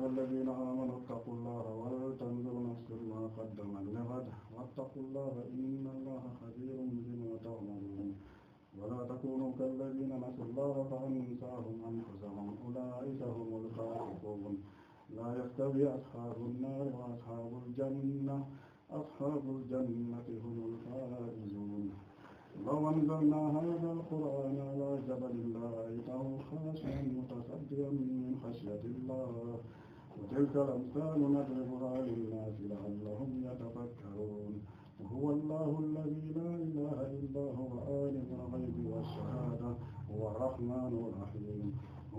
أيها الذين آمنوا اتقوا الله ولتنظر نفس ما قدمت لغد واتقوا الله إن الله خبير بما تعملون ولا تكونوا كالذين نسوا الله فأنساهم أنفسهم أولئك هم الفاسقون لا يستوي أصحاب النار وأصحاب الجنة أصحاب الجنة هم الفائزون لو أنزلنا هذا القرآن على جبل لرأيته خاشعا متصدعا من خشية الله وتلك الأمثال نضربها للناس لعلهم يتفكرون هو الله الذي لا إله إلا هو عالم الغيب والشهادة هو الرحمن الرحيم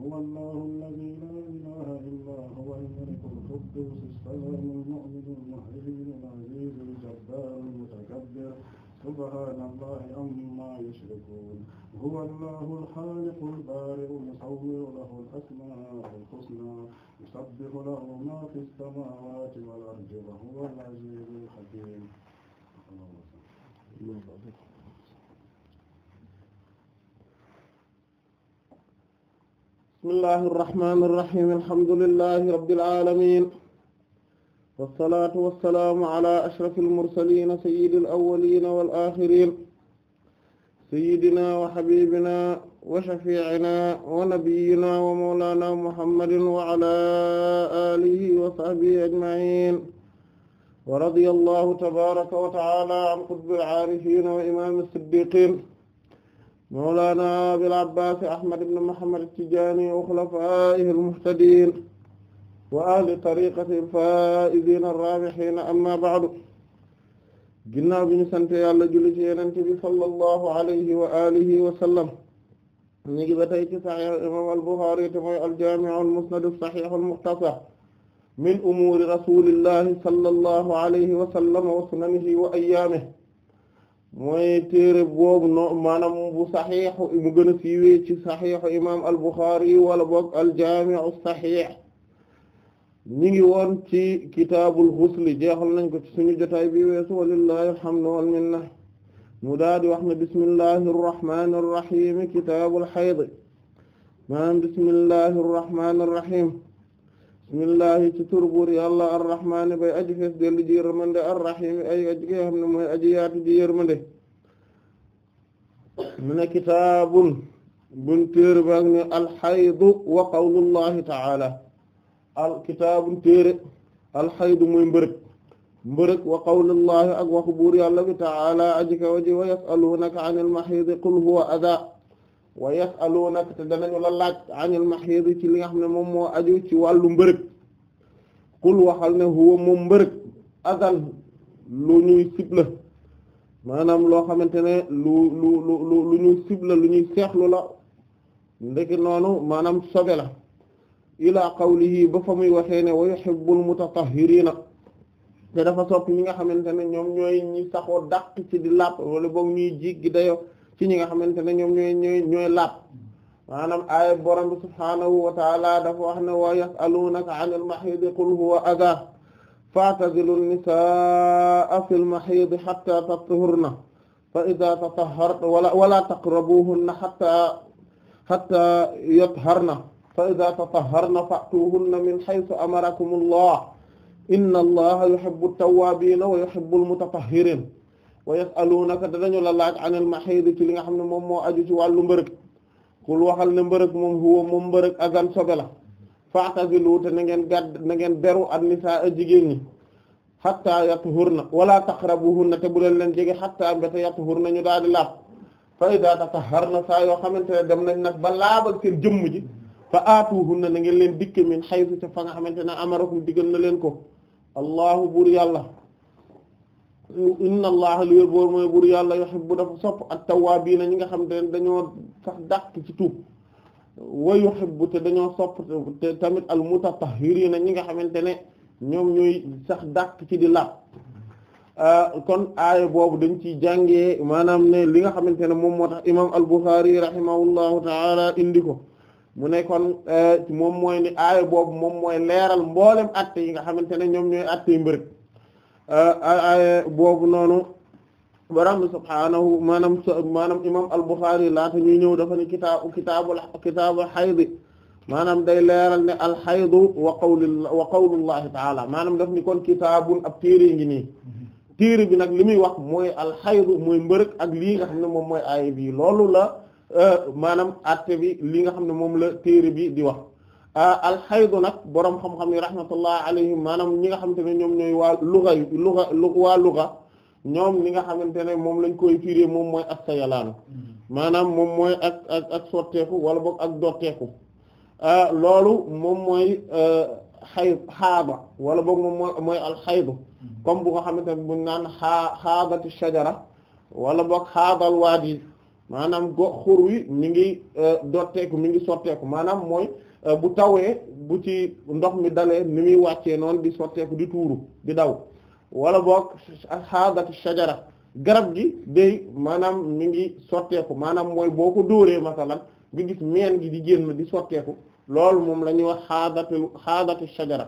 هو الله الذي لا إله إلا هو الملك القدوس السلام المؤمن المهيمن العزيز الجبار المتكبر subhaanallaahi ammaa yushrikuun huwa allaahul xaaliqul baari'ul musawwirul lahul asmaa'ul husnaa yusabbihu lahu maa fis samaawaati wal ardi wa huwal aziizul hakiim bismillaahi rahmaani rahiim alhamdulillaahi rabbil aalamiin wasalaatu wasalaamu ala ashrafil mursaliina sayyidil awwaliina wal aaxiriina sayyidinaa wa habiibinaa wa shafiicinaa wa nabiyyinaa wa mawlaanaa muhammadin wa ala aalihi wa sahbihi ajmaciin wa radiyallaahu tabaaraka wa tacaala an qutbil caarifiin wa imaami siddiqiin mawlaanaa abil abbaas ahmad ibn muhammad at-tijaani wa xulafaa'ihil muhtadiin wa ahli tariqati al-faa'iziina ar-raabihiina amma ba'du ginnaaw bi ñu sante yàlla julli ci yonent bi sallallahu alayhi wa alihi wa sallam ñu ngi ba tey ci saxiix imaam al-Buxaari te mooy al-jaami' al-musnad as-saxiix al-muxtasar min umuuri rasuulillahi sallallahu alayhi wa sallam wa sunanihi wa ayyaamihi mooy téere boobu no maanaam bu saxiix mu gën a siiwee ci saxiix imaam al-Buxaari wala boog al-jaami' as-saxiix ñi ngi woon ci kitaabul xusli jeexal nañ ko ci suñu jotaay bi weesu walillahi alhamdu wal minna mu daa wax ne bismillahi arrahmani irrahim kitaabul xayd maanaam bismillahi arrahmani irrahim bismillahi ci tur buur yàlla arrahmaani bay aji fees dellu ji yërmande arrahim ay aji nga aji yaatu ji yërmande mu ne kitaabun bun wa qawlullahi taala al kitaabun téere alxaydu muy mbërëg mbërëg wa qawlullahi ak waxu buur yàlla bi taala aji kawa ji wa yasaluunaka an il maxiidi qul huwa ada wa yasaluunaka te danañu la laaj an il maxiidi ci li nga xam ne moom moo aju ci wàllu mbërëg qul waxal ne huwa moom mbërëg adan lu ñuy sibla maanaam loo xamante ne lu lu lu lu ñuy sibla lu ñuy seexlu la ndeki noonu maanaam sobe la ilaa qawlihi ba fa muy waxee ne wa yuhibbul mutatahhirina te dafa sopp ñi nga xamante ne ñoom ñooy ñi saxoo dàq ci di laab wala boog ñuy jéggi dayo ci ñi nga xamante ne ñoom ñooy ñooy ñooy laab maanaam aaya borom bi subhaanahu wa taala dafa wax ne wa yasaluunaka an al mahidi qul huwa adaa fa'tazilu nisaa fi l mahidi xatta tatahurna fa ida tatahharna wala wala taqrabuhunna xatta xatta yatharna fa iza tatahharna fa'tuhunna min haythu amarakumullah inna allaha yuhibbu at-tawwabina wa yuhibbu al-mutatahhirin wa yas'alunaka danañu la laaj anil mahid ci li nga xam ne moom moo aju ci wàllu mbërëg kul waxal ne mbërëg moom huwa moom mbërëg azan sobe la fa'tazilu te na ngeen gàdd na ngeen beru an-nisaa jigéen ñi hatta yatuhurna wala taqrabuhunna te bu leen leen jege hatta mbete yatuhurna ñu daal di laab fa iza tatahharna saa yoo xamante ne dem nañ nag ba laabal seen jëmm ji fa aatuhunna na ngeen leen dikk min xaytu ca fa nga xamante ne amarakum digal na leen ko allahu buur yàlla inna allaha liwér boor mooy buur yàlla yuhibbu dafa sopp ak tawaabiina ñi nga xam te ne dañoo sax dàq ci tuub wa yuhibbu te dañoo sopp te tamit al mutatahhirina ñi nga xamante ne ñoom ñooy sax dàq ci di laab ah, kon aaya boobu dañ ci jàngee maanaam li nga xamante ne moom moo tax imam al Bukhari rahimahullahu taala indi ko mu ne eh, moom mooy ni aaya boobu moom mooy leeral mboolem atte yi nga xamante ne ñoom ñooy atte yu mbërëg eh, aaya boobu noonu borom subhaanahu maanaam maanaam imam al-Bukhari laata ñuy ñëw dafa ne kitaabu kitaabul kitaabul xaydi maanaam day leeral ne alxaydu wa qawli wa qawlullahi taala maanaam daf ni kon kitaabun ab téere ngi nii mm-hmm. téere bi nag li muy wax mooy alxaydu mooy mbërëg ak lii nga xam ne moom mooy aaya bi loolu la Euh, maanaam atte bi li nga xam ne moom la téere bi di wax euh, alxaydu nag boroom xam-xam yi rahmatullah alayhim maanaam ñi nga xamante ne ñoom ñooy waa luga luga waa luga ñoom li nga xamante ne moom lañ koy firé moom mooy ak sayalaanu mm-hmm. maanaam moom mooy ak ak ak sotteeku wala boog ak dotteeku euh, loolu moom mooy xay xaaba wala boog moom mooy mooy alxaydu mm-hmm. comme bu nga xamante ne naan xaa xaabati shajara wala boog xaabal waadi maanaam gox xur wi mi ngi euh, dotteeku mi ngi sotteeku maanaam mooy euh, bu tawee bu ci ndox mi dalee ni muy wàccee noonu di sotteeku di tuuru di daw wala boog xaagat shajara garab gi day maanaam mi ngi sotteeku maanaam mooy boo ko dóoree masalan nga gis meen gi di génn di sotteeku loolu moom la ñuy wax xaadatu xaadatu shajara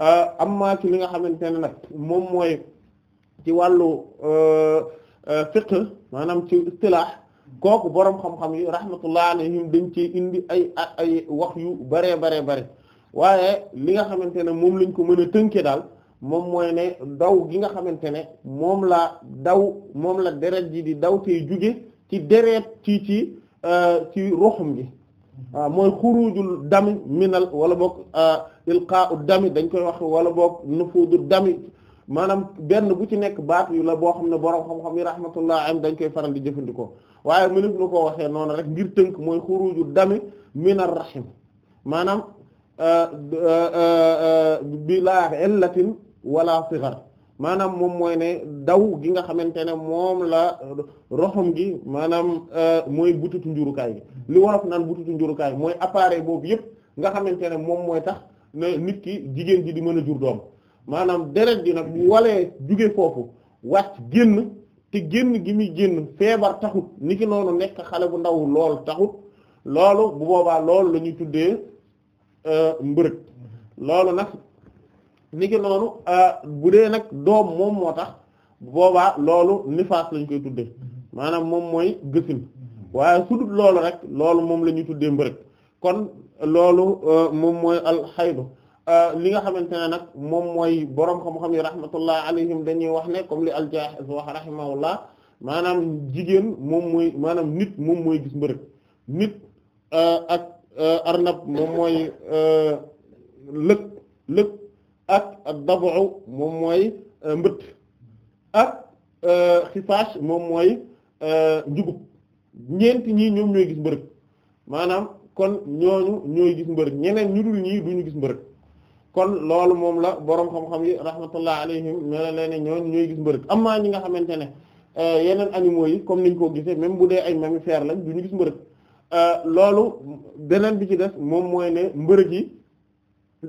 euh, amma li nga xamante ne nag moom mooy ci wàllu fiqh maanaam ci istilaax kooku boroom xam-xam yi rahmatullah alayhim dañ ci indi ay ay wax yu baree baree bare waaye li nga xamante ne moom lañ ko mën a tënke daal moom mooy ne daw gi nga xamante ne moom la daw moom la deret ji di daw tey juge ci deret ci ci euh, ci ruxum gi waaw mooy xurujul dami minal wala boog euh, ilqa'u dami dañ koy wax wala boog nufudu dami maanaam benn bu ci nekk baat yu la boo xam ne boroom xam-xam yi rahmatullah am dañ koy faral di jëfandikoo waaye mënees na ko waxee noonu rek ngir tënk mooy xuruju dami minar rahim maanaam euh, euh, euh, bi bilaa illatin wala sighar maanaam moom mooy ne daw gi nga xamante ne moom la roxam gi maanaam mooy bututu njurukaay gi li wolof naan bututu njurukaay mooy appareil boobu yëpp nga xamante ne moom mooy tax ne nit ki jigéen ji di mën a jur doom maanaam deret ji nag bu walee jugee foofu wàcc génn te génn gi muy génn feebar taxut niki noonu nekk xale bu ndaw lool taxut loolu bu boobaa loolu la ñuy tuddee euh, mbërëg loolu nag niki noonu euh, bu dee nag doom moom moo tax boobaa loolu nifaas lañu koy tuddee maanaam moom mooy gësin waaye sudut loolu rek loolu moom la ñuy tuddee mbërëg kon loolu euh, moom mooy alxaydu Euh, li nga xamante ne nag moom mooy boroom xam-xam yi rahmatullah alayhim dañuy wax ne comme li al-Jaahiz wax rahimahullah maanaam jigéen moom mooy maanaam nit moom mooy gis mbërëg nit euh, ak euh, arnab moom mooy lëg lëg ak dabu moom mooy mbët ak xifaas moom mooy njugub ñeenti ñii ñoom ñooy gis mbërëg maanaam kon ñooñu ñooy gis mbërëg ñeneen ñu dul ñii duñu gis mbërëg kon loolu moom la borom xam-xam yi rahmatullah alayhim mela lee ne ñoon ñooy gis mbërëg amaa ñi nga xamante ne euh, yeneen animaux yi comme niñ ko gisee même bu dee ay mammifères lañ du ñu gis mbërëg euh, loolu beneen bi ci des moom mooy ne mbërëg yi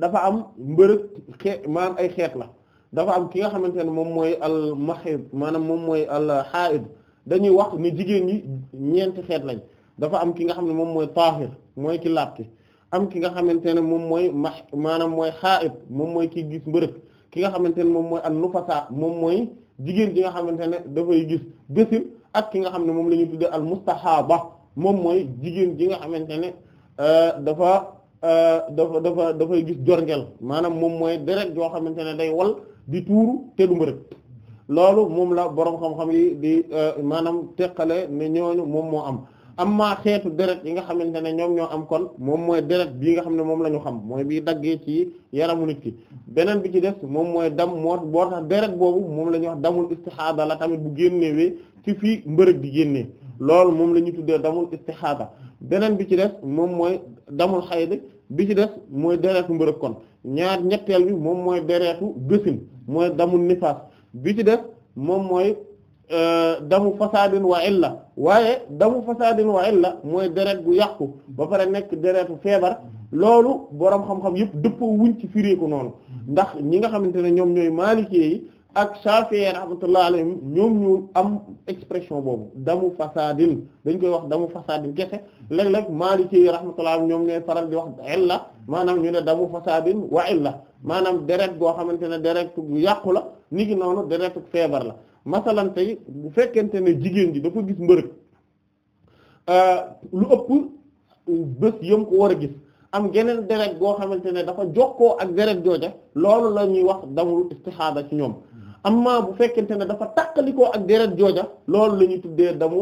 dafa am mbërëg xee maanaam ay xeet la dafa am ki nga xamante ne moom mooy al mahid maanaam moom mooy al haid dañuy wax ne jigéen ñi ñeenti xeet lañ dafa am ki nga xam ne moom mooy taahir mooy ki laab ki am ki nga xamante ne moom mooy ma maanaam mooy xaa'it moom mooy ki gis mbërëg ki nga xamante ne moom mooy an nufasa moom mooy jigéen ji nga xamante ne dafay gis bésil ak ki nga xam ne moom la ñuy tuddee al mustahaaba moom mooy jigéen ji nga xamante ne euh, dafa euh, dafa dafa dafay gis jorngel maanaam moom mooy deret yoo xamante ne day wal di tuuru te du loolu moom la boroom xam-xam yi di euh, maanaam teqale ne ñooñu moom moo am am maa xeetu deret yi nga xamante ne ñoom ñoo am kon moom mooy deret bii nga xam ne moom la ñu xam mooy bii daggee ci yaramu nit ki beneen bi ci des moom mooy dam moo boo tax deret moom la ñuy wax damul istixaada la tamit bu génnewee ci fii mbërëg di génnee loolu moom la ñuy tuddee damul istixaada beneen bi ci des moom mooy damul xayd bi ci mooy deretu mbërëg kon ñaar ñetteel bi moom mooy deretu gësin mooy damul nifaas bi ci moom mooy Euh, damu fasadin wa illa waaye damu fasadin wa illa mooy deret gu yàqu ba pare nekk deretu feebar loolu boroom xam-xam yëpp dëppoo wuñ ci firee ko noonu ndax ñi nga xamante ne ñoom ñooy maalikee yi ak Shafi'i rahmatullah alayhim ñoom ñu am expression boobu damu fasadin dañ koy wax damu fasadin kese léeg-léeg maalikee yi rahmatullah ñoom ñooy faral di wax illa maanaam ñu ne damu fasadin wa illa maanaam deret goo xamante ne deret gu yàqu la ni noonu deretu feebar la masalan tey bu fekkente ne jigéen ji dafa gis mbërëg euh, lu ëpp bés yëm ko war a gis am geneen deret goo xamante ne dafa jokkoo ak deret jooja loolu la ñuy wax damul istixaada ci ñoom amma bu fekkente ne dafa tàqalikoo ak deret jooja loolu la ñuy tuddee damu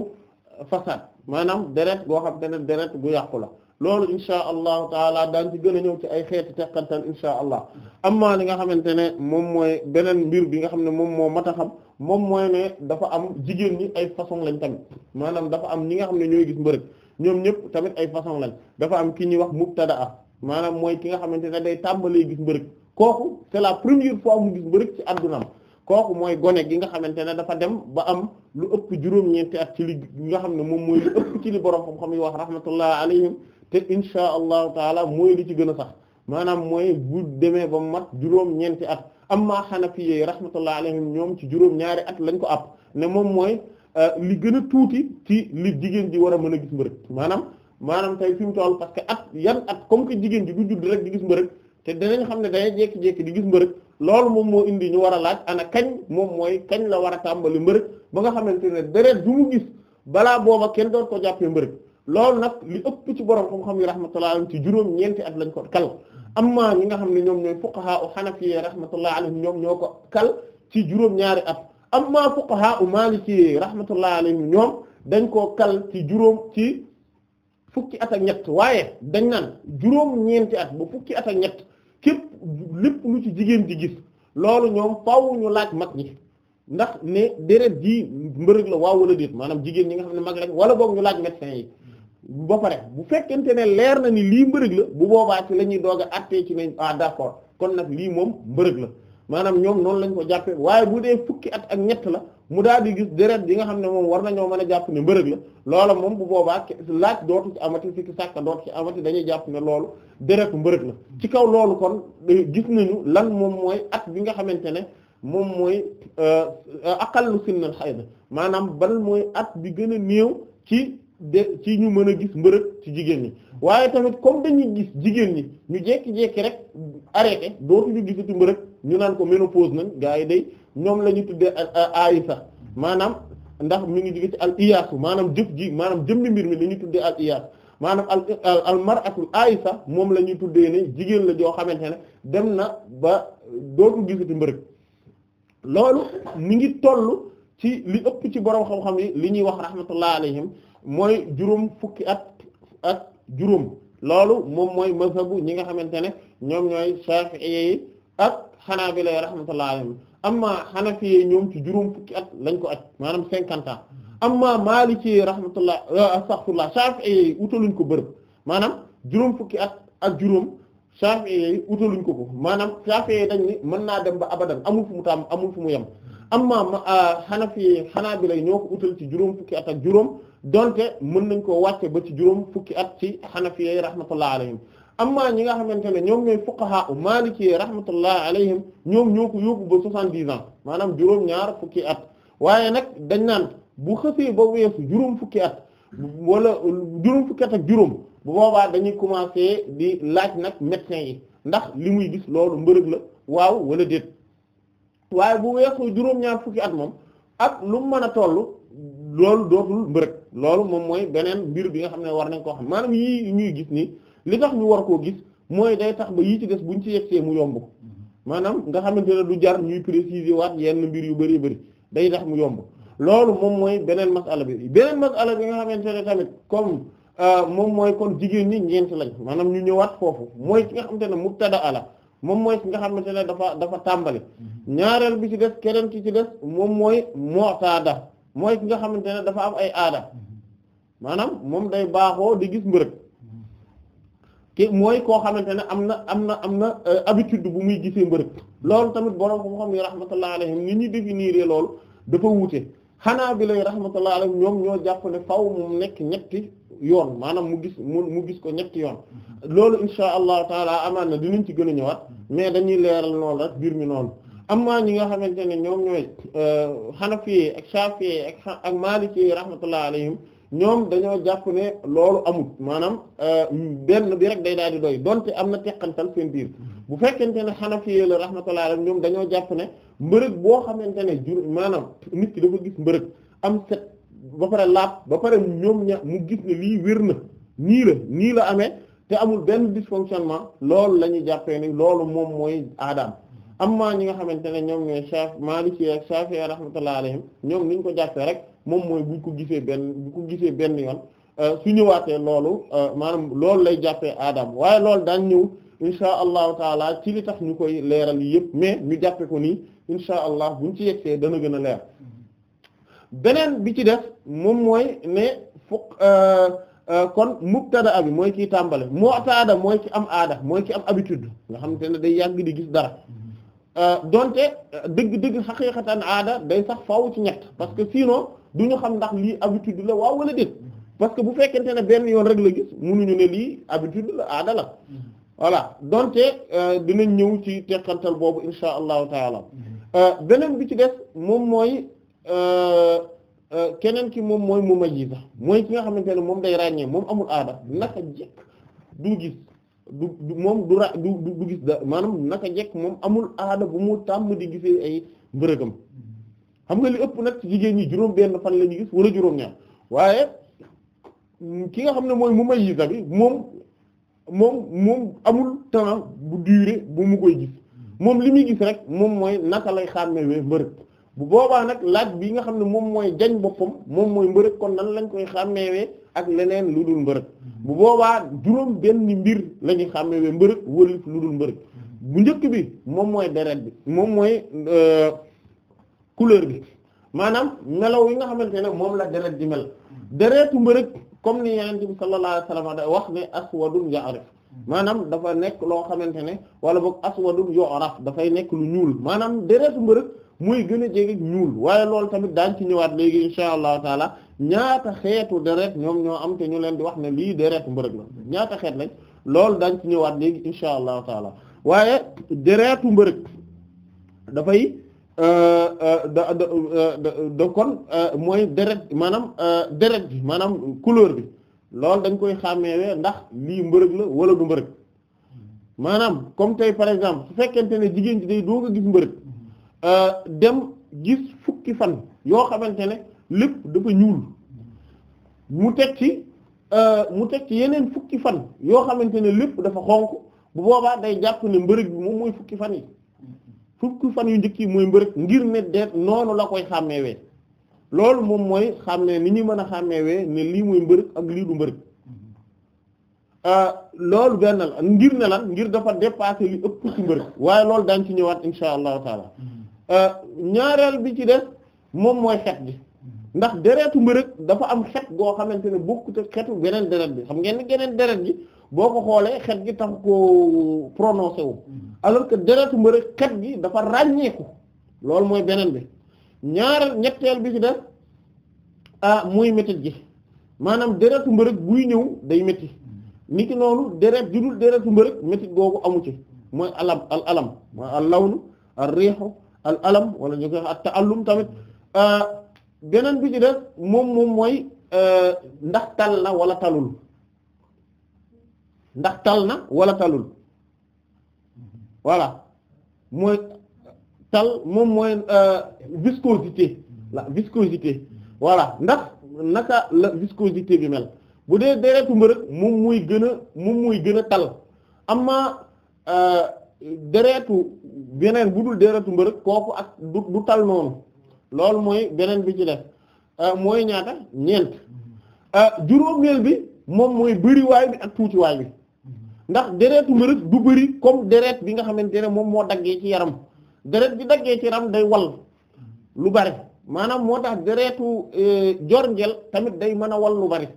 fasaad maanaam deret goo xam ne deret gu yàqu la loolu insha allahu taala daan ci gën a ñëw ci ay xeeti teqantaan insha allah amma li nga xamante ne moom mooy beneen mbir bi nga xam ne moom moo mat a xam moom mooy ne dafa am jigéen ñi ay façon lañ tamit maanaam dafa am ñi nga xam ne ñooy gis mbërëg ñoom ñëpp tamit ay façon lañ dafa am ki ñuy wax mubtadaa maanaam mooy ki nga xamante ne day tàmbalee gis mbërëg kooku c'est la première fois mu gis mbërëg ci addunaam kooku mooy gone gi nga xamante ne dafa dem ba am lu ëpp juróom-ñeenti at ci li nga xam ne moom mooy lu ëpp ci li borom xam-xam yi wax rahmatullah alayhim te insha allahu taala mooy li ci gën a sax maanaam mooy bu demee ba mat juróom-ñeenti at amma xanafiye rahmatullah alayhim ñoom ci juróom-ñaari at lañ ko àpp ne moom mooy euh, li gën a tuuti ci li jigéen ji war a mën a gis mbërëk maanaam maanaam tey fi mu toll parce que at yan at comme que jigéen ji du judd rek di gis mbërëk te danañ xam ne dañuy jékki-jékki di gis mbërëk loolu moom moo indi ñu war a laaj ana kañ moom mooy kañ la war a tàmbali mbërëk ba nga xam ne deret du mu gis balaa booba kenn doon ko jàppee mbërëk lool nag li ëpp ci borom xam-xam yi rahmatullah alayhim ci juróom ñeenti at lañ ko kal amma ñi nga xam ne ñoom ñooy fuqaha u xanafiyee rahmatullah alayhim ñoom ñoo ko kal ci juróom-ñaari at amma fuqaha u maalikiyee rahmatullah alayhim ñoom dañ koo kal ci juróom ci fukki at ak ñett waaye dañ naan juróom-ñeenti at ba fukki at ak ñett képp lépp lu ci jigéen ji gis loolu ñoom faaw ñu laaj mag ñi ndax ne deret ji mbërëg la waaw wala déet maanaam jigéen ñi nga xam ne mag lañ wala boog ñu laaj médecin yi ba pare bu fekkente ne leer na ni lii mbërëg la bu boobaa ci la ñuy doog a ci nañ ah d'accord kon nag lii moom mbërëg la maanaam ñoom noonu lañ ko jàppee waaye bu dee fukki at ak ñett la mu daal di gis deret yi nga xam ne moom war nañoo mën a jàpp ne mbërëg la loola moom bu boobaa laaj dootu ci amati sikki sàkka dootu ci amati dañuy jàpp ne loolu deretu mbërëg la ci kaw loolu kon gis nañu lan moom mooy at bi nga xamante ne moom mooy euh, aqallu sinnal xayda maanaam ban mooy at bi gën a néew ci de ci ñu mën a gis mbërëg ci jigéen ñi waaye tamit comme dañuy gis jigéen ñi ñu jekki-jekki rek arrêté dootuñu gisati mbërëg ñu naan ko ménopause nañ gaa yi day ñoom la ñu tuddee aayisa maanaam ndax mi ngi jóge ci al iyaasu maanaam jëf ji maanaam jëmmi mbir mi la ñuy tuddee al iyaas maanaam al al mar'atul aayisa moom la ñuy tuddee ne jigéen la joo xamante ne dem na ba dootu gisati mbërëg loolu mu ngi toll ci li ëpp ci borom xam yi li ñuy wax rahmatullah alayhim mooy juróom fukki at ak juróom loolu moom mooy mazhabu ñi nga xamante ne ñoom ñooy Shafi'i yi ak Hanabila rahmatullahi alayhim amma Hanafi ñoom ci juróom fukki at lañ ko at maanaam cinquante ans amma Maliki rahmatullah euh, astaghfirullah Shafi'i utaluñ ko bërëb maanaam juróom fukki at ak juróom Shafi'i utaluñ ko ko maanaam Shafi'i dañ ni mën naa dem ba abadan amul fu mu taam amul fu mu yem amma euh, Hanafi Hanabila ñoo ko utal ci juróom fukki at ak juróom donte mën nañ koo wàcce ba ci juróom fukki at ci xanafiyey rahmatullah alayhim amma ñi nga xamante ne ñoom ñooy fuqaha u maliki rahmatullah alayhim ñoom ñoo ko yóbbu ba soixante-dix ans maanaam juróom ñaar fukki at waaye nag dañ naan bu xësee ba weesu juróom fukki at wala juróom fukki at ak juróom boobaa dañuy commencer di laaj nag médecin yi ndax li muy gis loolu mbërëg la waaw wala déet waaye bu weesu juróom ñaar fukki at moom ak lu mën a toll loolu dootul mbërëg loolu moom mooy beneen mbir bi nga xam ne war nañ koo xam maanaam yii ñuy gis nii li tax ñu war koo gis mooy day tax ba yii ci des buñ ci yegsee mu yomb maanaam nga xamante ne du jar ñuy préciser waat yenn mbir yu bari bari day tax mu yomb loolu moom mooy beneen masala bi beneen masala bi nga xamante ne tamit comme euh, moom mooy kon jigéen ñi ñeent lañ maanaam ñu ñëwaat foofu mooy ki nga xamante ne mubtada ala moom mooy ki nga xamante ne dafa dafa tàmbali mm-hmm. ñaareel bi ci des keneen ki ci des moom mooy moo taada mooy ki nga xamante ne dafa am ay aada maanaam moom day baaxoo di gis mbërëg ki mooy koo xamante ne am na am na am na euh, habitude bu muy gisee mbërëg loolu tamit borom ko xam yi rahmatullah alayhim ni ñu définir loolu dafa wuute xanaa bi lay rahmatullah alayhim ñoom ñoo jàpp ne faw mu nekk ñetti yoon maanaam mu gis mu mu gis ko ñetti yoon mm-hmm. loolu insha allahu taala amaan na dinañ ci gën a ñëwaat mais dañuy leeral noonu rek biir mi noonu amma ñi nga xamante ne ñoom ñooy xanafi euh, ak shafi ak ak maliki rahmatullah alayhim ñoom dañoo jàpp ne loolu amul maanaam euh, benn bi rek day daal di doy donte am na teqantal seen biir bu fekkente ne xana xanafi la rahmatullah alayhim ñoom dañoo jàpp ne mbërëg boo xamante ne jur maanaam nit ki dafa gis mbërëg am set ba pare laab ba pare ñoom ña mu gis ne lii wér na nii la nii la amee te amul benn dysfonctionnement loolu la ñuy jàppee ni loolu moom mooy aadaam am amma ñi nga xamante ne ñoom ñooy Shafi Maliki ak Shafi rahmatullahi alayhim ñoom niñ ko jàppee rek moom mooy buñ ko gisee benn bu ko gisee benn yoon euh, su ñëwaatee loolu euh, maanaam loolu lay jàppee aadam waaye loolu daan ñëw insha allahu taala ci li tax ñu koy leeral yëpp mais ñu jàppee ko nii insha bu ñu ci yegsee dana gën a leer beneen bi ci def moom mooy ne fokk euh, kon mubtada bi mooy kiy tàmbale mu'tada mooy ki am aada mooy ki am habitude nga xamante ne day yàgg di gis dara Euh, donte dëgg-dëgg euh, xaqiiqatan aada day sax faaw ci ñett parce que sinon du ñu xam ndax lii habitude la waaw walla déet parce que bu fekkente ne benn yoon rek la gis mënuñu ne lii habitude la aada la voilà donte euh, dinañ ñëw ci teqantal boobu insha allahu taala mm-hmm. beneen bi ci des moom mooy keneen ki moom mooy mumayyiza mooy ki nga xamante ne moom day ràññee moom amul aada naka jekk du gis du moom du ra du du gis da maanaam naka jekk moom amul aada bu mu tàmm di gisee ay mbërëgam xam nga li ëpp nag ci jigéen ñi juróom benn fan la ñu gis a juróom ñaar waaye mm, ki nga xam ne mooy mu may yisa bi moom moom moom amul temps bu durée bu mu koy gis mm. moom li muy gis rek moom mooy naka lay xàmmee mbërëg bu boobaa nag laaj bi nga xam ne moom mooy jañ boppam moom mooy mbërëg kon nan lañ koy xàmmeewee ak leneen lu dul mbërëg bu boobaa juróom benn mbir la xàmmee xàmmeewee mbërëg wëlif lu dul mbërëg bu njëkk bi moom mooy deret bi moom mooy euh, couleur bi maanaam melaw yi nga xamante ne moom la deret di mel deretu mbërëg comme ni yonent bi sallallahu alayhi wasallam da wax ne aswadun ya'rif maanaam dafa nekk loo xamante ne wala boog aswadun yu'raf dafay nekk lu ñuul maanaam deretu mbërëg muy gën a jege ñuul waaye loolu tamit daañ ci ñëwaat léegi insha allah taala ñaata xeetu deret ñoom ñoo am te ñu leen di wax ne lii deret mbërëg la ñaata xeet lañ loolu daañ ci ñëwaat léegi insha allahu taala waaye deretu mbërëg dafay euh, euh, da da kon euh, mooy deret maanaam deret bi maanaam couleur bi loolu dañ koy xàmmeewee ndax lii mbërëg la wala du mbërëg maanaam comme tey par exemple su fekkente ne jigéen ji day doo ko gis mbërëg Euh, dem gis fukki fan yoo xamante ne lépp dafa ñuul mu teg ci euh, mu teg ci yeneen fukki fan yoo xamante ne lépp dafa xonq bu boobaa day jàpp ne mbërëg bi moom mooy fukki fan yi fukki fan yu njëkk yi mooy mbërëg ngir ne deet noonu la koy xàmmeewee loolu moom mooy xàmmee ni ñu mën a xàmmeewee ne lii mooy mbërëg ak lii du mbërëg euh, loolu benn la ngir ne lan ngir dafa dépasser li ëpp ci mbërëg waaye loolu daan ci ñëwaat insha allahu taala Euh, ñaareel bi ci des moom mooy xet gi ndax deretu mbërëg dafa am xet goo xamante ne bokkut ak xetu beneen deret bi xam ngeen ni geneen deret gi boo ko xoolee xet gi tax koo prononcé wu alors que deretu mbërëg xet gi dafa ràññeeku loolu mooy beneen bi ñaareel ñetteel bi ci des ah muy métit gi maanaam deretu mbërëg buy ñëw day métti niki noonu deret ju dul deretu mbërëg métit googu amu ci mooy alam al alam mooy al lawnu al riixu al alam wala ñu koy at tamit euh, beneen bi ci def moom moom mooy euh, ndax tal na wala talul ndax tal na wala talul voilà mooy tal moom mooy euh, viscosité viscosité voilà ndax naka la viscosité bi mel bu dee deretu mbërëg moom muy gën a muy gën a tal amma deretu beneen bu dul deretu mbërëg kooku ak du du tal noonu loolu mooy beneen bi ci def euh, mooy ñaata ñeent euh, juróomeel bi moom mooy bëriwaay bi ak tuutiwaay bi ndax deretu mbërëg du bëri comme deret bi nga xamante ne moom moo daggee ci yaram deret bi daggee ci yaram day wal lu bari maanaam moo tax deretu euh, jorngel tamit day mën a wal lu bari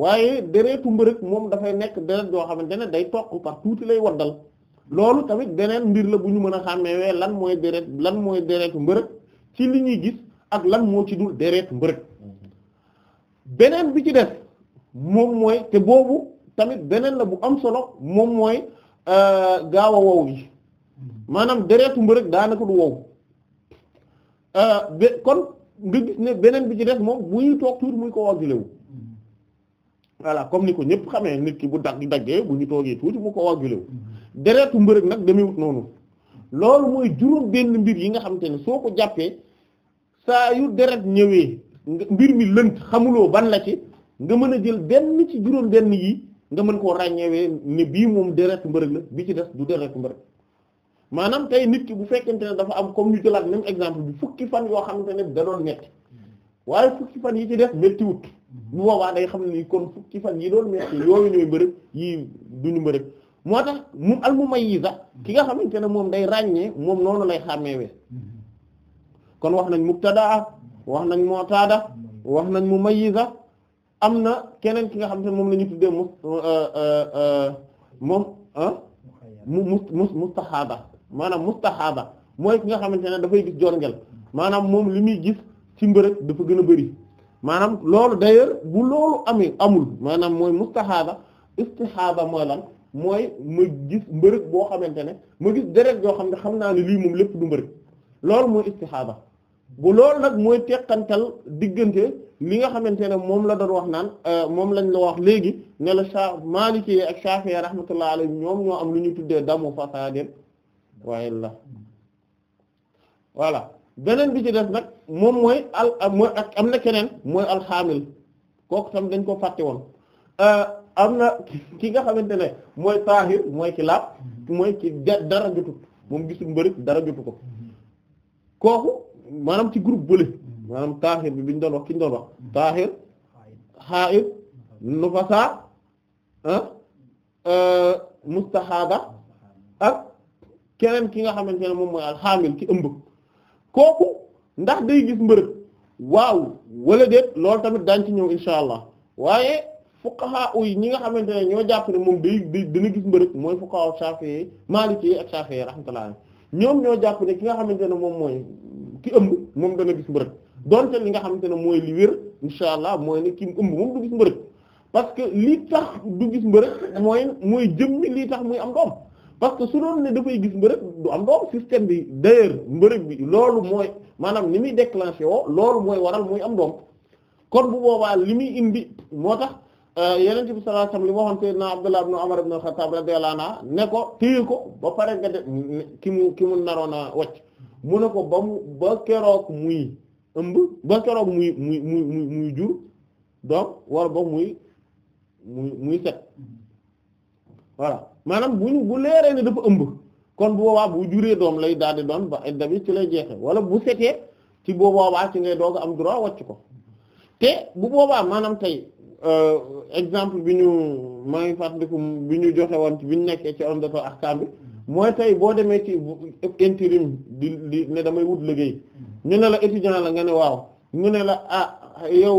waaye deretu mbërëg moom dafay nekk deret yoo xamante ne day toq par tuuti lay waddal loolu tamit beneen mbir la bu ñu mën a xàmmee lan mooy deret lan mooy deretu mbërëg ci li ñuy gis ak lan moo ci dul deret mbërëg beneen bi ci def moom mooy te boobu tamit beneen la bu am solo moom mooy euh, gaaw a wow gi maanaam deretu mbërëg daanaka du wow euh, kon nga gis ne beneen bi ci def moom bu ñuy toog tuur muy ko waagilewu voilà comme ni ko ñëpp xamee nit ki bu dagg daggee bu ñu toogee tuuti mu ko coagulé wu deretu mbërëg nag demewut noonu loolu mooy juróom benn mbir yi nga xamante ne soo ko jàppee saa yu deret ñëwee mbir mi lënt xamuloo ban la ci nga mën a jël benn ci juróom benn yi nga mën koo ràññeewee ne bii moom deretu mbërëg la bi ci def du deretu mbërëg maanaam tey nit ki bu fekkente ne dafa am comme ñu jëlaat même exemple bi fukki fan yoo xamante ne da doon waaye fukki fan yi ci def méttiwut bu boobaa day xam ni kon fukki fan yi doon métti yooyu ñooy mbërëg yii duñu mbërëg moo tax mu al mumayyiza ki nga xamante ne moom day ràññee moom noonu lay xàmmeewee kon wax nañ mubtadaa wax nañ mu'tada wax nañ mumayyiza am na keneen ki nga xam ne moom la ñu tuddee mu euh, euh, euh, moom ah mu mu mustahaaba maanaam mustahaaba mooy ki nga xamante ne dafay gis jorngel maanaam moom li gis ci mbërëg dafa gën a bëri maanaam loolu d'ailleurs bu loolu amee amul maanaam mooy mustahaada istihaada mooy lan mooy ma gis mbërëg boo xamante ne ma gis deret yoo xam ne xam naa ne lii moom lépp du mbërëg loolu mooy istihaada bu loolu nag mooy teqantal diggante li nga xamante ne moom la doon wax naan euh, moom lañ la wax léegi ne la sa Maliki ak Shafi'i rahmatullah alayhi ñoom ñoo am lu ñuy tuddee damu fasadin waaye la voilà beneen bi ci def nag moom mooy al mooy am na keneen mooy alxaamil kooku tam dañ koo fàtte woon euh, am na ki nga xamante ne mooy taahir mooy ki laab mooy ki dara jotut moom gisul mbëri dara jotu ko kooku maanaam ci groupe bële maanaam taahir bi biñ doon wax ki ñu doon wax taahir haid nufasa ah, euh, mustahaada ak keneen ki nga xamante ne moom mooy alxaamil ki ëmb kooku ndax day gis mbërëg waaw wala déet loolu tamit daañ ci ñëw insha allah waaye fuqaha uy ñi nga xamante ne ñoo jàpp ne moom day day dina gis mbërëg mooy fuqaha Shafi'i Maliki ak Shafi'i rahmatullah ñoom ñoo jàpp ne ki nga xamante ne moom mooy ki moom dana gis mbërëg donte li nga xamante ne mooy li wér insha allah mooy ne ki ëmb moom du gis mbërëg parce que li tax du gis mbërëg mooy mooy jëmmi lii tax muy am doom parce que su doon ne dafay gis mbërëg du am doom système bi d'ailleurs mbërëg bi loolu mooy maanaam ni muy déclenché woo loolu mooy waral muy am doom kon bu boobaa li muy indi moo tax euh, yeneen bi sallallahu alayhi wasallam li ma waxoon sayyidina Abdullah ibn Umar ibn Khattab radiyallahu anhu ne ko téye ko ba pare nga def ki mu mu ne ko ba mu ba keroog muy ëmb ba keroog muy muy muy jur donc wala ba muy muy set mm-hmm. voilà maanaam bu ñu bu leeree ne dafa ëmb kon boobaa bu juree doom lay daal di doon ba idda ci lay jeexe wala bu setee ci bu boobaa ci ngay doog am droit wàcc ko te bu boobaa maanaam tey euh, exemple bi ñu maa ngi fàttaliku bi ñu joxe woon bi ñu nekkee ci umdatul ahkam bi mooy tey boo demee ci intérim di di ne damay wut liggéey ñu ne la étudiant la nga ne waaw ñu ne la ah yow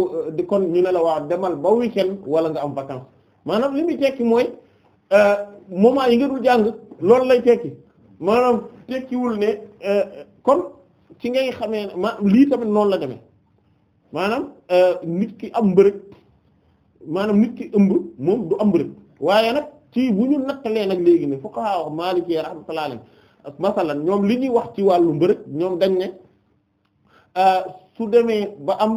kon ñu ne la waaw demal ba week-end wala nga am vacance maanaam li muy tekki mooy. Euh, moment yi nga dul jàng loolu lay tekki maanaam tekkiwul ne euh, kon ci ngay xame ne lii tamit noonu la deme maanaam euh, nit ki am mbërëg maanaam nit ki ëmb moom du am mbërëg waaye nag ci bu ñu nattalee nag léegi ne fuqaha maliki rahmatullahi alayhi ak masalan ñoom li ñuy wax ci wàllu mbërëg ñoom dañ ne su demee ba am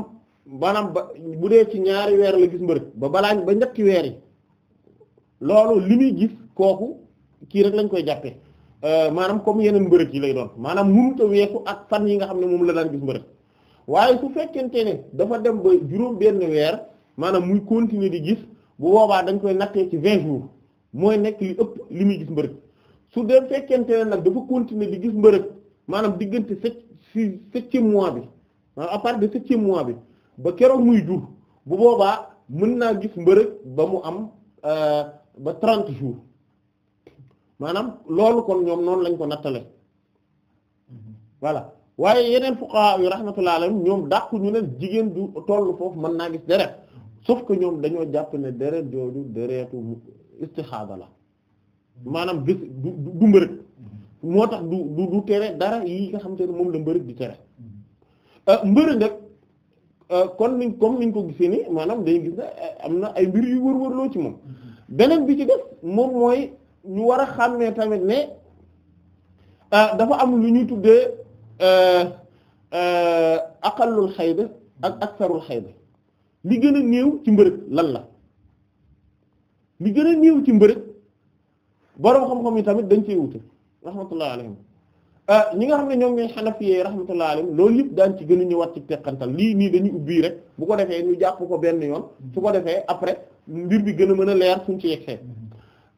maanaam ba bu dee ci ñaari weer la gis mbërëg ba balaañ ba ñetti weer yi loolu li muy gis kooku kii rek lañ koy jàppee euh, maanaam comme yeneen mbërëg yi lay doon maanaam mënut a weeku ak fan yi nga xam ne moom la daan gis mbërëg waaye su fekkente ne dafa dem ba juróom benn weer maanaam muy continuer di gis bu boobaa dañ koy nattee ci vingt jours mooy nekk li ëpp li muy gis mbërëg su dee fekkente ne nag dafa continuer di gis mbërëg maanaam diggante sept si septième mois bi maanaam ah, à part de septième mois bi ba keroog muy jur bu boobaa mën naa gis mbërëg ba mu am euh, ba trente jours maanaam loolu kon ñoom noonu lañ ko nattale voilà waaye yeneen fuqaha yu rahmatullah alayhim ñoom dàqu ñu ne jigéen du tollu foofu mën naa gis deret soof ko ñoom dañoo jàpp ne deret jooju deretu istixaada la maanaam gis du du mbërëg moo tax du du du tere dara yi nga xamante ne moom la mbërëg di tere euh, mbërëg nag euh, kon ni comme niñ ko gisee ni maanaam day gis ne euh, am na ay mbir yu wër-wër loo ci moom beneen bi ci def moom mooy ñu war a xàmmee tamit ne ah, dafa am lu ñuy tuddee euh, euh, aqallul xayda ak aksarul xayda li gën a néew ci mbërëg lan la li gën a néew ci mbërëg boroom xam-xam yi tamit dañ cee wute rahmatullahi alayhim ah, ñi nga xam ne ñoom ñooy xanafiyee rahmatullahi alayhim loolu yëpp daan ci gën a ñëwaat ci teqantal lii nii dañuy ubbi rek bu ko defee ñu jàpp ko benn yoon su ko defee après mbir bi gën a mën a leer suñ ci yegsee mm-hmm.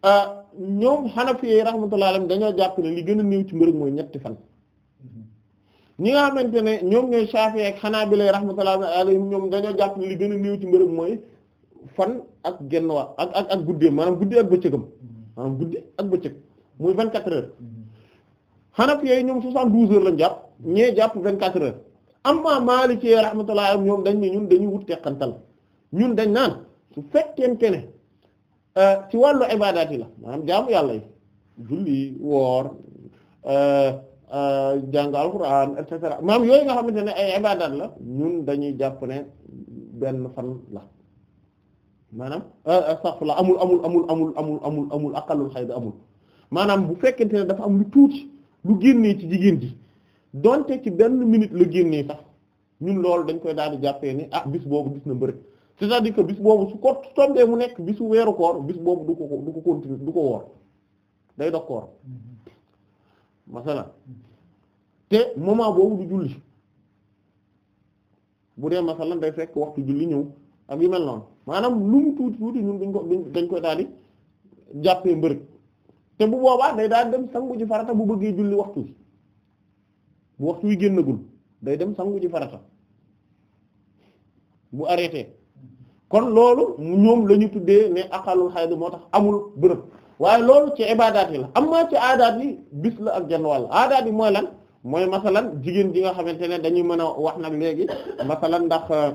ah, ñoom Hanafi yi rahmatullahi dañoo jàpp ne li gën a néew ci mbërëg mooy ñetti fan mm-hmm. ñi nga xamante ne ñoom ñooy Shafi ak Hanabila rahmatullahi alayhim ñoom dañoo jàpp ne li gën a néew ci mbërëg mooy fan ak genn wa ak ak ak guddee ak bëccëgam mm-hmm. maanaam guddi ak bëccëg muy 24 heures Hanafi yi ñoom 72 heures lañ jàpp ñee jàpp 24 heures amma Maliki rahmatullahi alayhim ñoom dañ ne ñun dañuy wut teqantal ñun dañ naan. su fekkente ne euh, ci wàllu ibaadaat yi la maanaam jaamu yàlla yi julli woor euh, euh, jàng alxuraan et cetera yooyu nga xamante ne ay ibaadaat la ñun dañuy jàpp ne benn fan la maanaam sax la amul amul amul amul amul amul amul aqalul xayd amul maanaam bu fekkente ne dafa am lu tuuti lu génnee ci jigéen ji donte ci benn minute la génnee sax ñun loolu dañ koy daal di jàppee ni ah bis boobu gis na mbërëg cest à bis boobu su ko tombee mu nekk bisu weeru koor bis boobu du ko du ko continuer du ko woor day dox koor masala te moment boobu du julli bu dee masala day fekk waxtu julli ñëw ak yu mel noonu maanaam lu mu tuuti tuuti ñun duñ ko dañ koy daal di jàppee mbërëg te bu boobaa day daal dem sangu ji farata bu bëggee julli waxtu bi bu wax wi génnagul day dem sangu ji farata bu arrêté kon loolu ñoom la ñu tuddee ne aqalul xaydu moo tax amul bërëb waaye loolu ci ibadaat yi la amma ci aadaat yi bis la ak genn wàll aadaat yi mooy lan mooy masalan jigéen ji nga xamante ne dañuy mën a wax nag léegi masalan ndax euh,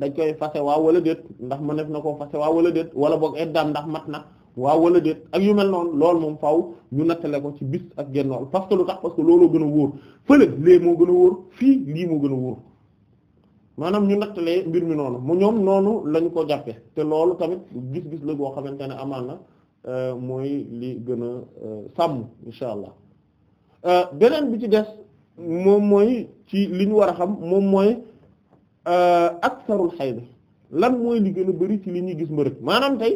dañ koy fase waaw wala déet ndax mëneef na koo fase waaw wala déet wala boog eddaam ndax mat na waaw wala déet ak yu mel noonu loolu moom faw ñu nattale ko ci bis ak genn wàll parce que lu tax parce que looloo gën a wóor fële lee moo gën a wóor fii lii moo gën a wóor maanaam ñu nattalee mbir mi noonu mu ñoom noonu lañu ko jàppe te loolu tamit gis-gis la boo xamante ne amaan na euh, mooy li gën a euh, sàmm insha allah euh, beneen bi ci des moom mooy ci li war a xam moom mooy aksarul xayd lan mooy li gën a bari ci li ñuy gis mbërëg maanaam tey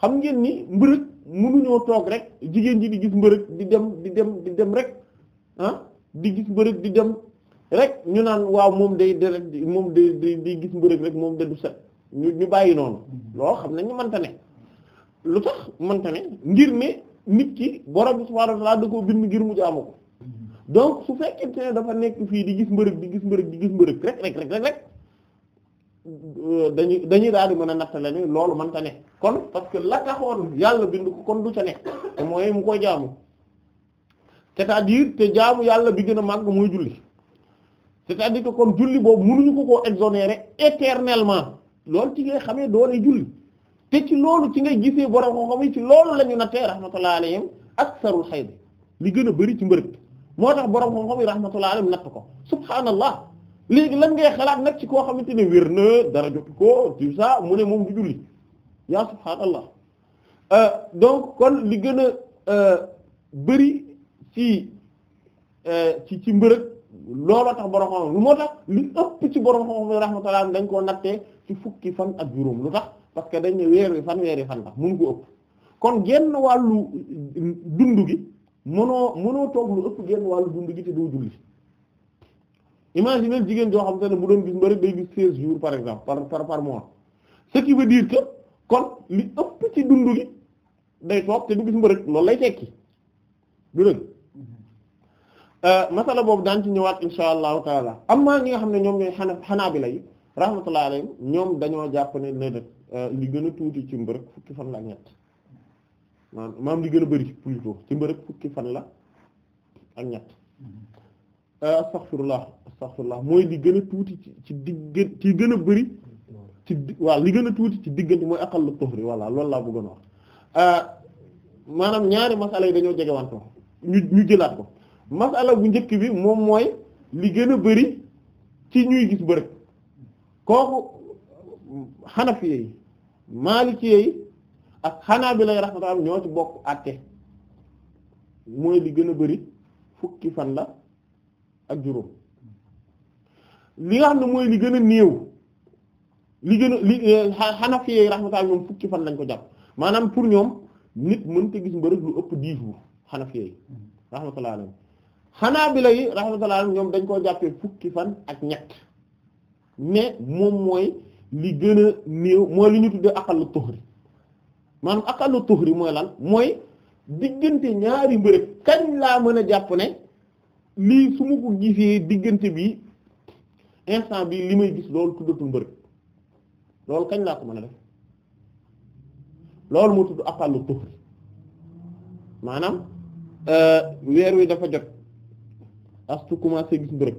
xam ngeen ni mbërëg mënuñoo toog rek jigéen ji di gis mbërëg di dem di dem di dem rek ah di gis mbërëg di dem rek ñu naan waaw moom day deret moom day day gis mbërëg rek moom da du set ñu ñu bàyyi noonu loo xam ne ñu mënta ne lu tax mënta ne ngir ne nit ki borom bi subhaanahu wa ta'aala da koo bind mu jaamu ko donc su fekkente ne dafa nekk fii di gis mbërëg di gis mbërëg di gis mbërëg rek rek rek rek rek euh, dañuy dañuy daal di mën a nattale loolu mënta ne kon parce que la yàlla bind ko kon du ca ne te mooy mu koy jaamu cest à te jaamu yàlla bi gën a màgg mooy julli c'est-à-dire que kon julli boobu mënuñu ko koo exonérer éternellement loolu ci ngay xamee doone julli te ci loolu ci ngay gisee borom xam-xam yi ci loolu la ñu nattee rahmatullah alayhim aksarul xayb li gën a bëri ci mbërëg moo tax borom xam-xam yi rahmatullah alayhim natt ko subhaanallah léegi lan ngay xalaat nag ci koo xamante ne wér na dara jotu ko tout saa mu ne moom du julli yaa subhaanallah euh, donc kon li gën a euh, bëri ci euh, ci ci mbërëg looloo tax borom xam lu moo tax li ëpp ci borom xam yi rahmatullah dañ koo nattee ci fukki fan ak juróom lu tax parce que dañ ne weer wi fan weer fan la mun ko ëpp kon genn wàllu dund gi mënoo mënoo toog lu ëpp genn wàllu dund gi te doo julli imagine jigéen joo xam te ne bu doon gis mbari day gis seize jours par exemple par par par mois ce qui veut dire que kon li ëpp ci dund gi day toog te du gis mbërëg loolu lay tekki du dëgg Euh, masala boobu daan ci ñëwaat insha allahu taala amma ñi nga xam ne ñoom ñooy xanaa xanaabila lay rahmatullahi alayhim ñoom dañoo jàpp ne léeg euh, li gën a tuuti ci mbërëk fukki fan la ak ñett maanaam li gën a bëri ci mbërëk fukki fan la ak ñett euh, astaghfirullah astaghfirullah mooy li gën a tuuti ci ci digg ci gën a bëri ci waa li gën a tuuti ci diggante mooy aqallu tuhri voilà loolu laa bëgg wax maanaam ñaari masala yi dañoo jegewantoo ñu ñu jëlaat ko masala bu njëkk bi moom mooy li gën a bari ci ñuy gis bërëg kooku xanafiye yi maalikiye yi ak xanaabila yi raxmatullaahi ñoo ci bokk àtte mooy li gën a bëri fukki fan la ak juróom li nga xam ne mooy li gën a néew li gën a li xanafiye eh, yi raxmatullaahi ñoom fukki fan lañ ko jàpp maanaam ñoom nit mënta gis mbërëg lu ëpp dix yi raxmatullaahi xanaa Hanabila yi rahmatullah ñoom dañ koo jàppee fukki fan ak ñett mais moom mooy li gën a néew mooy li ñu tuddee aqallu tuhri maanaam aqallu mooy lan mooy diggante kañ laa mën a jàpp lii su ma bi instant bi li may gis loolu tuddatul loolu kañ laa ko mën a def loolu moo tudd aqallu tuhri maanaam euh, weer wi dafa jot astu commencé gis mbërëg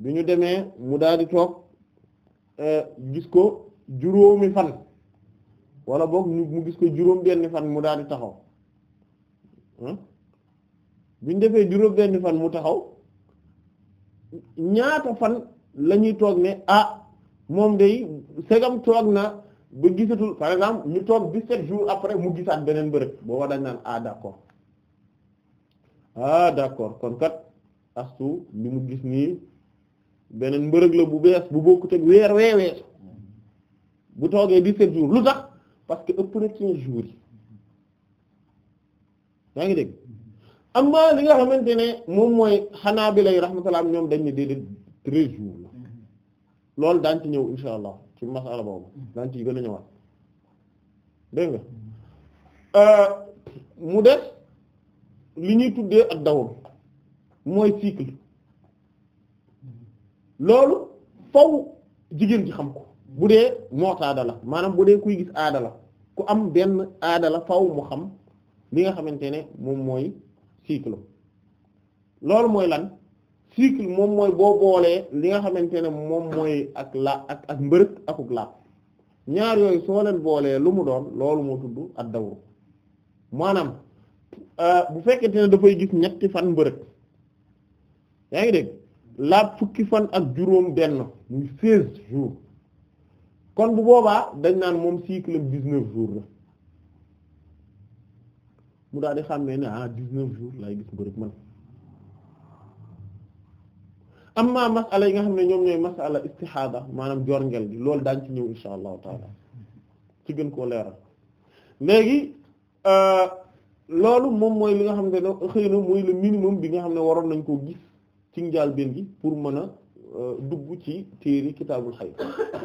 bi ñu demee mu daal di toog euh, gis ko juróomi fan wala boog mu gis ko juróom benn fan mu daal di taxaw bi ñu defee juróom benn fan mu taxaw ñaata fan la ñuy toog ne ah moom day segam toog na ba gisatul par exemple ñu toog 17 jours après mu gisaat beneen bërëb booba dañ naan ah d'accord ah d'accord kon kat astu li mu gis nii beneen mbërëg la bu bees bu bokkut ak weer wee weesu bu toogee dix-sept jours lu tax parce que ëpp na quinze jours yi yaa ngi dégg amma li nga xamante ne moom mooy xanaa bi lay rahmatullah ñoom dañ ne déedéet treize loolu daan ci ñëw insha allah ci masala boobu daan ci gën a ñëwaat nga euh, mu de li ñuy tuddee ak dawul mooy cycle loolu faw jigéen ji xam ko bu dee mootaada la maanaam bu dee kuy gis aadala ku am benn aadala faw mu xam li nga xamante ne moom mooy cycle loolu mooy lan cycle moom mooy boo boolee li nga xamante ne moom mooy ak la ak ak mbërëg akuk laab ñaar yooyu soo leen boolee lu mu doon loolu moo tudd ak dawru maanaam euh, bu fekkente ne dafay gis ñetti fan mbërëg yaa ngi dégg laab fukki fan ak juróom benn muy seize jours kon bu boobaa dañ naan moom cycle am dix-neuf jours la mu daal di xam ne ah dix-neuf jours laay gis mbërëg man amma masala yi nga xam ne ñoom ñooy masala istihada maanaam jorngel gi loolu daañ ci ñëw insha allahu taala ci gën koo leeral léegi euh, loolu moom mooy li nga xam ne xëy na mooy le minimum bi nga xam ne waroon nañ koo gis ci njàlbéen gi pour mën a euh, dugg ci téeri kitaabul xayr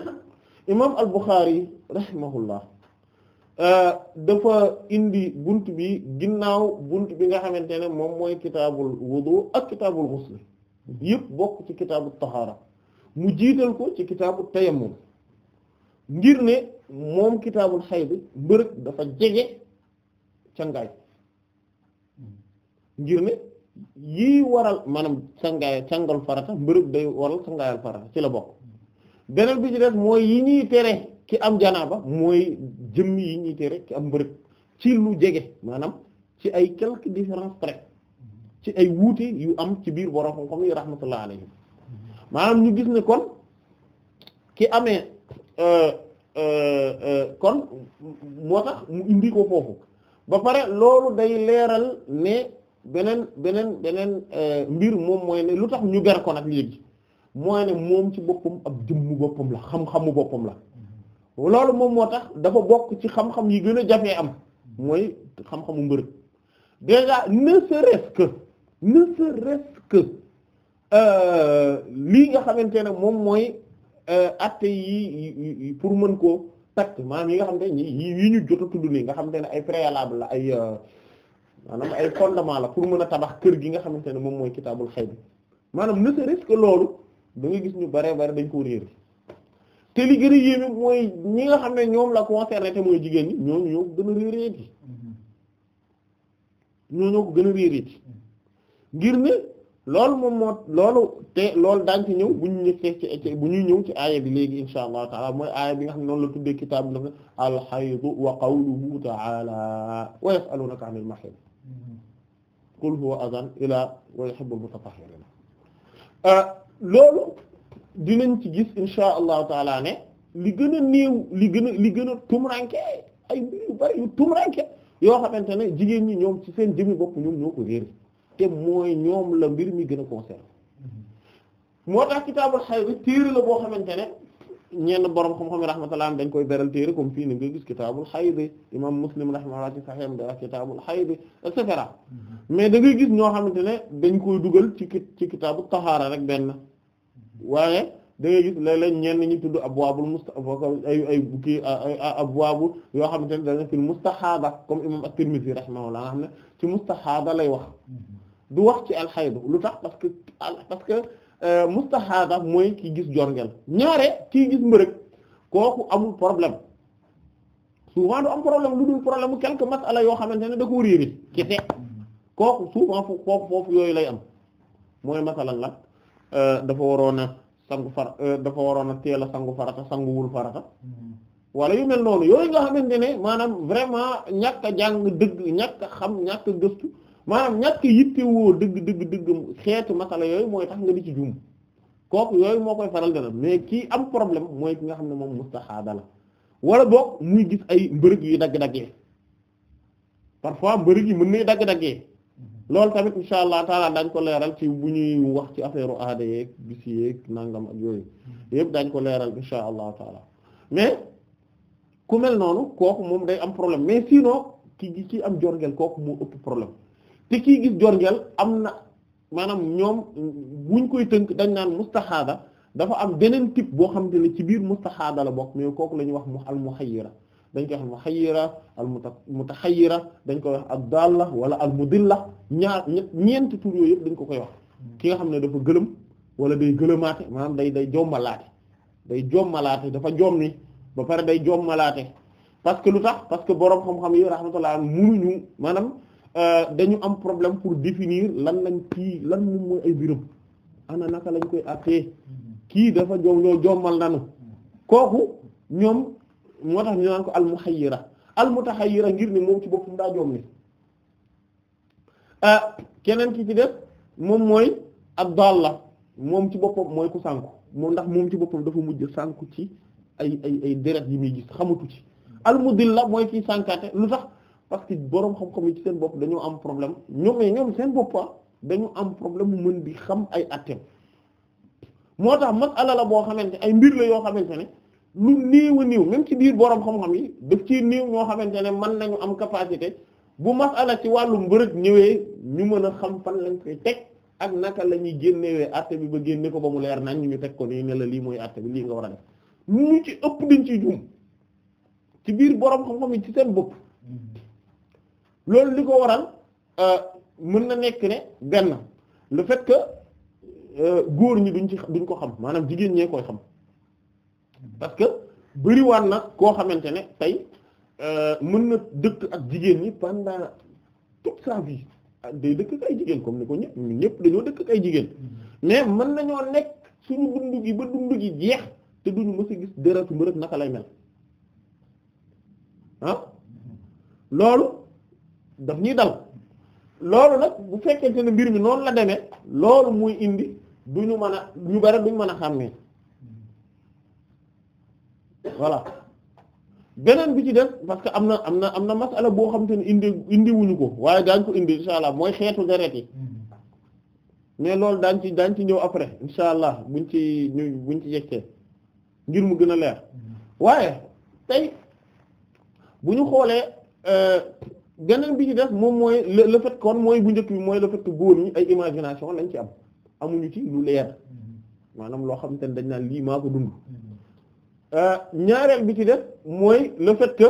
imaam al-Bukhari euh, dafa indi bunt bi ginnaaw bunt bi nga xamante ne moom mooy kitaabul wudu ak kitaabul ghusl yëpp bokk ci kitaabu tahaara mu jiital ko ci kitaabu tayammum ngir ne moom kitaabul xayd mbërëg dafa jege cangaay ngir ne yii waral maanaam sangaay sangal farata mbërëb day waral sangaayal farata ci la bokk beneen bi ci mooy yi ñuy tere ki am janaaba mooy jëmm yi ñuy tere ki am mbërëb ci lu jege maanaam ci ay quelques différences près ci ay wuute yu am ci biir borom xam-xam yi rahmatullah alayhi maanaam ñu gis ne kon ki amee euh, euh, euh, kon moo tax mu indi ko foofu ba pare loolu day leeral ne beneen beneen beneen euh, mbir moom mooy ne lu tax ñu ber ko nag léegi mooy ne moom ci boppam ab mu boppam la xam-xamu boppam la loolu moom moo tax dafa bokk ci xam-xam yi gën a jafee am mooy xam-xamu mbërëg déjà ne serait euh, lii nga xamante ne moom mooy euh, atte yi pour mën koo takk maanaam yi nga xamante ne yi ñu jot a tudd nii nga xamante ne ay préalable la ay maanaam ay fondement la pour mën a tabax kër gi nga xamante ne moom mooy kitaabul xay bi maanaam ne serait-ce loolu da nga gis ñu bare bare dañ ko réer te li gën mooy ñi nga xam ne ñoom la concerné te mooy jigéen ñi ñoo ko gën a réeréeti ñoo ñoo ko gën a réeréeti ngir ne loolu moom moo loolu te loolu daan ci ñëw bu ñu ñëkkee bu ñuy ñëw ci aaya bi léegi insha allahu taala mooy aaya bi nga xam ne noonu la tuddee kitaab bi na alxaydu wa a taala wa yasalunaka anil mahid Mm-hmm. qul huwa azan ilaa wa yuhibbul mutatahhirin euh, loolu dinañ ci gis insha allahu taala ne li gën a li gën a li gën a tumuranke ay mbir yu bari yu tumuranke yoo xamante ne jigéen ñi ñoom ci seen jëmmi bopp ñoom ñoo ko réer te mooy ñoom la mbir mi gën a concerné mm-hmm. moo kitaabul xayr téere la boo xamante ne ñenn borom xam-xam yi rahmatullah dañ koy beral téere comme fii ni nga gis kitaabul xaydi imam muslim rahmatullah ci mm-hmm. mais da gis ñoo xamante ne dañ koy dugal ci ci kitaabu tahaara rek benn waaye da ngay gis léeg-léeg ñenn ñi tudd abwaabul musta ay ay kii abwaabu yoo xamante ne dañu fi mustahaaba comme imam at-Tirmidhi rahmatullah nga xam ne ci mustahaaba lay wax mm-hmm. du wax ci alxaydu lu tax parce que parce que Euh, mustahaada mooy ki gis jorngel ñaare kii gis mbërëg kooku amul problème souvent am problème lu dul problème mu quelque masala yoo xamante ne da ko réeré kooku yooyu lay am mooy euh, dafa waroon a sangu far euh, dafa waroon a teel a sangu farata farata mm-hmm. wala yu mel noonu yooyu nga xamante maanaam vraiment ñàkk a jàng dëgg ñàkk a xam ñàkk a gëstu maanaam ñàkk yittewoo dëgg dëgg dëgg xeetu masala yooyu mooy tax nga di ci juum kooku yooyu moo koy faral dana mais kii am problème mooy ki nga xam ne moom mustaxaada la wala boog muy gis ay mbërëg yu dagg-daggee parfois mbërëg yi mën nañu dagg-daggee loolu tamit insha allah taala dañ ko leeral ci bu ñuy wax ci affaire aada yeeg bis yeeg nangam ak yooyu yëpp dañ ko leeral insha allah taala mais ku mel noonu kooku moom day am problème mais sinon ki ki am jorgel kooku moo ëpp problème te kii gis jorngeel am na maanaam ñoom buñ koy tënk dañ naan mustaxaada dafa am beneen type boo xam te ne ci biir mustaxaada la bokk mais kooku la ñuy wax mu al muxayyira dañ koy wax muxayyira al mutaxayyira dañ koy wax ad dalla wala al mudilla ñaar ñeenti tur yooyu dañ ko koy wax hmm. ki nga xam ne dafa gëlëm wala day gëlëmaate maanaam day day jommalaate day jommalaate dafa joom ni ba pare day jommalaate parce que lu tax parce que boroom xam-xam yi rahmatullah ñu maanaam Euh, dañu am problème pour définir lan lañ kii lan moom mooy ay biram ana naka lañ koy attee kii dafa joom ñoo na nu kooku ñoom moo tax ñu naan ko almuhayyira almutahayyira ngir ni moom ci boppam daa joom ni euh, keneen ki ci def moom mooy ad-dalla moom ci boppam mooy ku sànku moom ndax moom ci boppam dafa mujj sànku ci ay ay ay deret yi muy gis xamatu ci almudilla lu tax parce que boroom xam-xam yi ci seen bopp dañoo am problème ñoom mais ñoom seen bopp ah dañu am problème mu mën di xam ay atteem moo tax masala la boo xamante ay mbir la yoo xamante ne lu néew a néew même ci biir boroom xam-xam yi daf ci néew ñoo xamante ne man nañu am capacité bu masala ci wàllu mbërëg ñëwee ñu mën a xam fan lañ koy teg ak naka la ñuy génnewee atte bi ba génne ko ba mu leer nañ ñu teg ko nii ne lii mooy atte bi lii nga war a def ñu ci ëpp dañ ciy ci biir boroom xam ci seen bopp mm-hmm. loolu li ko waral euh, mën na nekk ne benn le fait que euh, góor ñi duñ ci duñ ko xam maanaam jigéen ñee koy xam parce que bëriwaan na koo xamante ne tey euh, mën na dëkk ak jigéen ñi pendant toute sa vie ah, day dëkk ak ay jigéen comme ni ko ñëpp ñëpp dañoo dëkk ak ay jigéen mais mën nañoo nekk suñu dund gi ba dund gi jeex te duñu mës a gis dëratu mbërëb naka lay mel ah loolu. daf ñuy dal loolu nag bu fekkente ne mbir mi noonu la demee loolu muy indi du ñu mën a ñu bari duñu mën a xàmmee voilà beneen bi ci def parce que am na am na am na masala boo xam te ne indi indi ko waaye daañ ko indi insha allah mooy xeetu deret yi mais loolu daañ ci daañ ci ñëw après insha allah buñ ci ñu buñ ci yeggee ngir mu gën a leer mm-hmm. waaye tey bu ñu xoolee euh, beneen bi ci def moom mooy le fait mooy bu njëkk bi mooy la fait góor ñi ay imagination lañ ci am amuñu ci lu leer mm-hmm. maanaam loo xamante ne dañ naan lii maa ko dund mm-hmm. euh, ñaareel bi ci def mooy le fait que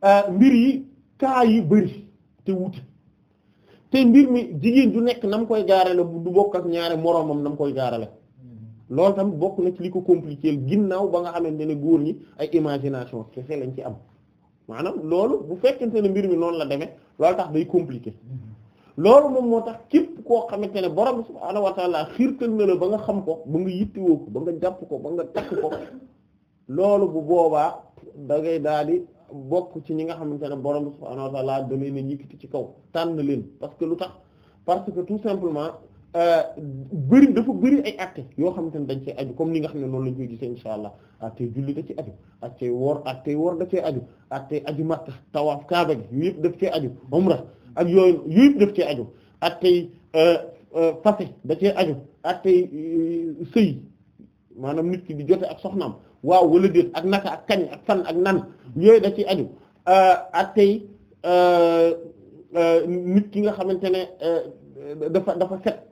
euh, mbir yi cas yi bëri te wuti te mbir mi jigéen du nekk nam koy gaarale du bokk ak ñaare moroomam na mu koy gaarale mm-hmm. loolu tamit bokk na ci li ko compliqué ginnaaw ba nga xamante ne góor ñi ay imagination kese lañ ci am maanaam loolu bu fekkente ne mbir mi noonu la demee loolu tax day compliqué loolu moom moo tax képp koo xamante ne borom subhaanahu wa taala xiirtal na la ba nga xam ko ba nga yittewoo ko ba nga jàpp ko ba nga takk ko loolu bu boobaa da ngay daal di bokk ci ñi nga xamante ne borom subhaanahu wa taala da leen a yëkkati ci kaw tànn leen parce que lu tax parce que tout simplement bëri dafa bëri ay actes yoo xamante ne dañ cee aju comme ni nga xam ne noonu lañ koy gisee insha allah actes julli da ci aju actes woor actes woor da cee aju actes aju Makka tawaaf Kaaba yëpp daf cee aju umra ak yooyu yu yëpp cee aju actes eh, eh, da cee aju actes eh, sëy maanaam nit ki di jote ak soxnaam waaw wala déet ak naka ak kañ ak fan ak nan yooyu da ci aju actes nit ki nga xamante ne dafa dafa set.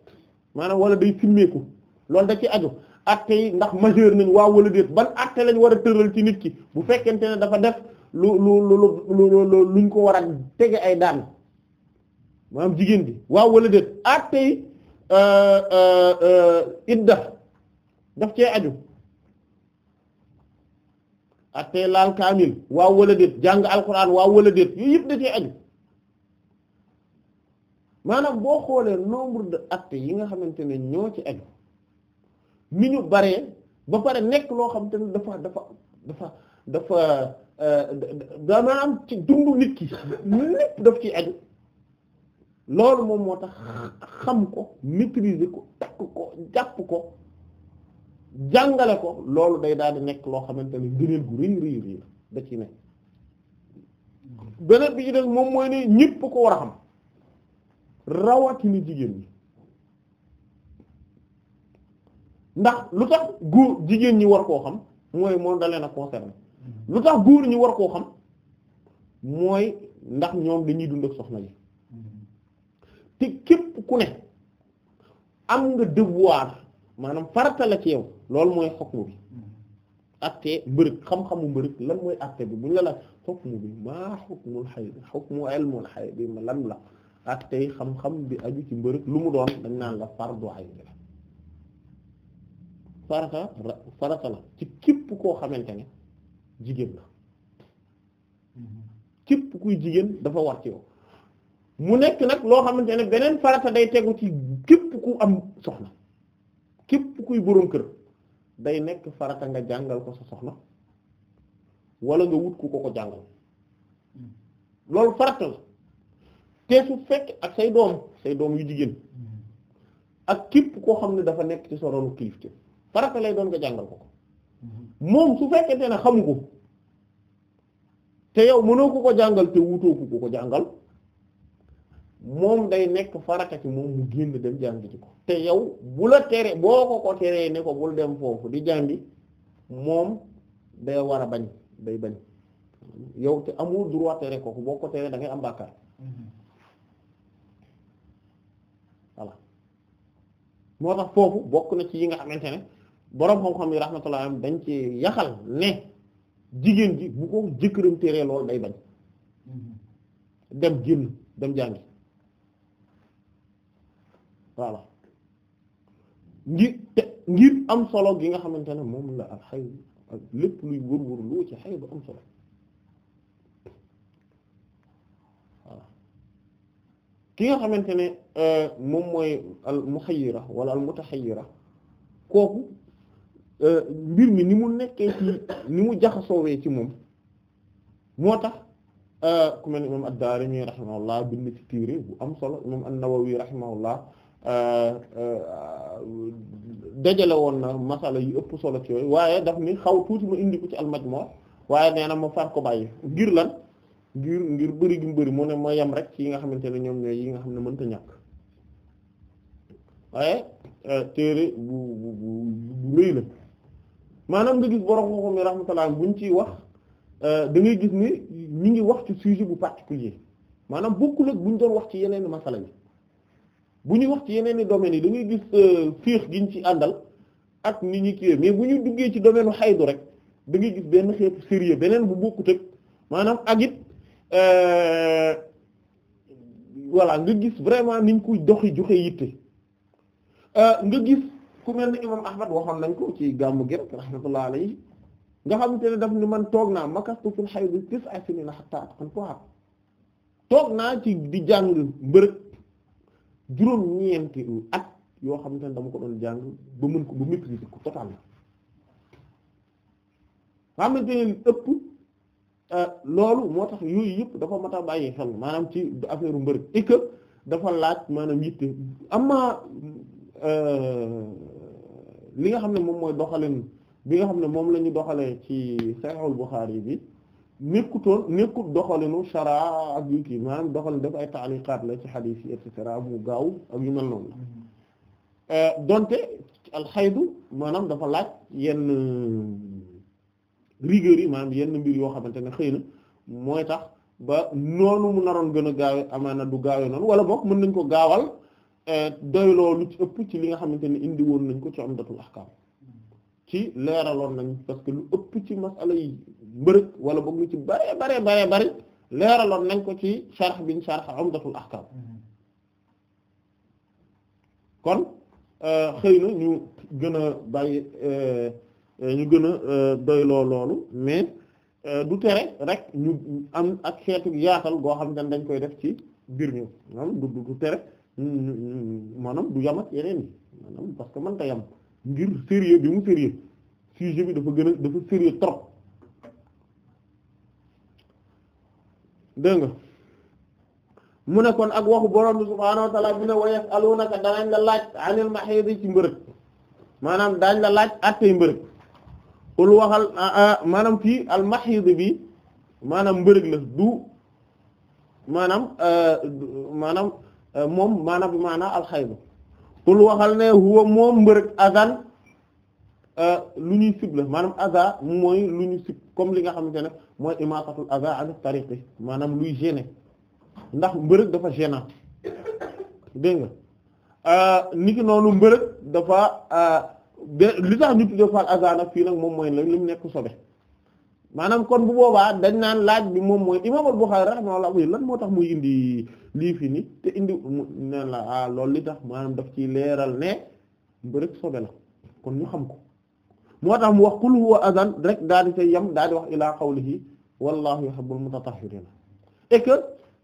maanaam wala day simmeeku loolu da ci aju atte yi ndax majeur nañ waaw wala déet ban atte lañ war a tëral ci nit ki bu fekkente ne dafa def lu lu lu lu luñ ko war a tege ay daan maanaam jigéen bi waaw wala déet atte yi euh, euh, euh, idda daf cee aju atte laal kaamil waaw wala déet jàng alquran waaw wala déet yooyu yëpp da cee aju maanaam boo xoolee nombre de actes yi nga xamante ne ñoo ci aju ni ñu baree ba pare nekk loo xamante ne dafa dafa dafa dafa euh, dama am ci dundu nit ki lépp daf ci aju loolu moom moo tax xam ko maîtriser ko takk ko jàpp ko jàngale ko loolu day daal di nekk loo xamante ne ngëneel gu rëy rëy rëy da ci nekk beneen bi ci des moom mooy ne ñépp ko war a xam rawatina jigéen ñi ndax lu tax góor jigéen ñi war koo xam mooy moom da leen a concerné lu tax góor ñi war koo xam mooy ndax ñoom dañuy dund ak soxna yi te képp ku ne am nga devoir maanaam farata la ci yow loolu mooy xokmu bi atte mbërëg xam-xamu mbërëg lan mooy atte bi buñ la la xokmu bi maa xokmul xay xokmu ilmul xay bi lan la ak tey xam-xam bi aju ci mbërëg lu mu doon dañ naan la fardu ayn la farata farata la ci képp koo xamante ne jigéen la mm-hmm. képp kuy jigéen dafa war ci yow mu nekk nag loo xamante ne beneen farata day tegu ci képp ku am soxna képp kuy boroom kër day nekk farata nga jàngal ko sa soxna wala nga wut ku ko ko jàngal mm. loolu farata la te su fekk ak say doom say doom yu jigéen hmm. ak képp koo xam ne dafa nekk ci soronu kilifte farata doon nga jàngal ko ko hmm. moom su fekkente ne xamu ko te yow mënoo ko ko jàngal te wutoo ko ko jàngal moom day nekk farata ci moom mu génn dem jàngi ci ko te yow bu la tere boo ko ko teree ne ko bul dem foofu di jàngi moom day war a bañ day bañ yow te amul droit tere ko boo ko teree da am bàkkaar. Hmm. moo tax foofu bokk na ci yi nga xamante ne boroom xam-xam yi rahmatullah am dañ ci yaxal ne jigéen ji bu ko jëkkëram teree loolu day bañ dem génn dem jàngi voilà ngir te ngir am solo gi nga xamante ne moom la ak xay lépp luy wër-wër lu ci xay bu am solo ki nga xamante ne euh, moom mooy al muxayyira wala al mutaxayyira kooku euh, mbir mi ni mu nekkee ci ni mu jaxasoowee ci moom moo tax euh, ku mel ni imam ad-Daarimi rahimahullah bind ci téere bu am solo imam an-Nawawi rahimahullah dajale woon na masala yi ëpp solo ci yooyu waaye daf ni xaw tuuti ma indi ko ci al-Majmu' waaye nee na ma far ko bàyyi ngir lan ngir ngir bëri gi mu bëri mu ne ma yem rek ci yi nga xamante ne ñoom ñooy yi nga xam ne mënta ñàkk waaye euh, téere bu bu bu rëy la maanaam nga gis borom nga ko mi buñ ciy wax euh, da ngay gis ni ñi ngi wax ci sujet bu particulier maanaam bokkul buñ doon wax ci yeneen masala yi bu ñuy wax ci yeneen i domaines yi da ngay gis euh, fiix giñ ci àndal ak ni ñi kiiwee mais bu ñu duggee ci domaine u xaydu rek da ngay gis benn xeetu sérieux beneen bu bokkut maanaam ak Euh, voilà nga gis vraiment ni ñu koy doxi joxe yitte euh, nga gis ku mel ni imam ahmad waxoon nañ ko ci gàmmu gi rek rahmatullah alayhi nga xamante ne daf ni man toog naa makastu fil hayd tis'a sinina hatta atqantuha toog naa ci di jàng mbërëg juróom-ñeenti at yoo xamante ne dama ko doon jàng ba mën ko ba maîtriser ko totalement xamante ne ëpp Euh, loolu moo tax yooyu yëpp dafa mat a bàyyi xel maanaam ci affaire mbër et que dafa laaj maanaam yitte amaa euh, li nga xam ne moom mooy doxalin bi nga xam ne moom la ñu doxalee ci Sahihul Bukhari bi nekkutoon nekkut doxalinu shara ak yu kii maanaam doxalin def ay taaliqaat la ci xadiis yi et cetera mu gaaw ak yu mel noonu euh, donte alxaydu maanaam dafa laaj yenn. rigueur yi maanaam yenn mbir yoo xamante ne xëy na mooy tax ba noonu mu naroon gën a gaawe amaana du gaawe noonu wala boog mën nañ ko gaawal eh, doyloo lu ci ëpp ci li nga xamante ne indi nañ ko ci om Umdatul Ahkam ci leeraloon nañ parce lu ëpp ci masala yi mbërëg wala boog lu ci bare bare bare bari leeraloon nañ ko ci sharh biñ am Umdatul Ahkam kon eh, xëy na ñu gën a bàyyi eh, Euh, ñu gën a euh, doyloo loolu mais euh, du tere rek ñu am ak xeetu yaatal goo xam ne dañ koy def ci biir ñu maanaam du du tere maanaam du yam ak yeneen yi maanaam parce que mënta ta yam ngir sérieux bi mu sérieux sujet bi dafa gën dafa sérieux trop dégg nga mu ne kon ak waxu borom bi subhaanahu wa ta'ala bi ne wa yas'alunaka danañ la laaj anil mahid ci mbërëg maanaam daañ la laaj attey mbërëg xul waxal maanaam fii almaxiid bi maanaam mbërëg la du maanaam maanaam moom maanaam maanaam alxaydu xul waxal ne huwa moom mbërëg azan lu ñuy sib la maanaam aza mooy lu ñu sib comme li nga xamante ne mooy imaatatul aza an tariq bi maanaam luy gêner ndax mbërëg dafa gênant dégg nga noonu mbërëg dafa li tax ñu tuddee ko al fii nag moom mooy li mu nekk sobe maanaam kon bu boobaa dañ naan laaj bi moom mooy imaam al-Bukhari rahimahullah lan moo tax muy indi lii fi nii te indi mu naan la ah loolu li tax maanaam daf ciy leeral ne ba rek sobe la kon ñu xam ko moo tax mu wax qul huwa azan rek daal di say yem daal di wax ilaa qawlihi wallahu yuhibbul mutatahhirina et que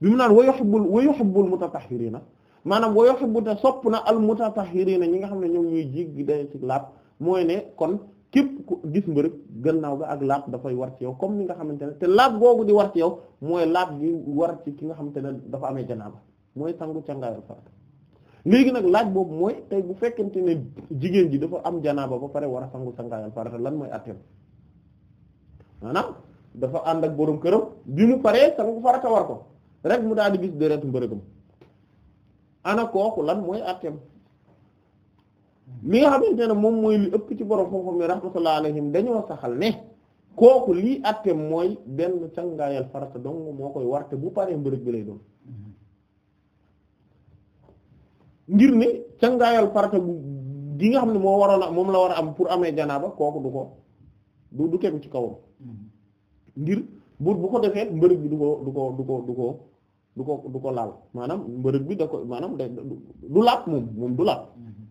bi mu naan wa yuhibbul wa yuhibbul mutatahhirina maanaam wa yuhibbu sopp na al a ñi nga xam ne ñoom ñuy jéggi day ci laab mooy ne kon képp ku gis mbërëg gannaaw ga ak laab dafay war ci yow comme ni nga xamante ne te laab googu di war ci yow mooy laab gi war ci ki nga xamante ne dafa amee janaaba mooy sangu cangaayal farata léegi nag laaj boobu mooy tey bu fekkente ne jigéen ji dafa am janaaba ba pare war a sangu cangaayal farata lan mooy atteem maanaam dafa ànd ak boroom këram bi mu paree sangu farata war ko rek mu daal di gis deretu mbërëgam ana kooku lan mooy atteem li nga xamante ne moom mooy li ëpp ci borom xam-xam yi rahmatullahi ne kooku lii atteem mooy benn cangaayal farata dong moo koy warte bu paree mbërëg bi lay doon ngir ne cangaayal farata bu gi nga xam ne moo waroon a moom la war a am pour amee janaaba kooku du ko du du ci kawam mm-hmm. ngir bu bu ko defee mbërëg bi du ko du ko du ko du ko du ko du ko laal maanaam mbërëg bi da ko maanaam du laat moom moom du laat mm-hmm.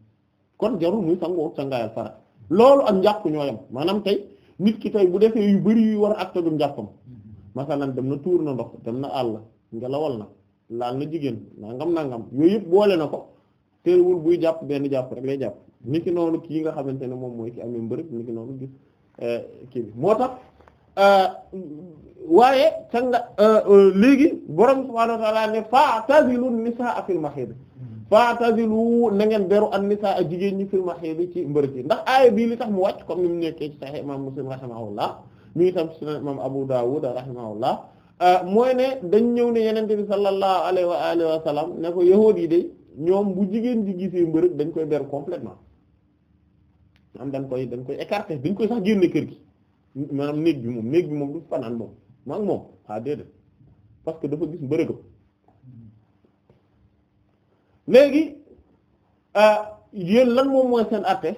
kon jarul muy sangoo sangaayal farat loolu ak njàpp ñooyam maanaam tey nit ki tey bu defee yu bari yu war a acte du njàppam mm-hmm. masalan dem na tuur na ndox dem na àll ngelawal na laal na jigéen nangam nangam yooyu yëpp boole na ko teewul buy jàpp benn jàpp rek lay jàpp ki noonu kii nga xamante ne moom mooy ki amee mbërëg niki noonu gis eh, kii bi moo tax Euh, waaye canga euh, euh, léegi borom subhaanahu wa ta'aala ne fa'tazilu nisaa fil mahiid fa'tazilu na ngeen beru an a jigéen ñi fil bi ci mbërëg yi ndax aaye bii li tax mu wàcc comme ni mu nekkee ci Sahih imaam Muslim rahimahullah mi tam Sunan imaam Abu Daawud rahimahullah mooy ne dañ ñëw ne Yonent bi sallallahu alayhi wa alihi wa sallam ne ko yahuud yi de ñoom bu jigéen ji gisee mbërëg dañ koy beru complètement am dañ koy dañ koy écarter dañ koy sax génne kër gi. maanaam néeg bi moom néeg bi moom du fanaan moom maa ngi moom ah déedéet parce que dafa gis mbërëgëm léegi ah, yéen lan moom mooy seen àtte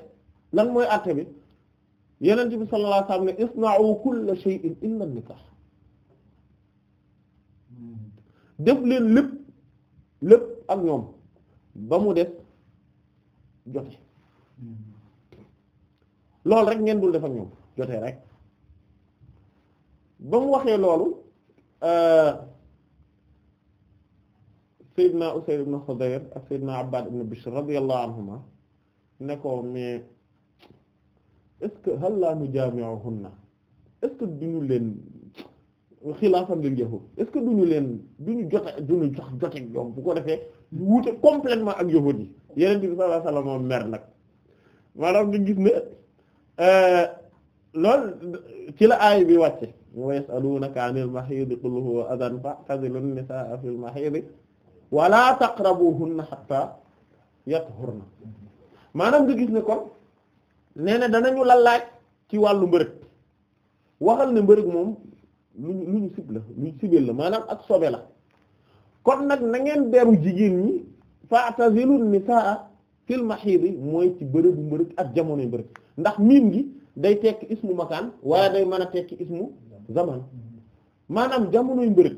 lan mooy àtte bi yeneen bi sallallahu alayhi wasallam ne isna'u kulla shay'in illa an def leen lépp lépp ak ñoom ba mu def jote hmm. loolu rek ngeen dul def ak ñoom jote rek ba mu waxee loolu euh, Seydina Usayd ibn Khudayr ak Seydina Abbad ibn Bishr radiyallahu anhuma ne ko mais est-ce que hal laa nujaami'uhunna est-ce du duñu leen xilaafan lil yahud est-ce que ñu leen duñu jote duñu jox jote ñoom bu ko defee wuute complètement ak yahud yi yeneen bi sallallahu alayhi wasallam mer nag maanaam ñu gis ne euh, loolu ci la aay bi wàcce wa yas'alunaka 'anil mahidi qul huwa adhan fa'tazilu an-nisaa fil mahidi wa gis ne kon nee na danañu la ci wàllu mbërëg waxal ne mbërëg moom lu lu ñu sib la maanaam ak sobe la kon nag na ngeen beru jigéen ñi fa'tazilu an-nisaa fil mahidi mooy ci bërëbu mbërëg ak ndax miim gi day tekki ismu makaan waaye day mën a tekki ismu zaman maanaam jamonoy mbërëg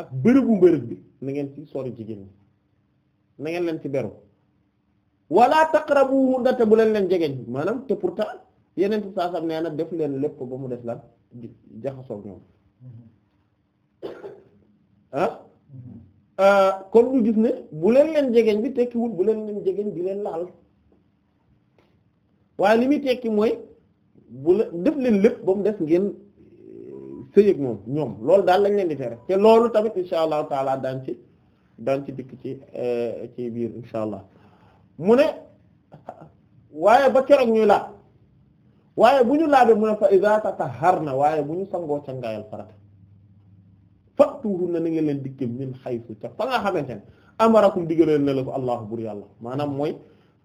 ak bërëbu mbërëg bi na ngeen ci sori jigéen ñi na ngeen leen ci beru wala taqrabu ndaxte bu leen leen jegeñ maanaam te pourtant yeneen ci saasam nee na def leen lépp ba mu des lan jaxasoog ñoom mm-hmm. Ah? Mm-hmm. ah kon ñu gis ne bu leen leen jegeñ bi tekkiwul bu leen leen jegeñ di leen laal waaye li muy tekki mooy bu la def leen lépp ba mu des ngeen sëyeeg moom ñoom loolu daal lañ leen di tere te loolu tamit insha allahu taala daan ci daan ci dikk ci euh, ci biir insha allah mu ne waaye ba keroog ñuy laaj waaye bu ñu laajee mu ne fa iza na waaye bu ñu sangoo ca ngaayal farata fatuuru na na ngeen leen dikke min xaysu ca fa nga xamante ne amarakum diggaleen ne la ko allahu bur yàlla maanaam mooy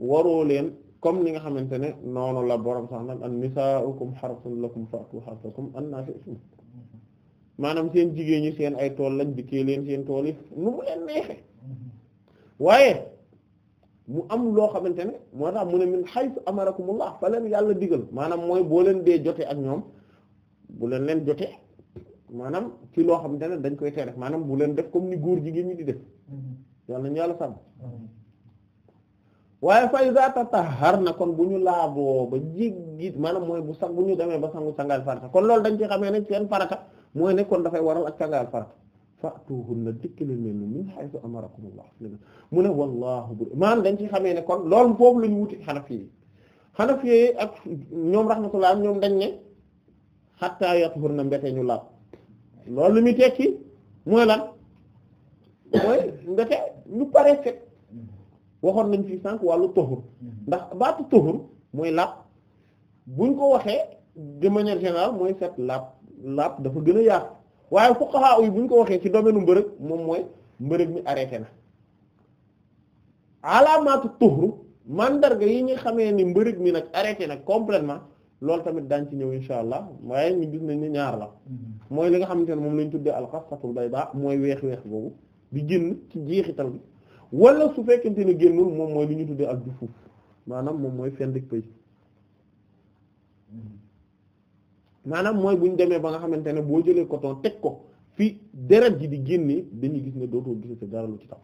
waroo leen comme ni nga xamante ne noonu la borom sax nag an nisaa'ukum harsun lakum fa'tu harsakum anna maanaam seen jigéen ñi seen ay tool lañ dikkee leen seen tool yi nu mu leen neexe waaye mu am loo xamante ne moo tax mu ne min haythu amarakumullah fa leen yàlla digal maanaam mooy boo leen dee jote ak ñoom bu leen leen jote maanaam ci loo xamante ne dañ koy tere maanaam bu leen def comme ni góor jigéen ñi di def yàlla ñu yàlla sàmm waaye fa iza na kon bu ñu laaboo ba jéggi maanaam mooy bu sax bu ñu demee ba sangu sangal farata kon loolu dañ ci xamee ne seen farata mooy nekkoon dafay waral ak càngaayal farat fa'tuhunna dikk leen leen min haythu amarakumullah mu ne wallaahu bu maanaam dañ ci xamee ne kon loolu boobu la ñu wuti Hanafi yi Hanafi yi ak ñoom rahmatullah ñoom dañ ne hatta yatuhurna mbete ñu laab loolu li muy tekki mooy lan mooy mbete ñu pare set waxoon nañ fi sànq wàllu tuhur ndax baatu tuhur mooy laab buñ ko waxee de manière générale mooy set laab napp dafa gën a yaatu waaye fuqaha yi bu ñu ko waxee ci domaine mbërëg moom mooy mbërëg mi arrêté na alaamaatu tuhru mandarga yi ñu xamee ni mbërëg mi nag arrêté nag completement loolu tamit daañ ci ñëw insha allah waaye ñu gis nañ ni ñaar la mm-hmm. mooy li nga xamante ne moom lañ tuddee bay bayda mooy weex weex boobu di génn ci jeexital bi wala su fekkente ne génnul moom mooy li ñu tuddee ak du maanaam moom mooy fendik pëy mm-hmm. maanaam mooy bu ñu demee ba nga xamante ne boo jëlee coton teg ko fi deret ji di génne dañuy gis ne dootoo gis dara lu ci tax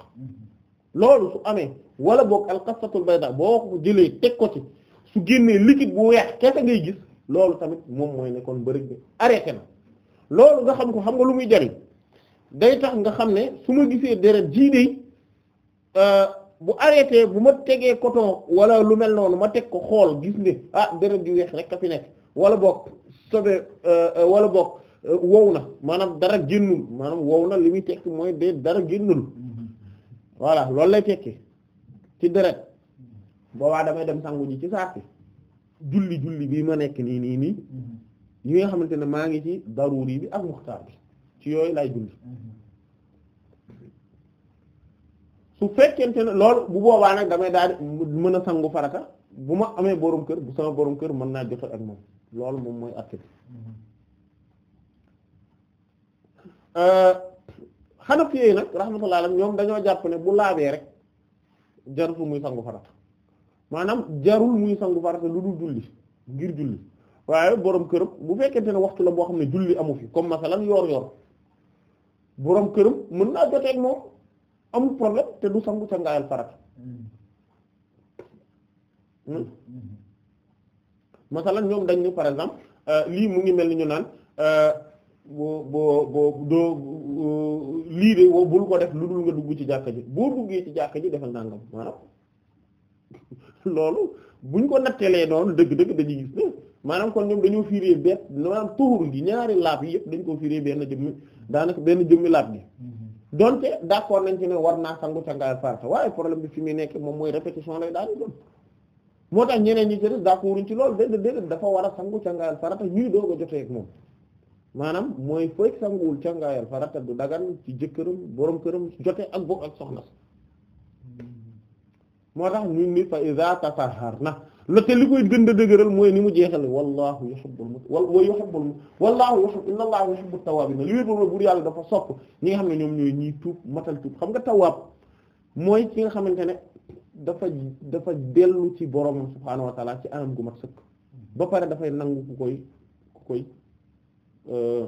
loolu amee wala boog alqasatul bayda boo ko jëlee teg ko ci su génnee liquide bu weex kese ngay gis loolu tamit moom mooy ne kon bërig bi na loolu nga xam ko xam nga lu muy jariñ day tax nga xam ne su ma gisee deret jii dey euh, bu arrêté bu ma tegee coton wala lu mel noonu ma teg ko xool gis ne ah deret ju weex rek a fi nekk wala boog sobe euh, euh, wala bokk euh, wow na maanaam dara génnul maanaam wow na li muy tekki mooy de dara génnul voilà loolu lay tekki ci deret boobaa damay dem sangu ji ci saati julli julli bii ma nekk nii nii nii yi nga xamante ne maa ngi ci daruri bi ak muxtaar bi ci yooyu lay julli su fekkente ne loolu bu boobaa nag damay daal mën a sangu farata bu ma amee boroom kër bu sama boroom kër mën naa jote ak moom loolu moom mooy àtte bi euh, Hanafi yi nag rahmatullah alayhim ñoom dañoo jàpp ne bu laabee rek jarul muy sangu farata maanaam jarul muy sangu farata lu dul julli ngir julli waaye borom këram bu fekkee te ne waxtu la boo xam ne julli amu fi comme masalan yor-yor borom këram mën naa joteeg moom amul problème te du sangu sangaayal farata. Hmm. Hmm? masalan ñoom dañ ñu par exemple euh, lii mu ngi mel ni ñu naan euh, boo boo boo doo euh, lii de woo bul ko def lu dul nga dugg ci jàkka ji boo duggee ci jàkka ji defal nangam maanaam loolu buñ ko nattelee noonu dëgg-dëgg dañuy gis ne maanaam kon ñoom dañoo fiiree benn maanaam tuur gi ñaari laab yi yëpp dañ koo fiiree benn jëmmi daanaka benn jëmmi laab gi mm-hmm. donte d'accord nañ ci ne war naa sangu cangaay farata waaye problème bi fi muy nekk moom mooy répétition lay daal moo tax ñeneen ñi ci def d'accorduñ ci loolu déedéet déedéet dafa war a sangu cangaayal farata ñuy doog a jotee ak moom maanaam mooy fekk sanguwul cangaayal farata du dagan ci jëkkëram borom këram jotee ak bokk ak soxna moo tax ñu ni fa iza na la te li koy gën a mooy ni mu jeexale wallahu yuhibbul mut wal wa yuhibbul wallahu yuhibbu inna allaha yuhibbu tawwabin li wér ba buur yàlla dafa sopp ñi nga xam ne ñoom ñooy ñii tuub matal tuub xam nga tawaab mooy ki nga xamante ne dafa dafa dellu ci borom subhaanahu wa taala ci anam gu mat sëkk ba pare dafay nangu ku koy ku koy euh,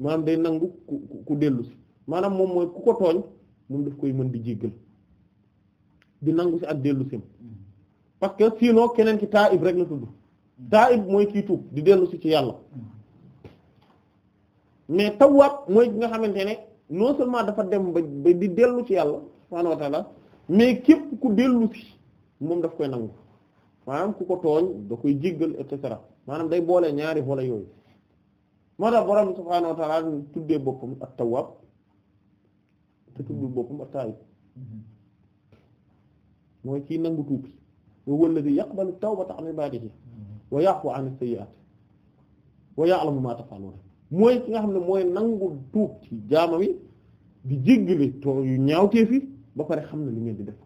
maanaam day nangu ku ku dellu si maanaam moom mooy ku ko tooñ moom daf koy mën di jéggal di nangu si ak dellu si parce que sinon keneen ki taa'ib rek la tudd taa'ib mooy kii tuub di dellu si ci yàlla mais tawwaab mooy ki nga xamante ne non seulement dafa dem ba di dellu ci yàlla subhaanahu wa mais képp ku dellu si moom daf koy nangu maanaam ku ko tooñ da koy jéggal et maanaam day boole ñaari volet yooyu moo tax borom subhaanahu wa ta'ala tuddee boppam at-Tawwaab te tuddul mm-hmm. boppam at-Taa'ib mm-hmm. mooy kii nangu tuub wa huwa alladhi yaqbalu tawbata 'an ibaadihi wa mm-hmm. ya'fu 'an as-sayyi'aati wa ya'lamu ma taf'aluun mooy ki nga xam ne mooy nangu tuub ci jaamo yi di jéggale to yu ñaawtee fi ba pare xam na li ngeen di def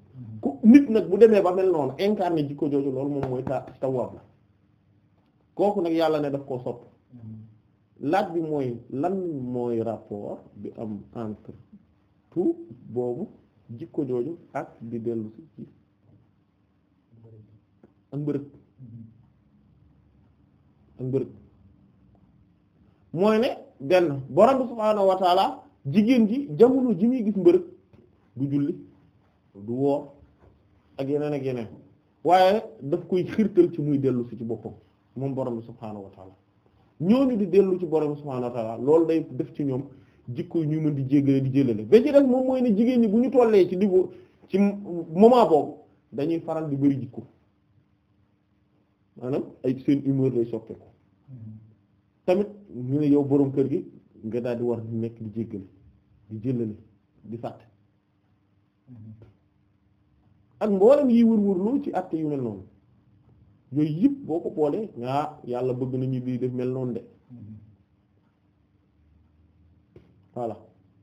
ku nit nag bu demee ba mel noonu incarné jikko jooju loolu moom mooy ta tawwaab la kooku nag yàlla ne daf koo sopp mm-hmm. laaj bi mooy lan mooy rapport bi am entre tout boobu jikko jooju ak di dellu si ci ak mbërëg mm-hmm. ak mbërëg mooy ne benn borom bi subhaanahu jigéen ji jamono ji muy gis mbërëg du julli du woor ak yeneen ak yeneen waaye daf koy xirtal ci muy dellu si ci boppam moom borom subhaanahu wa taala ñooñu di dellu ci borom subhaanahu wa loolu day def ci ñoom jikko ñu mën di jéggale di jëlale ba ci rek moom mooy ne jigéen ñi bu ñu tollee ci niveau ci moment boobu dañuy faral di bari jikko maanaam ay seen humeur lay soppeeku tamit ñu ne yow boroom kër gi nga daal di war di nekk di jéggale di jëlale di fàtte ak mboolem yi wër ci acte yu mel noonu yooyu yëpp boo ko boolee ah, yàlla bëgg nañu lii def mel noonu de voilà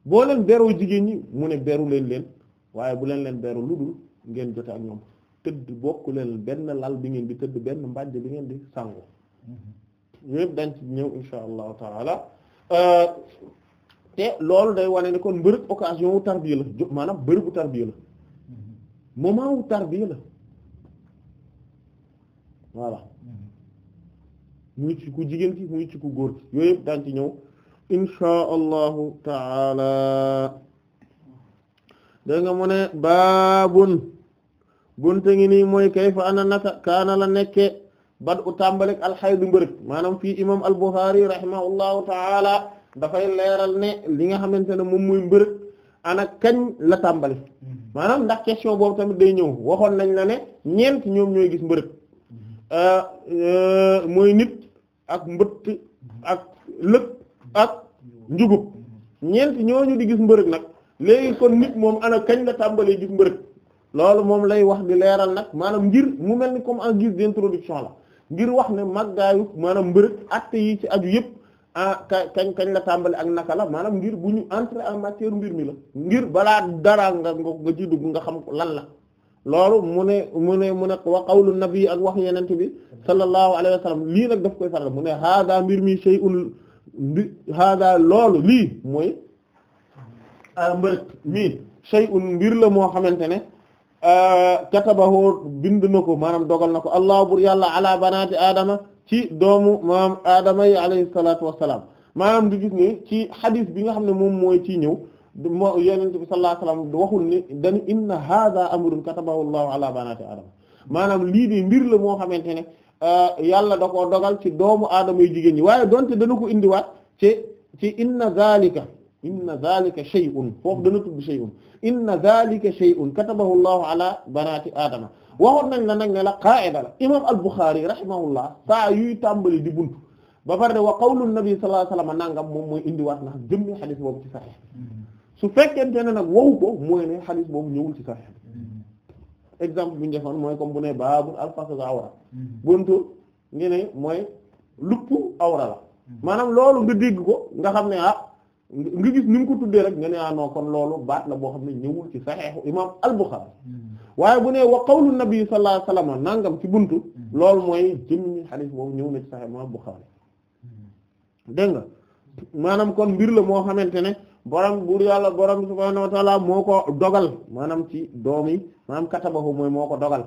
boo leen beroo jigéen ñi mu ne beru leen leen waaye bu leen leen beru lu dul ngeen jote ak ñoom tëdd bokk leen benn lal bi ngeen di tëdd benn mbàjj bi ngeen di sangu mm-hmm. yëpp dañ ci ñëw insha allahu taala euh, te loolu day wane ne kon mbërëg occasion wu tarbiya la maanaam bërëbu tarbiya la wu tarbiya la voilà ku jigéen ki muy ku góor ki yooyu ñëw inshaa taala da nga mu ne baabun bunte ngi nii mooy kayfa ana naka kaana nekke bad u tàmbalek alxaydu mbërëg maanaam fii imam al-Bukhari rahimahullahu taala dafay leeral ne li nga xamante ne moom mooy mbërëg ana kañ la tàmbali mm-hmm. maanaam ndax question boobu tamit day ñëw waxoon nañ la ne ñeent ñoom ñooy gis mbërëg mm-hmm. euh, euh, mooy nit ak mbëtt mm-hmm. ak lëg ak njugub ñeent ñooñu di gis mbërëg nag léegi kon nit moom ana kañ la tàmbalee gis mbërëg loolu moom lay wax di leeral nag maanaam ngir mu mel ni comme en guise d'introduction la ngir wax ne màggaayu maanaam mbërëg acte yi ci aju yëpp ah kañ kañ la tàmbali ak naka la maanaam ngir bu ñu entrer en matière mbir mi la ngir balaa dara nga nga ci dugg nga xam lan la loolu mu ne mu ne mu ne wa qawlu nabi ak wax yenent bi sallallahu alayhi wa lii nag daf koy faral mu ne hada mbir mi shay'un bi hada loolu mooy ah, mbërëg mii shay'un mbir la moo xamante ne ah, katabahu bind na ko maanaam dogal na ko allah bur yàlla ala banaati aadama ci doomu maam aadama yi alayhi salaatu maanaam di gis ci xadis bi nga xam ne moom mooy ci ñëw moo yenente bi sallallahu alayhi wasallam waxul ne dañu inna hadha amrun katabahu llahu ala banati aadama maanaam lii de mbir la moo xamante ne euh, yàlla da koo dogal ci doomu aadama yu jigéen ñi waaye donte dana ko indiwaat ci ci inna zalika inna zalika shay'un foofu dana tudd shay'un inna zalika shay'un katabahu llahu ala banati aadama waxoon nañ la nag ne la qaa'ida la imam al-Bukhari rahimahullah saa yuy tàmbali di buntu ba pare de wa qawlu nabi sallallahu alayhi wasallam nangam moom mooy indiwaat ndax jëmmi xadis boobu ci saxex mm-hmm. su fekkente ne nag wowu ko mooy ne xadis boobu ñëwul ci saxex mm-hmm. exemple bi ñu defoon mooy comme bu ne baabu al-fasl awra mm-hmm. buntu nge ne mooy lupp awra la maanaam loolu nga dégg ko nga xam ne ah nga gis ni mu ko tuddee rek nga ne ah non kon loolu baat la boo xam ne ñëwul ci saxeexu imam al-Bukhari waaye bu ne wa qawlu nabi sallallahu alayhi nangam ci buntu mm-hmm. loolu mooy jëmmi xadis boobu ñëw na ci Sahih Imam Bukhari mm-hmm. dégg nga maanaam kon mbir la moo xamante ne borom buur yàlla borom subhaanahu wa moo ko dogal maanaam ci doom yi maanaam katabahu mooy moo ko dogal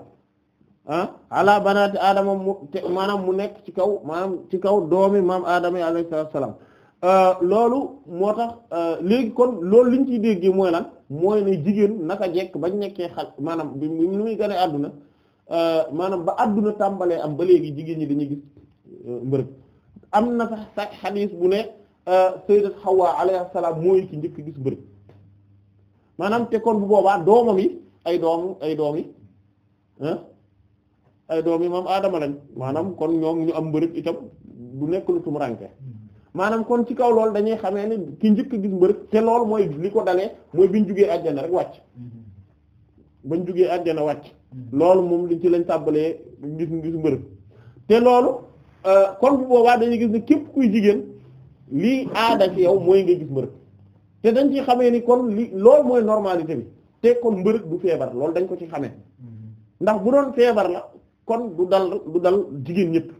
ah ala banaati aadama mu maanaam mu nekk ci kaw maanaam ci kaw doomi maam aadama yi salaam Euh, loolu moo tax euh, léegi kon loolu liñ ciy déggee mooy lan mooy ne jigéen naka jekk bañ nekkee xal maanaam bi ni muy ganee àdduna euh, maanaam ba àdduna tàmbalee am ba léegi jigéen ñi dañuy gis mbërëg am na sax sax xadiis bu ne sayyidat Hawa alayhi salaam mooy ki njëkk gis mbërëg maanaam te kon bu boobaa doomam yi ay doom ay doom yi ay doom yi moom aadama lañ maanaam kon ñoom ñu am mbërëg itam du nekk lu tumuraanke maanaam kon ci kaw loolu dañuy xamee ne ki njëkk gis mbërëg te lool mooy li ko dalee mooy bi ñu jugee àjjana rek wàcc mm-hmm. bañ jugee àjjana wàcc mm-hmm. loolu moom li ci lañ tàbbalee gis gis mbërëg te loolu euh, kon bu boobaa dañuy gis ne képp kuy jigéen lii aada ci yow mooy nga gis mbërëg te dañ ci xamee ni kon li lool mooy normalité bi te kon mbërëg du feebar loolu dañ ko ci xamee mm-hmm. ndax bu doon feebar la kon du dal du dal jigéen ñëpp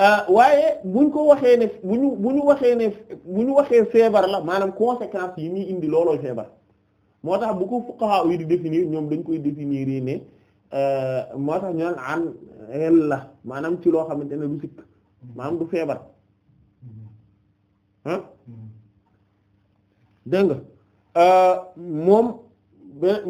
Euh, waaye buñ ko waxee ne bu ñu bu waxee ne bu ñu waxee feebar la maanaam conséquence yi ñuy indi loolooy feebar moo tax bu ko fuqaha yi di définir ñoom dañ koy définir yi ne euh, moo tax ñu naan an el la maanaam ci loo xamante ne du sikk maanaam du feebar ah dégg nga euh, moom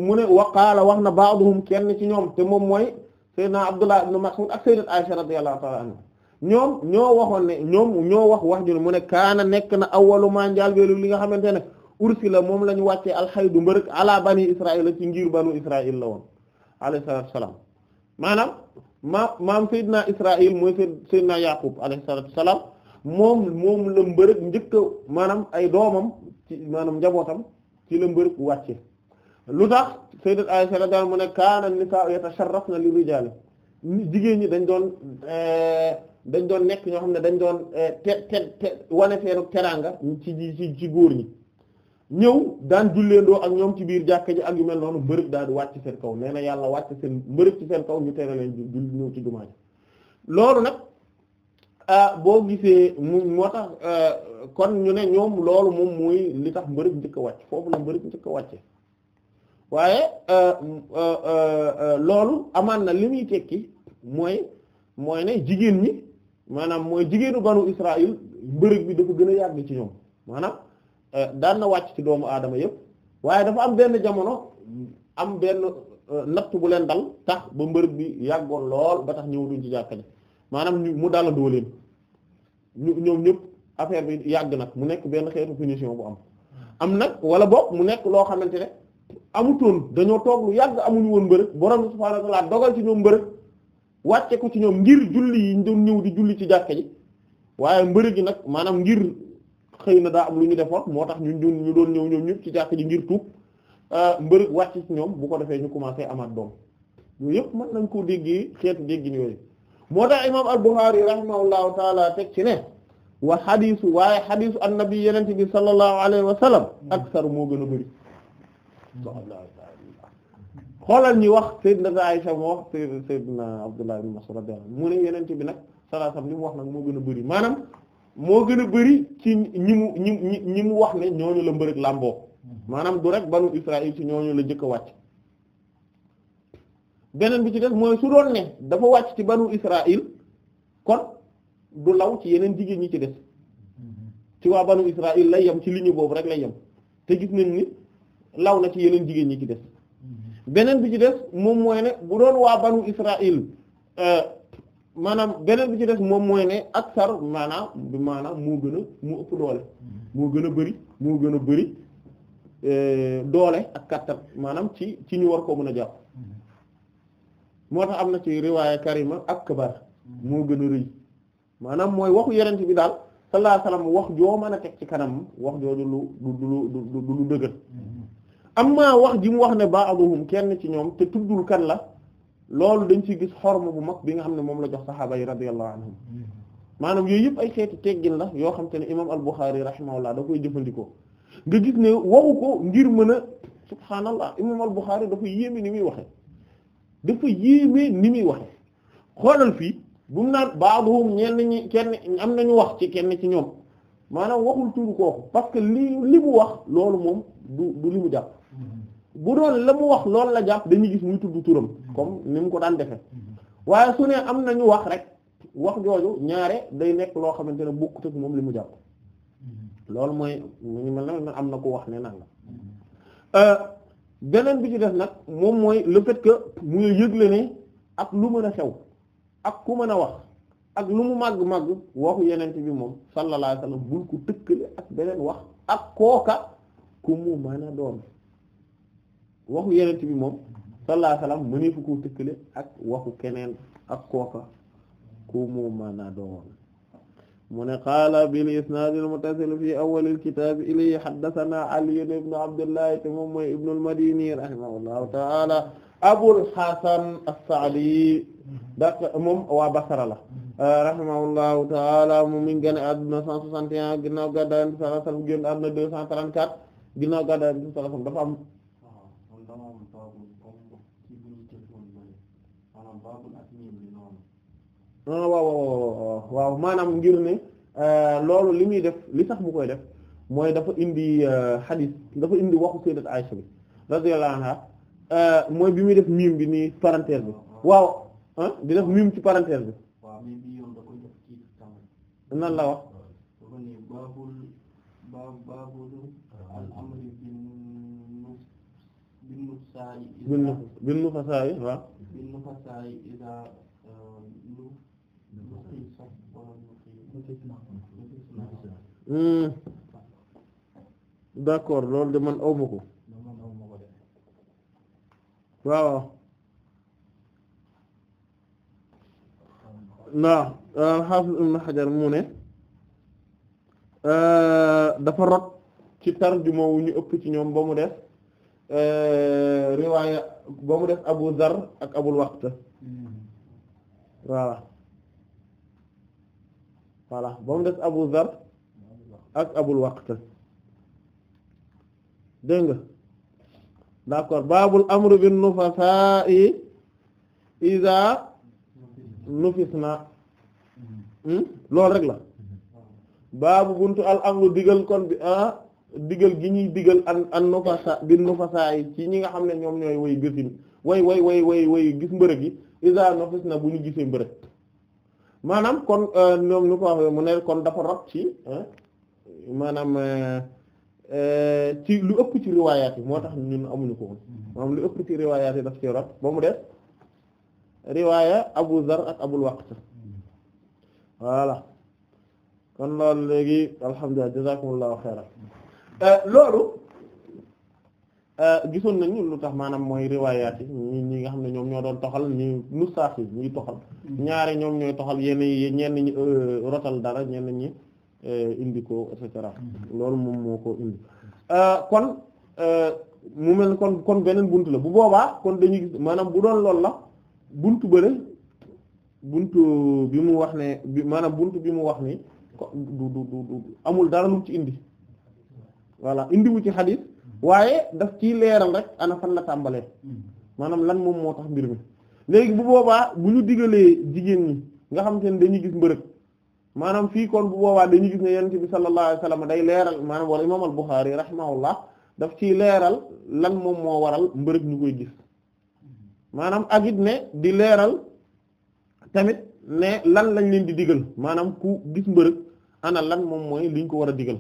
mu ne waqaala wax na ba'dhum kenn ci ñoom te moom mooy sayyidina Abdullah ibn Mas'ud ak sayyidat Aisha radiyallahu ta'ala anha ñoom ñoo waxoon ne ñoom ñoo wax wax ju ne mu ne kaana nekk na awwalu ma njaalbeelu li nga xamante ne ursila moom la ñu wàccee alxaydu mbërëk ala bani israil ci ngir banu israil la woon alayhi salaatu salaam maanaam ma maam Seydina Israil mooy Seydina Yaqub alayhi salaatu salaam moom moom la mbërëk njëkk a maanaam ay doomam ci maanaam njabootam ci la mbërëk wàcce lu tax Sayyidat Aisha radiyallahu anha mu ne kaana nisaa yatasharrafna li rijaali jigéen ñi dañ doon eh, dañ doon nekk ñoo xam ne dañ doon eh, te te te wane seenu teraanga ci ci ci góor ñi ñëw daan julleendoo ak ñoom ci biir jàkka ji ak yu mel noonu mbërëg daal di wàcc seen kaw nee na yàlla wàcc seen mbërëg ci seen kaw ñu tere leen ju ñëw ci jumaa loolu nag ah, boo gisee mu moo tax eh, kon ñu ne ñoom loolu moom mooy li tax mbërëg njëkk a wàcc foofu la mbërëg njëkk a wàcce waaye eh, loolu amaan na li muy tekki mooy mooy ne jigéen ñi maanaam mooy jigéenu banu Israël mbërëg bi dafa gën a yàgg ci ñoom maanaam euh, daan na wàcc ci doomu aadama yëpp waaye dafa am benn jamono am benn euh, natt bu leen dal tax ba mbërëg bi yàggoon lool ba tax ñëw duñ ci jàkkale maanaam ñu mu dalandoo leen ñu ñoom ñëpp affaire bi yàgg nag mu nekk benn xeetu punition bu am am nag wala boog mu nekk loo xamante ne amutoon dañoo toog lu yàgg amuñu woon mbërëg borom subhaanahu wa ta'aala dogal ci ñoom mbërëg wàcce ko ci ñoom ngir julli yi ñu doon ñëw di julli ci jàkk ji waaye mbëri gi nag maanaam ngir xëy na daa am lu ñu defoon moo tax ñu ñu doon ñëw ñoom ñëpp ci jàkka ji ngir tuub euh, mbëri wàcc ci ñoom bu ko defee ñu commencé amaat doom yooyu yëpp mën nañ ko koo déggee xeetu déggin yooyu moo tax imaam al-Bukhari rahimahullahu taala teg ci ne wa xadisu waaye xadisu annabi yenente bi sallallahu alayhi wa sallam hmm. aksaru moo gën a bëri hmm. xoolal ñi wax sayyidna Aisha moo wax sayyidna Abdullah ibn Mas'ud radiyallahu mu bi nag sallallahu alayhi wasallam mu wax nag moo gën a bëri maanaam moo gën a bëri ci ñi mu ñi mu wax ne ñooñu la mbërëg làmboo maanaam du rek banu Israël ci ñooñu la jëkk wàcc beneen bi ci des mooy su doon ne dafa wàcc ci banu Israël kon du law ci yeneen jigéen ñi ci des ci waa banu Israël lay yem ci li ñu boobu rek lay yem te gis nañ ni law na ci yeneen jigéen ñi ci des beneen bi ci des moom mooy ne bu doon waa banu Israël euh, maanaam beneen bi ci des moom mooy ne ak sar maanaam maanaam moo gën a moo ëpp doole moo gën a bëri moo gën a bëri euh, doole ak kattan maanaam ci ci ñu war koo mën a jàpp moo tax am na ci riwaaya karima ak kabar moo gën a rëy maanaam mooy waxu yenent bi daal sallallahu alayhi wasallam wax joo mën a teg ci kanam wax jooju lu du du lu dëgër amma wax ji mu wax ne baa ba'dhum kenn ci ñoom te tuddul kan la loolu dañ ciy gis ma bu mag bi nga xam ne moom la jox saxaaba yi radiyallahu anhum maanaam yooyu yëpp ay xeeti teggin la yoo xam te ne imaam al-Bukhari rahimahullah da koy jëfandikoo nga gis ne waxu ko ngir mën a subhaanallah imaam al-Bukhari dafa yéeme ni muy waxe dafa yéeme ni muy waxe xoolal fii bu mu naan ba'dhum ñenn ñi kenn am nañu wax ci kenn ci ñoom maanaam waxul tuuru kooku parce que li li mu wax loolu moom du li mu jàpp bu doon la mu wax loolu la jàpp dañuy gis muy tudd turam comme ni mu ko daan defe waaye su ne am na ñu wax rek wax jooju ñaare day nekk loo xamante ne bokkut ak moom li mu jàpp mooy ñu na am na ku wax ne naan euh, beneen bi ci def nag moom mooy le que mu yëgle ak lu mën a xew ak ku mën a wax ak lu mu màgg-màgg waxu yeneen moom sallallahu alayhi ko tëkkale ak beneen wax ak kooka ku mu mën a doon waxu yenent bi moom sallallahu alayhi wasallam mëneefu koo tëkkale ak waxu keneen ak kooka ku mu mën a doon mu ne qaala bil isnaadil muttasil fi awwalil kitaab ilayhi haddasanaa Ali ibn Abdullahi te moom mooy ibnul Madini rahimahullahu ta'ala Abul Hasan as-Sa'di dak waa Basra la rahimahullahu ta'ala moom mi ngi génn àdduna 161 ginnaaw gàddaay Yonent bi sallallahu am Ah, waaw waaw maanaam ngir ne euh, loolu li muy def li tax mu koy def mooy dafa indi xadis euh, dafa indi waxu sayyidat Aisha bi radiyallahu anha euh, mooy bi muy def miim bi nii parenthèse bi waaw ah di def miim ci parenthèse bi. nan la wax. Hmm. d'accord loolu de man awma ko waaw naa al-Hafiz euh, Ibn Hajar mu ne euh, dafa rot ci tarjuma wu ñu ëpp ci ñoom ba mu def euh, riwaaya ba mu def Abu Zar ak Abul Waqt waaw hmm. voilà ba mu des Abu Zar ak Abul Waqt dégg nga d'accord baabul amru bin nufasa'i iza nufisna hmm? loolu rek la baabu buntu al amru digal kon bi ah gi ñuy digal an an nufasa ci ñi nga xam ne ñoom ñooy way gisin way way way way way gis mbërëg yi iza nufisna bu ñu gisee mbërëg maanaam kon euh, ñoom ñu ko wax mu ne kon dafa rob ci maanaam euh, euh, ci lu ëpp ci riwaayaat moo tax ñun amuñu ko woon mm-hmm. maanaam lu ëpp ci riwaayaat yi daf ci rob ba mu def riwaaya Abu Zar ak Abul Waqt mm-hmm. voilà kon loolu léegi alhamdulillah jazakumullahu xayran loolu Euh, gisoon nañu lu tax maanaam mooy riwaayaat yi ñi nga xam ne ñoom ñoo doon toxal ñu nusaaf yi ñuy toxal mm-hmm. ñaari ñoom ñooy toxal yenn yi ñenn ñi euh, rotal dara ñenn ñi euh, indi ko et cetera mm-hmm. loolu moom moo ko indi kon mu mel kon kon beneen bunt la bu boobaa kon dañuy gis maanaam bu doon loolu la bunt bëre bunt bi mu wax ne bi maanaam bunt bi mu wax ni du amul dara lu ci indi voilà indiwu ci xadis waaye daf ciy leeral rek ana fan la tàmbalee maanaam lan moom moo tax mbir mi léegi bu boobaa bu ñu digalee jigéen ñi nga xam te ne dañuy gis mbërëg maanaam fii kon bu boobaa dañuy gis ne yonent bi sallallahu alayhi wasallam day leeral maanaam wala imaam al-Bukhari rahimahullah daf ciy leeral lan moom moo waral mbërëg ñu koy maanaam ak di leeral tamit ne lan lañ leen di digal maanaam ku gis mbërëg ana lan moom mooy liñ ko war a digal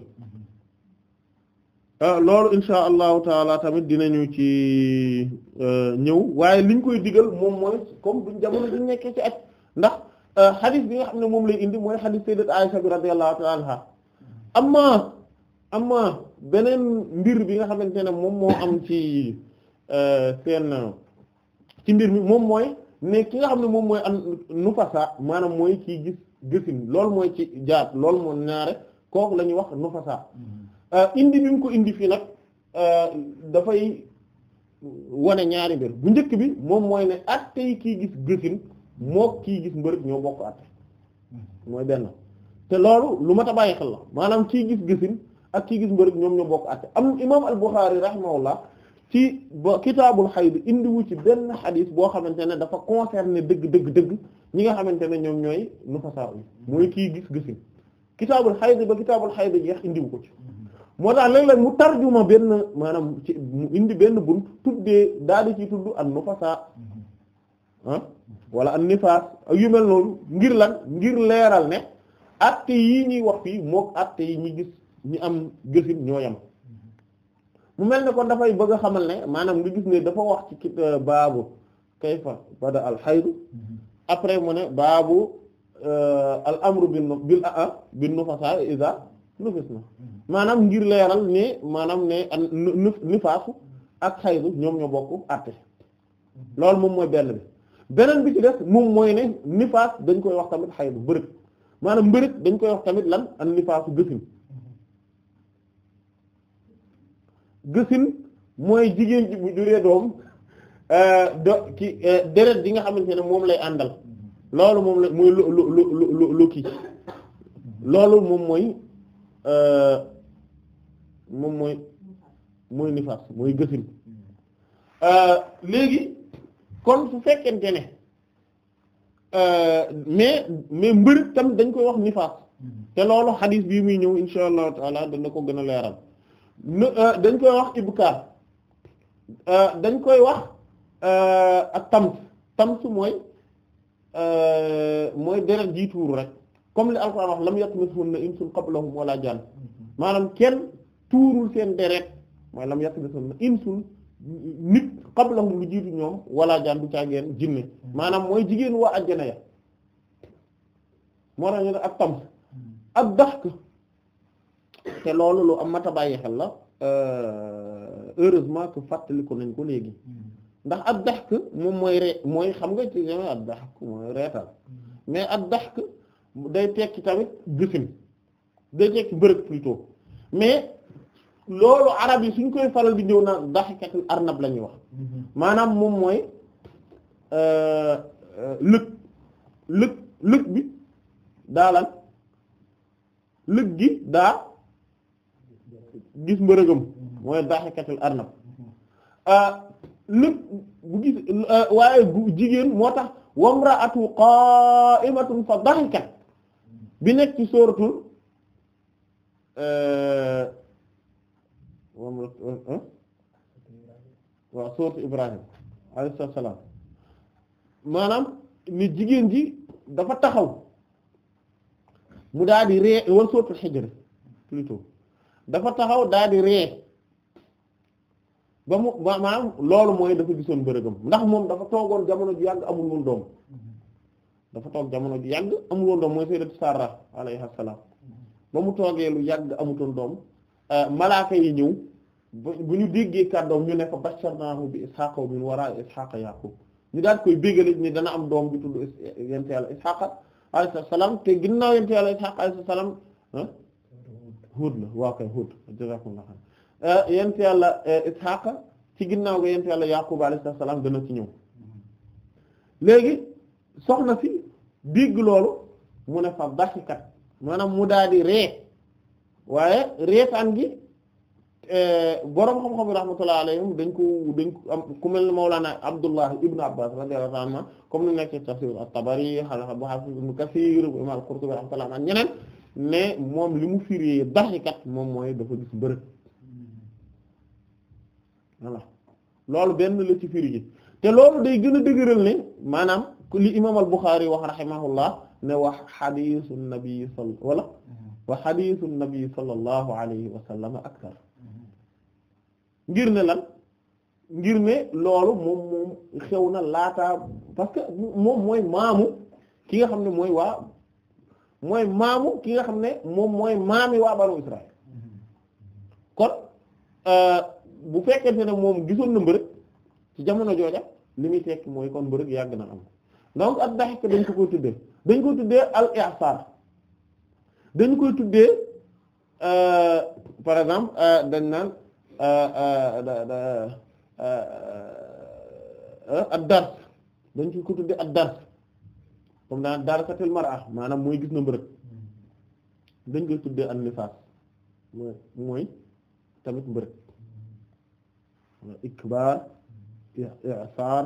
Euh, loolu insha allahu taala tamit dinañu ci euh, ñëw waaye liñ koy digal moom mooy comme duñ jamono duñ nekkee ci at ndax euh, xadis bi nga xam ne moom lay indi mooy xadis sayyidat Aisha bi radiyallahu taala anha amma beneen mbir bi nga xamante ne moom moo am ci seen ci mbir mi moom mooy ne ki nga xam ne moom mooy am nu fasa maanaam mooy ci gis gisin loolu mooy ci jaat loolu moo ñaare kook la ñuy wax nu Euh, indi bi mu ko indi fii nag euh, dafay wane ñaari mbir bu njëkk bi moom mooy ne atte yi kii gis gësin moo kii gis mbërëg ñoo bokk atte mooy benn te loolu lu ma a xel la maanaam kii gis gësin ak kii gis mbërëg ñoom ñoo bokk atte am imam al-Bukhari rahimahullah ci ba kitaabul xayd indiwu ci benn xadis boo xamante ne dafa concerné dëgg dëgg dëgg ñi nga xamante ne ñoom ñooy nu fasaa yi mooy kii gis gësin kitaabul xayd ba kitaabul xayd jeex indiwu ko ci moo tax léeg-léeg mu tarjuma benn maanaam ci mu indi benn bunt tuddee daal di ci tudd an nufasa ah wala nifaas ak yu mel noonu ngir lan ngir leeral ne acte yii ñuy wax fii mook acte yi ñi gis ñi am gësin ñoo yam mu mel ne kon dafay bëgg a xamal ne maanaam nga gis ne dafa wax ci kit euh, baabu kayfa bada al xaydu après mu ne baabu euh, al amru bin bil ah, a nëfës na maanaam ngir leeral ne maanaam ne nifaasu ak xaylu ñoom ñoo bokk àtte loolu moom mooy beneen bi ci moom mooy ne nifaas dañ koy wax tamit xaydu bërëg maanaam mbërëg dañ koy wax tamit lan an nifaasu gësin gësin mooy jigéen ji bu juree doom euh, do ki euh, deret nga xamante ne moom lay àndal loolu moom la loolu moom mooy Euh, moom mooy mooy nifaas mooy gësin euh, léegi kon su fekkente ne euh, mais mais mbëri tam dañ koy wax nifaas te loolu xadiis bii muy ñëw insha allahu taala dana gën a leeral dañ koy wax ibkaar dañ koy wax ak tams tams mooy mooy deret jiituur rek comme li alxuraan wax lam yatmishunna insun qablahum wala jaan maanaam kenn tuurul seen deret mooy lam yatmishunna insun nit qablahum lu jiitu ñoom wala jaan du caageen jinne maanaam mooy jigéen waa ajjana ya moo tax ñu ne ak tam ak daxk am mata bàyyi xel la euh, heureusement que fàttaliku nañ ko léegi ndax ad daxk moom mooy ree mooy xam nga ci ab daxk mooy reetal mm-hmm. mais ad daxk day tekki tamit gësin day tekki bërëg plutôt mais loolu arab yi suñ koy faral bi ñëw naan daxikatul arnab la ñuy wax mhm. maanaam moom mooy euh, euh, lëg lëg lëg bi daa lan lëg gi daa gis mbërëgam mooy daxikatul arnab mhm. euh, lëg bu gis waaye jigéen moo tax wamraatu qa'imatun fa daxikat bi nekk ci sóoratul euh, moom la waaw sóoratu Ibrahim alayhi salaam maanaam ni jigéen ji dafa taxaw mu daal di ree wala sóoratu Hijr plutôt dafa taxaw daal di ree ba mu maanaam loolu mooy dafa gisoon bërëgam ndax moom dafa toogoon jamono ju yàgg amul woon doom dafa toog jamono ju yàgg amuloon doom mooy sayyidat Sarra alayhi assalam ba mu toogee lu yàgg amutoon doom euh, malaaka yi ñëw bu ñu déggee kàddoom ñu ne fa basharnaahu bi ishaqa min wara ishaqa yaqub ñu daal koy bégale ni dana am doom bi tudd yent yàlla ishaqa alayhi assalam te ginnaaw yent yàlla ishaqa alayhi assalam ah, Hud la waa kay Hud jazakumullah euh, euh, ci ginnaaw ga yent yàlla yaqub alayhi assalam dana ci ñëw léegi soxna si dégg loolu mu ne fa daxikat maanaam mu daal di ree waaye reetaan gi eh, boroom xam-xam rahmatullahi alayhim dañ ko dañ ko am ku mel ni nekk ci tafsir at-Tabari al-Hafiz ibn Kathir al-Qurtubi rahmatullahi alayhi moom li mu firee daxikat moom mooy dafa gis bërëb loolu benn la ci firi ji te loolu day gën a dëgëral ne maanaam li imam al-Bukhari wax rahimahullah ne wax xadisu nabii sal wala mm-hmm. wa xadisu nabii sallallahu alayhi wa sallam aktar mm-hmm. ngir ne lan ngir ne loolu moom moom xew na laata parce que moom mooy maamu ki nga xam ne mooy waa mooy maamu ki nga xam ne moom mooy maami waa banu Israël mm-hmm. kon euh, bu fekkente ne moom gisoon na mbërëg ci jamono jooja li muy tekk mooy kon mbërëg yàgg na am donc ak daxik dañ ko koy tuddee dañ koy tuddee al i'sar dañ koy tudde euh, par exemple euh, dañ naan euh, ad dars dañ ko tuddee ad dars comme daan darsatil mar'a maanaam mooy gis na mbërëg dañ koy tuddee an nifaas mooy tamit mbërëg ikbaar i'sar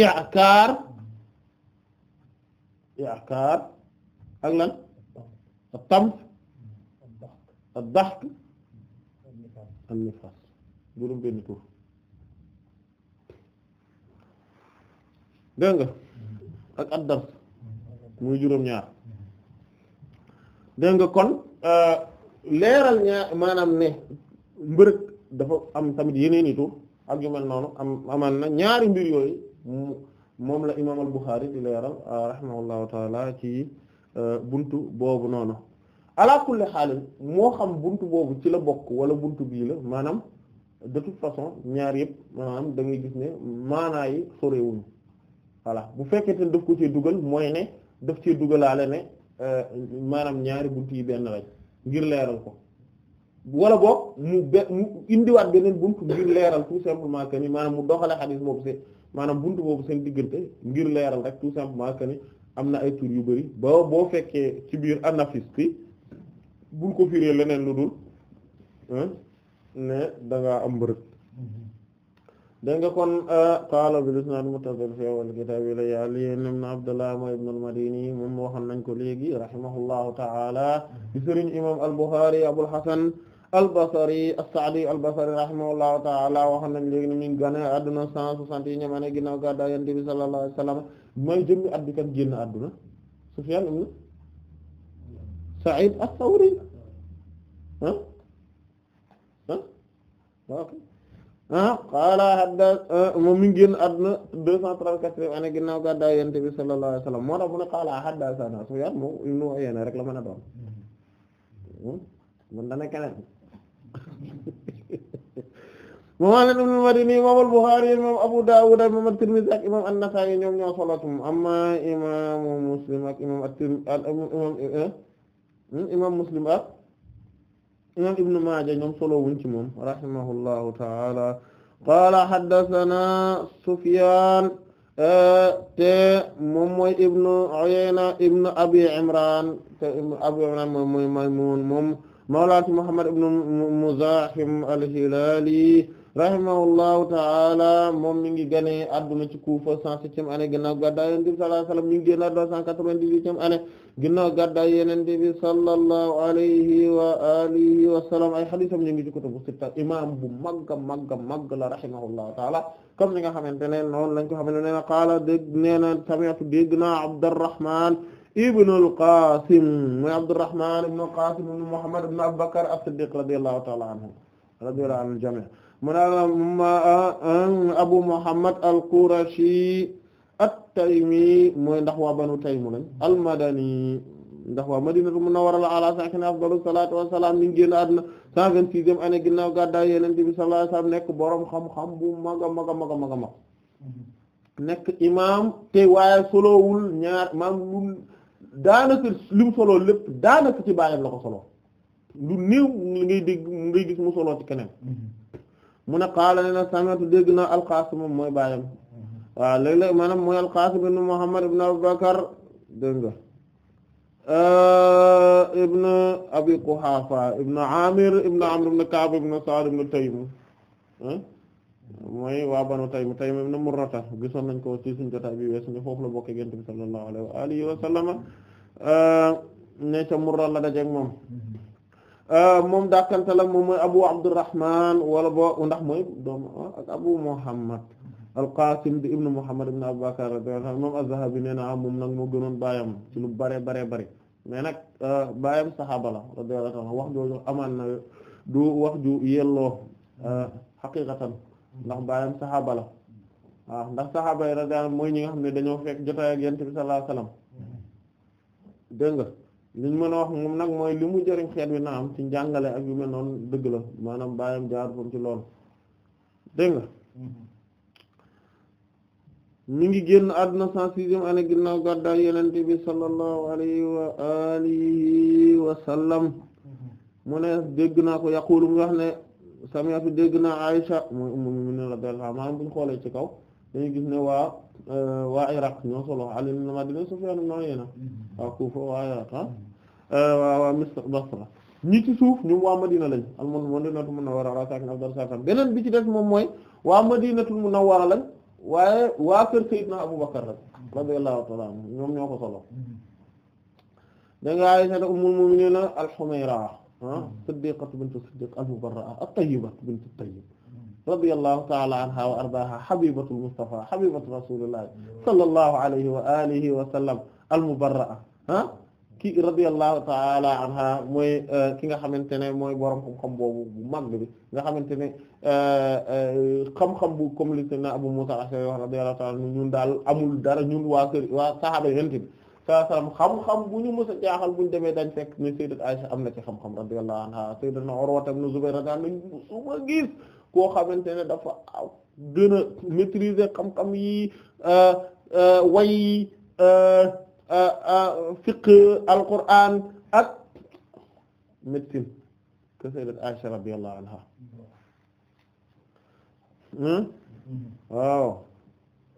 i'kaar i'kaar ak lan tam tamth ad-dahk an-nifaas juróom benn tur dégg nga ak muy juróom ñaar dégg kon euh, leeral ñaar maanaam ne mbërëg dafa am tamit yeneen i tur ak yu noonu am amaan na ñaari mbir yooyu moom la imaam al-Bukhari di leeral ah, rahimahullahu taala ci euh, bunt boobu noonu ala kulli xaal moo xam bunt boobu ci la bokk wala buntu bii la maanaam de toute façon ñaar yëpp maanaam da ngay gis ne maanaa yi sorewuñu voilà bu fekkee te daf ko ci dugal mooy ne daf cee dugalaale ne euh, maanaam ñaari buntu yi benn lañ ngir leeral ko wala boog mu be mu indiwaat beneen buntu ngir leeral tout simplement que ni maanaam mu doxale xadis boobu seen maanaam buntu boobu seen diggante ngir leeral rek tout simplement que am na ay tur yu bari ba boo fekkee ci biir anafis bi bul ko firee leneen lu dul ne da ngaa am mbërëg dégg nga kon euh, qaala bil mu muttasil fi awwal kitaab ila ya'li ibn Abdullah mooy ibn al moom waxoon nañ ko léegi rahimahullahu ta'ala di sëriñ imam al-Basri as-Sa'di al-Basri rahimahullahu ta'ala waxoon nañ léegi ne mi ngi gane adduna cent soixante yi ñam année ginnaaw gàddaa yonent bi sallallahu alayhi jëmmi at génn adduna Sufyan ibn Sa'id ath-Thawri ah ah waaw ah qaala hadda moom mi génn adduna deux cent trente-quatre année ginnaaw gàddaa yonent bi moo tax mu ne qaala haddathana Sufyan moom ibn Uyayna rek la mën a doon hmm? Muhammad ibn madini imam al-Bukhari imam Abu Dawud imam at-Tirmidhi ak imam an-Nasa'i ñoom ñoo solo ci moom imam Muslim ak imam at-Tirmidhi imam eh, hmm, Muslim ak imam Ibn Maaja ñoom solo wuñ moom rahimahullahu ta'ala qaala haddathana Sufyan eh, te moom mooy Ibn Uyayna Ibn Abi Imran Abi Imran moom Maymun moom mawlaa Muhammad ibn Muzaahim al-Hilaali rahimahullahu taala moom mi ngi gane adduna ci Kuufa cent septième année ginnaaw gàddaay Yonent bi sallallahu alayhi wasallam mi ngi génn adduna cent quatre vingt dix sallallahu alayhi wa alihi wa sallam ay hadiisam ñu ngi ci bu sitta imaam bu magga magga magga la rahimahullahu taala comme ni nga xamante ne noonu lañ ko xamante ne qaala dégg nee na sami'tu dégg naa Abdurrahmaan ibnu al-Qasim muy Abdurrahman ibnu al-Qasim ibnu Muhammad ibnu Abu Bakr as-Siddiq radiyallahu ta'ala anhu radiyallahu anil jami' mu ne Abu Muhammad al-Qurashi at-Taymi mooy ndax waa Banu Taym lañ al-Madani ndax waa Madinatu Munawwara ala saakinihaa afdalu salaatu wa salaam mi ngi génn àdduna 126e année ginnaaw gàddaay Yonent bi sallallahu wa sallam nekk boroom xam-xam bu mag a mag a mag a mag mm-hmm. nekk imaam te waaye solowul ñaar daanaka li mu soloo lépp daanaka ci bàyyam la ko soloo néew ngay dégg ngay gis mu soloo ci keneen mm-hmm. mu ne qaala ne na sami'tu dégg na al moom mooy bàyyam mm-hmm. waa léeg-léeg maanaam mooy al-Qaasim ibn Muhammad ibn Abubakar dégg euh, ibn Abi Quhaafa ibn Aamir ibn Amr ibn Ka'b ibn Sa'd ibn Taym mooy waa banu Taym Taym ibn Murrata gisoon nañ ko ci suñu jotaay bi weesu ñu foofu la bokk Yonent bi sallallahu alayhi wa alihi wa sallama euh, ne ca Murra la dajeek moom mm-hmm. euh, moom dàkkante la moom mooy Abu Abdurrahman wala boo ndax mooy doomu ah, ak Abu Muhammad al-Qasim di ibnu Muhammad ibn Abu Bakr radiyallahu moom az-Zahabi nee na ah, moom nag moo gënoon baayam ci lu bare bare bari mais nag euh, baayam saxaaba la radiyallahu wax jooju amaan na du wax ju yelloo xaqiqatan ndax baayam saxaaba la waaw ndax saxaaba yi radiyallahu mooy ñi nga xam ne dañoo fekk jotaay ak yonent bi sallallahu alayhi wasallam liñ mën a wax moom nag mooy li mu jëriñ xeet wi na am ci njàngale ak yu mel noonu dëgg la maanaam baayam jaar foofu ci loolu dégg nga ngi génn àdduna cent sixième année ginnaaw gàddaay yonent bi sallallahu alayhi wa mu ne dégg naa ko yaqulu wax ne sami'tu dégg naa Aisha mooy ummul mu'minin radiyallahu anha maanaam bu ñu xoolee ci kaw dañuy gis ne waa euh, waa Iraq ñoo solo Ali ibn Madini Sufyan ibn Uyayna mm-hmm. waa Kufa waa Iraq ah mm-hmm. euh, ñi suuf ñoom waa Madina lañ al Madinatul bi ci des moom mooy waa Madinatul Munawwara lañ waaye waa kër Seydina Abu Bakar rek mm-hmm. radiyallahu ta'ala anhu ñoom ñoo ko solo da nga Aisha ummul mu'minin al-Humayra ah siddiqatu bintu siddiq al-mubarra'a at-tayyibatu bintu tayyib hmm. radiyallahu ta'ala anha wa ardaaha habibatul mustafa habibatu rasulillah hmm. sallallahu alayhi wa alihi wa sallam al-mubarra'a ah ki radiyallahu ta'ala anha mooy eh, ki nga xamante ne mooy borom xam-xam boobu bu mag bi nga xamante ne eh, eh, xam-xam bu comme li Abu Musa al-Ash'ari radiyallahu ta'ala ñun daal amul dara ñun waa kër waa saxaaba yonent bi saa salaam xam-xam bu ñu mës a jaaxal bu ñu demee dañ fekk ne sayyidat Aisha am na ci xam-xam radiyallahu anha sayyidatna Urwa ibn Zubayr radiyallahu anhu suma gis koo xamante ne dafa gën a maîtriser xam-xam yi euh, euh, way yi euh, fiqh al-Qur'an ak médecine que sayyidat Aisha radiyallahu anha hmm? Hmm. waaw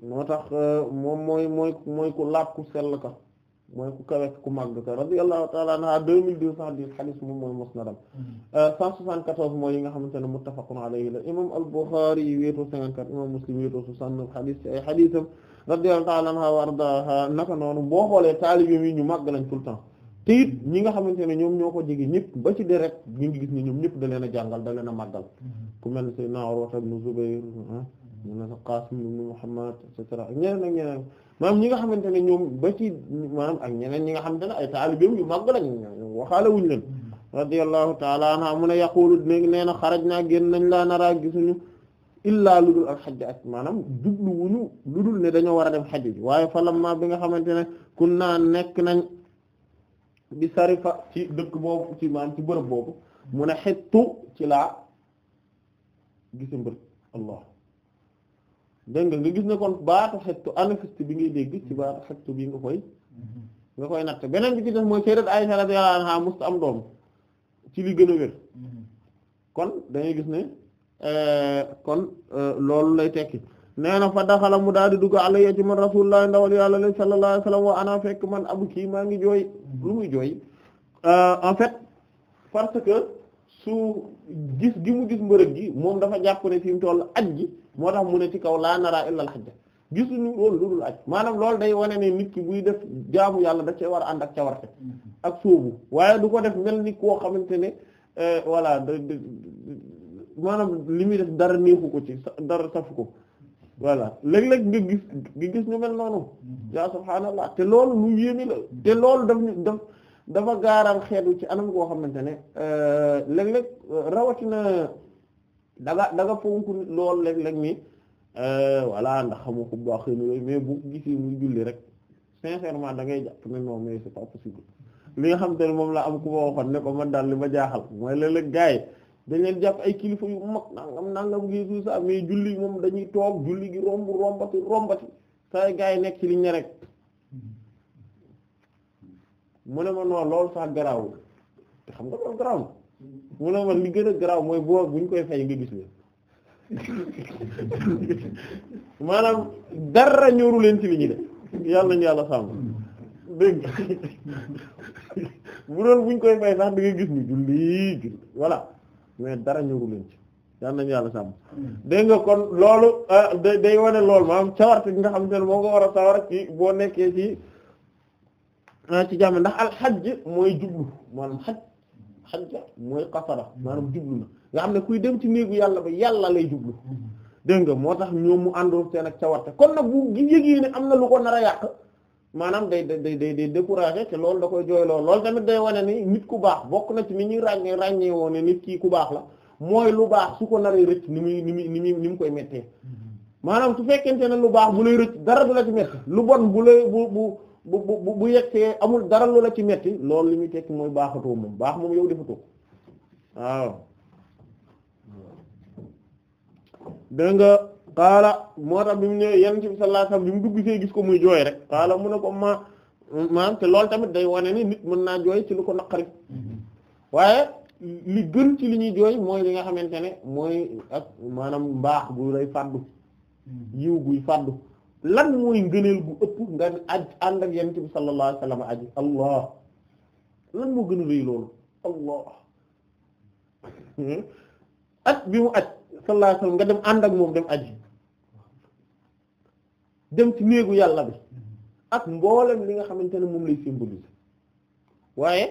moo tax moom mooy mooy mooy ku laab ku ka mooy ku kawe ku màgg ka radiyallahu ta'ala anha deux mille deux cent dix xadis moom mooy musnadam mm-hmm. euh, cent soixante mooy yi nga xamante ne muttafaqun alayhi la imam al-Bukhari yi wéetoo cinquante-quatre imam Muslim wéetoo soixante-neuf xoolee taalibe yi ñu màgg lañ tout te ñi nga xamante ne ñoom ñoo ko jege ñëpp ba ci deret ñu ngi gis ne ñoom ñëpp da leen a jàngal da leen a màggal mm-hmm. ku mel Sayyidina Urwa ibn Zubayr ah, mm-hmm. mu ne Qasim ibn Muhammad et cetera ñeneen maanaam ñi nga xamante ne ñoom ba ci maanaam ak ñeneen ñi nga xamante ne ay taalibeem yu màgg lañ waxaale wuñ leen radiyallahu taala anha mu ne yaqulu dinañ nee na xaraj naa génn nañ laa naraa gisuñu illaa lu dul ak xajj ak maanaam jublu lu dul ne dañoo war a dem xajj ji waaye falamma bi nga xamante ne kun naa nekk nañ bi sarifa ci dëkk boobu ci maanaam ci bërëb boobu mu a xettu ci laa gisa mbër allah dégg nga nga gis ne kon baatu xettu anafist bi ngay dégg ci baatu xettu bi nga koy mm-hmm. nga koy natt beneen bi ci def mooy sayyidat Aisha radiyallahu anha must am doom ci li gën a wér mm-hmm. kon dangay gis ne euh, kon euh, loolu lay tekki nee na fa daxala mu daal di dugg alayya ci man rasulullah ndawal yàlla la a alayhi wasallam wa ana fekk man abu kii maa ngi jooy mm-hmm. lu muy jooy euh, en fait parce su gis gi mu gis mbërëg gi moom dafa jàpp ne fi mu aj gi moo tax mu ne ci kaw laa naraa illa al hajja gisuñu loolu maanaam loolu day wane ne nit ki buy def jaamu yàlla da cee war ànd ak cawarte mm-hmm. ak waaye du ko def mel ni koo xamante ne euh, voilà da maanaam li muy def dara neexu ko ci dara safu ko voilà léeg-léeg nga gis nga ñu mel noonu mm-hmm. yaa subhaanallah te loolu lu yéeme la te loolu daf ñu daf dafa gaaral xeet ci anam koo xamante ne euh, léeg-léeg euh, rawatina daga daga fonk lool léeg-léeg ni euh, voilà ndax xamoo ko baax na mais bu rek sincèrement da ngay jàpp li nga xam te moom la am ku ma waxoon man daal li ma jaaxal mooy la léeg gars yi dañ leen jàpp ay kilifa yu mag nangam nangam gi tout ça mais julli moom dañuy toog julli gi romb rombati rombati saa yu gars nekk ci liñ ne rek. mu ne ma lool loolu sax garaawul te xam nga loolu garaawul mu ne ma li gën a garaaw mooy boo buñ koy fay nga gis ne maanaam dara ñoru leen ci li ñuy def yàlla ñu yàlla buñ koy fay sax da nga gis ni julli julli voilà mais dara ñoru yàlla nañu yàlla sàmm dégg nga kon loolu euh, day wane loolu maanaam sawar ci nga xam te moo nga war a sawar ci boo nekkee ci ci jàmm ndax al xajj mooy jublu maanaam xaj xajja mooy qasara maanaam jublu na nga xam ne kuy dem ci néegu yàlla ba yàlla lay jublu dégg nga moo tax ñoom mu àndoon seen ak cawarte kon nag bu yëgee ne am na lu ko nar a yàq maanaam day day day day te loolu da koy lool loolu tamit day wane ni nit ku baax bokk na ci ni ñuy ràññee ràññee woo ne nit kii ku baax la mooy lu baax su ko nar a rëcc ni muy ni muy ni mu koy méttee mm-hmm. maanaam su fekkente ne lu baax bu lay rëcc dara du la ci lu bon bu lay bu bu bu yegsee amul dara lu la ci metti lool li muy tekki mooy baaxatoo moom baax moom yow defatoo waaw dégg nga xaala moo tax bi mu ñëwee yenn ci sallallahu alayhi wasallam bi mu dugg see gis ko muy jooy rek xaala mu ne ko ma maam te loolu tamit day wane ni nit mën naa jooy ci lu ko naqari waaye li gën ci li ñuy jooy mooy li nga xamante ne mooy ak maanaam mbaax gu lay fàddu yiw guy fàddu lan mooy ngëneel gu ëpp nga aj ànd ak yonent bi sallallahu alayhi wasallam aji allah lan moo gën a rëy loolu allah hmm? aj bi mu aj nga dem ànd ak moom dem aji dem ci néegu yàlla bi ak mboolem li nga xamante ne moom lay symboliser waaye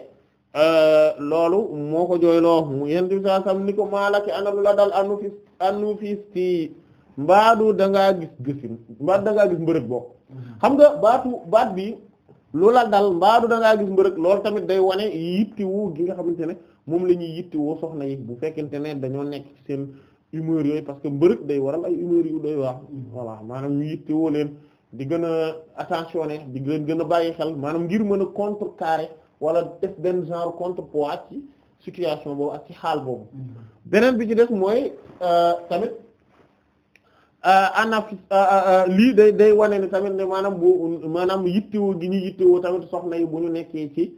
euh, loolu moo ko jooyloo mu yonent bi sallallahu alayhi wasallam ni ko maalaki ana lu la dal anu fi mbaadu dangaa ngaa gis gisin mbaadu da ngaa gis mbërëg bokk mm-hmm. xam nga baatu baat bi loola dal mbaadu da ngaa gis mbërëg loolu tamit day wane yittiwu gi nga xamante ne moom la ñuy yittiwoo soxna yi bu fekkente ne dañoo nekk ci seen humeur yooyu parce que mbërëg day waral ay humeur yu doy wax voilà maanaam ñu yittiwoo leen di gën a attentionné di leen gën a bàyyi xel maanaam ngir mën a contre contrecarrer wala def benn genre contre ci situation boobu ak ci xaal boobu mm-hmm. beneen anaf euh, euh, euh, lii day day wane ni tamit ne maanaam bu maanaam yittewoo gi ñu yittewoo tamit soxna yi bu ñu nekkee ci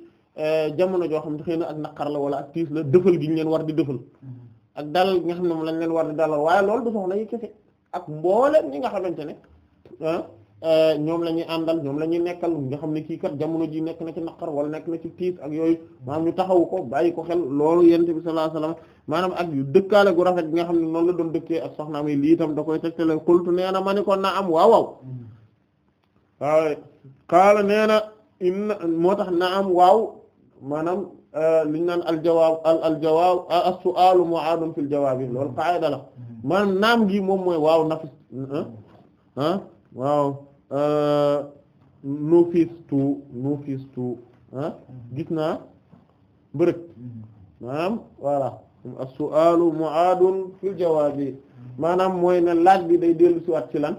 jamono joo xam ne xëy na ak naqar la wala ak tiis la dëfal gi ñu leen war di dëfal mm-hmm. ak dalal gi nga xam ne moom lañ leen war di dalal waaye loolu du soxna yi kese ak mbooleem ñi nga xamante ne ah, ñoom la ñuy àndal ñoom la ñuy nekkal nga xam ne kii kat jamono ji nekk na ci naqar wala nekk na ci tiis ak yooyu maanaam ñu taxawu ko bàyyi ko xel loolu yonent bi sallallahu alayhi maanaam ak dëkkaale gu rafet bi nga xam ne noonu la doon dëkkee ak soxnaam yi lii itam da koy tegtale xultu nee na ma ni kon na am waaw waaw hmm. waaw qaala nee na moo tax na am waaw maanaam euh, li ñu naan aljawaab al aljawaab as-su'aalu mu'aadun fil jawaab yi loolu qaayida la hmm. naam gi moom mooy waaw nafis ah, ah waaw euh, nufistu nufistu ah hmm. gis naa mbërëg maanaam as-su'aalu mu'aadun fil jawaabi maanaam mooy ne laaj bi day dellu siwaat ci lan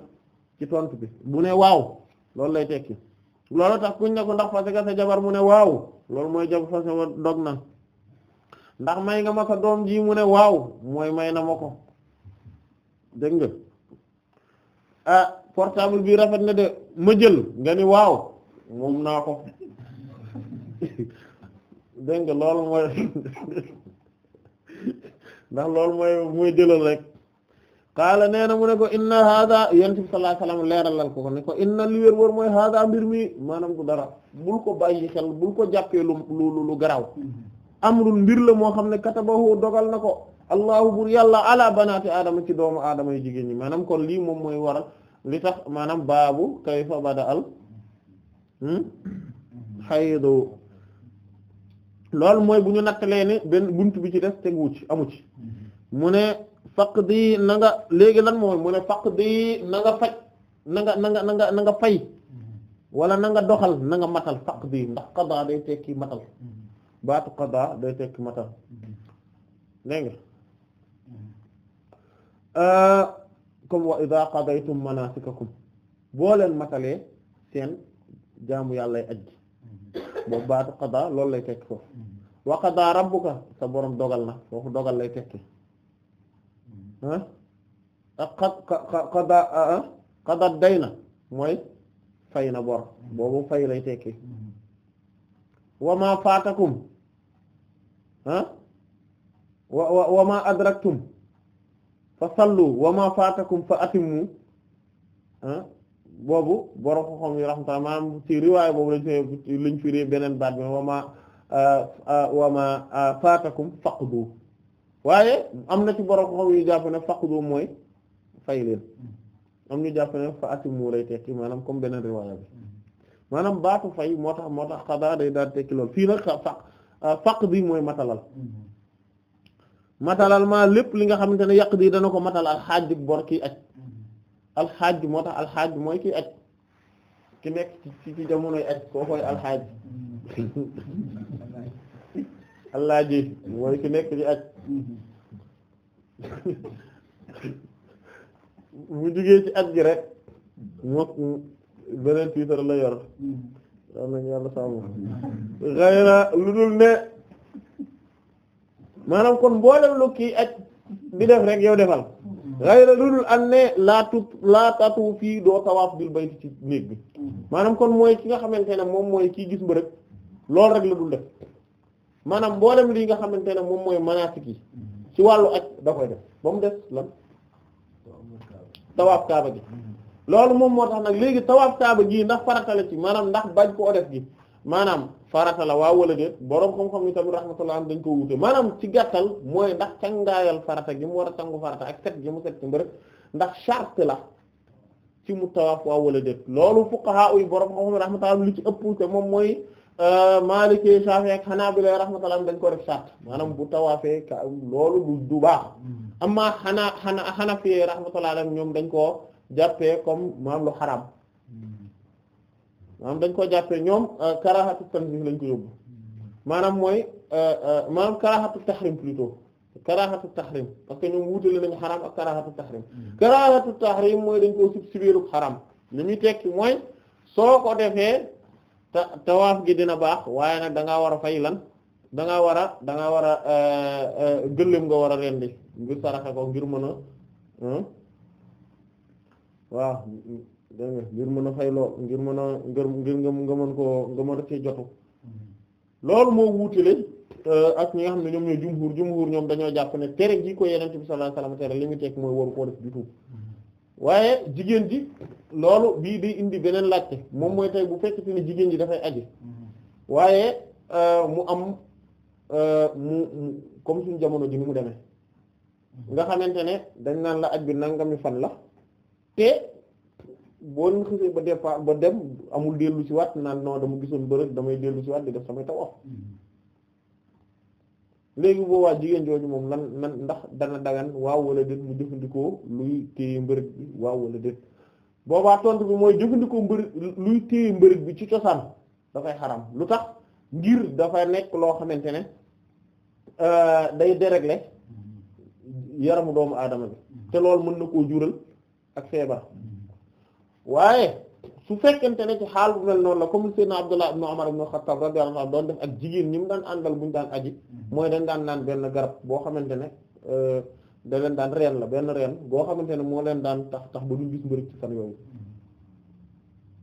ci tontu bi bu ne waaw loolu lay tekki loolu ta ku ne ko ndax fase nga sa jabar mu ne waaw loolu mooy jab fase wa dog na ndax may nga ma sa doom ji mu ne waaw mooy may na ma ko dégg nga ah portable bi rafet na de ma jël nga ni waaw moom naa ko dégg lool mooy ndax loolu mooy mooy jëlal rek qaala nee na mu ne ko inna hada yonent bi sallallahu alayhi wasallam leeralal ko ko ne ko inna li wér wër mooy hada mbir mi maanaam du dara bul ko bàyyi xel bul ko jàppee lu lu lu garaw mbir la moo xam ne katabahu dogal na ko allahu bur yàlla ala banaati aadama ci doomu aadama yu jigéen ñi maanaam kon lii moom mooy waral li tax maanaam baabu kayfa bada al xaydo hmm, loolu mooy bu ñu nattalee ne benn bunt bi ci des tegu ci amu ci mu ne faqdi na nanga léegi lan mooy mu ne faqdi na nga faj na nga na nga na nga wala na nga doxal na nga matal faqdi ndax qada day tekki matal baatu qada day tekki matal dégg nga comme wa idha qadaytum manasikakum boo leen matalee seen jaamu yàllay ajji boobu baatu qada loolu lay tekki foofu wa qada rabbuka sa borom dogal na foofu dogal lay tekki ah ak ah, qada qada day na mooy fay na bor boobu fay lay tekki wa ma faatakum wa wa wa ma adraktum fa sallu wa ma faatakum fa atimmu ah boobu borom xam-xam yi rahmatullah maanaam ci riwaay boobu lañ fi lañ fi beneen baat bi wama wama faatakum faqdu waaye am na ci borom xam-xam yu jàpp ne faqdu mooy fay leen am ñu jàpp ne fa atimu lay tekki maanaam comme beneen riwaaya bi maanaam baatu fay moo tax moo tax xadaa day daal tekki lool fii nag faq faq bi mooy matalal mm-hmm. matalal ma lépp li nga xamante ne yàq di dana ko matalaal ak xaaj bor kii ak alxaaj moo tax alxaaj mooy kiy aj ki nekk ci ci jamonoy ko koo koy alxaaj allaaji mooy ki nekk ci aj mu jugee ci aj gi rek mook beneen tiitar la yor dam nañ lu dul ne maanaam kon mboolem lu kii aj di def rek yow defal lu ludul am ne laatu laatatu fii doo tawaaf bil bayti ci néeg bi maanaam kon mooy ki nga xamante ne moom mooy kii gis mbërëg loolu rek la dul def maanaam mboolem lii nga xamante ne moom mooy manaasik yi ci wàllu ak da koy def ba mu des lan tawaaf kaaba gi loolu moom moo tax nag léegi tawaaf kaaba gi ndax farata la ci maanaam ndax bañ koo def gi maanaam farata la waaw wala déet boroom xam-xam yi tamit rahmatullah dañ ko wute maanaam ci gàttal mooy ndax cangaayal farata gi mu war a sangu farata ak set gi mu set ci mbërëg ndax charte la ci mu tawaaf waaw wala déet loolu fuqaha uy boroom xam-xam rahmatullah li ci ëpp te moom mooy euh, Maliki Shafi ak Hanabila rahmatullah dañ ko def charte maanaam bu tawaafee ka loolu du du baax mm. amma xanaa xanaa Hanafi rahmatullah ñoom dañ koo jàppee comme maam lu xaraam maanaam dañ ko jàppee ñoom euh, karaxatu tanzih lañ ko yóbbu maanaam mooy euh, euh, maanaam karaxatu tahrim plutôt karaxatu tahrim parce que ñoom wuutale nañu xaram ak karaxatu tahrim hmm. karaxatu tahrim mooy dañ koo sib sibiiru xaram li tekki mooy soo ko defee ta tawaaf gi dina baax waaye nag da war a fay lan da ngaa war a da war a gëléem nga war a rendi ngir saraxa ko ngir mën a hmm? waaw dégg nga ngir mën a fayloo ngir mën a ngir ngir nga mën koo nga mën a ci jotu mm-hmm. loolu moo wuutile euh, ak ñi nga xam ne ñoom ñooy jumhur jumhur ñoom dañoo jàpp ne tere gi ko yenent bi sallallahu alayhi wasallam tere li mu teg mooy waru mm-hmm. waaye jigéen ji loolu bii di indi beneen laajte moom mooy tey bu fekkte ne jigéen ji dafay aji mm-hmm. waaye euh, mu am euh, mu comme suñu jamono ji ni mu demee nga xamante ne dañ naan la aj bi nangami fan la te boo leen xasee ba départ ba dem amul dellu ci waat naan non dama gisoon bërëb damay dellu ci waat di def samay tawaf mm-hmm. léegi boobaa jigéen jooju moom lan lan ndax dana dagan waaw wala déet mu jëfandikoo luy téye mbërëg bi waaw wala déet bi mooy jëfandikoo mbërëg luy ci cosaan dafay xaram lu tax ngir dafay nekk loo xamante ne euh, day dérégler mm-hmm. yaramu doomu aadama bi mm-hmm. te loolu mën na koo jural ak feebar waaye su fekkente ne ci xaal bu mel noonu la comme Seydina Abdullah ibn Umar ibn Khattab radiyallahu anhu doon def ak jigéen ñi mu daan àndal bu ñu daan aji mooy dañ daan naan benn garab boo xamante ne euh, da leen daan reen la benn reen boo xamante ne moo leen daan tax tax ba duñ gis mbërëg ci fan yooyu mm-hmm.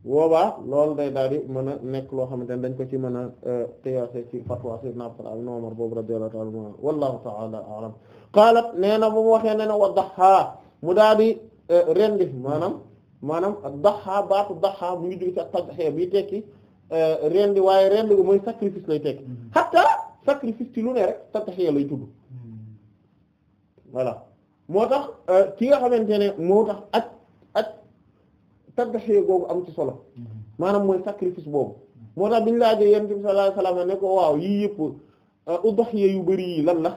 boobaa loolu day daal di mën a nekk loo xamante ne dañ ko ci mën a qiyaase euh, ci fatwa Seydina Abdullah ibn Umar boobu radiyallahu ta'ala anhu wallahu ta'ala a'lam qaalat nee na bu daal di euh, rendi maanaam maanaam daxaa baatu daxaa mu ngi jóge ci ak tadhiya bi tekki euh, rendi waaye rendi mooy sacrifice lay tekki mm-hmm. hatta sacrifice ci lu ne rek tadhiya lay tudd mm-hmm. voilà moo tax euh, ki nga xamante ne moo tax ak ak tadhiya googu am ci solo mm-hmm. maanaam mooy sacrifice boobu moo tax biñu laa yonent bi sallallahu alayhi wasallam ne ko waaw yii yëpp euh, udhiya yu bari yi lan la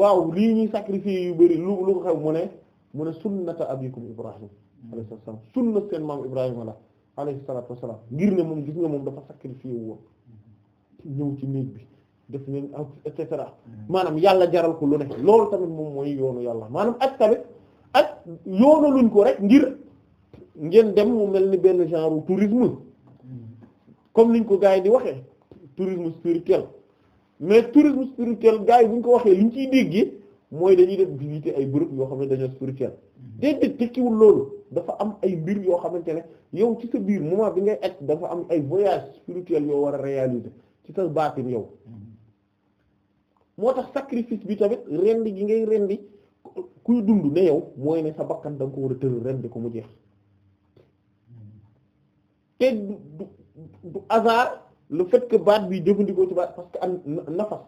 waaw lii ñuy sacrifice yu bari lu lu ko xew mu ne mu ne sunnata abikum ibrahim alayhi salaam sunna seen maam ibrahima la alayhi salaatu wassalaam ngir ne moom gis nga moom dafa sacrifié woon ñëw ci néeg bi def nañ et cetera maanaam yàlla jaral ko lu ne lool tamit moom mooy yoonu yàlla maanaam ak tamit ak yoonu luñ ko rek ngir ngeen dem mu mel ni benn genre tourisme comme niñ ko gars yi di waxee tourisme spirituel mais tourisme spirituel gars yi buñ ko waxee liñ ciy déggee mooy dañuy def visiter ay bërëb yoo xam ne dañoo spirituel déedéet tekkiwul loolu dafa am ay mbir yoo xamante ne yow ci sa biir moment bi ngay egg dafa am ay voyage spirituel yoo war a réaliser ci sa baatin yow moo tax sacrifice bi tamit rendi gi ngay rendi kuy dund ne yow mooy ne sa bakkan da ko war a tëral rendi ko mu jeex te du du hasard le fait que baat bi jëfandikoo ci baat parce que an nafas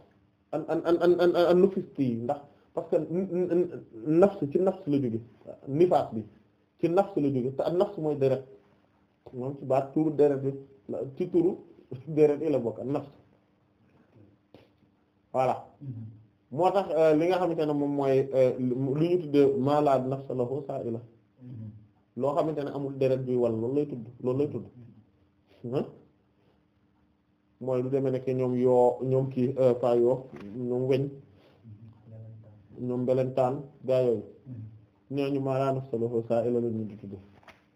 an an an an an nafis yi ndax parce nafs ci nafs la jóge nifaas bi ci nafs la jóge nafs mooy deret moom ci baat turu deret bi ci turu deret yi la bokk ak nafs voilà mm-hmm. moo tax euh, li nga xamante ne moom mooy euh, lu ñu tuddee malade nafs la ko saa ila mm-hmm. loo xamante ne amul deret bi wal loolu lay tudd loolu lay tudd mm-hmm. mooy lu deme nekk ñoom yoo ñoom kii euh, pa yoo ñoom weñ ñoom mbelentaan gaa yooyu ñooñu mm-hmm. maanaam naf saloho saa ila la ñu di tudd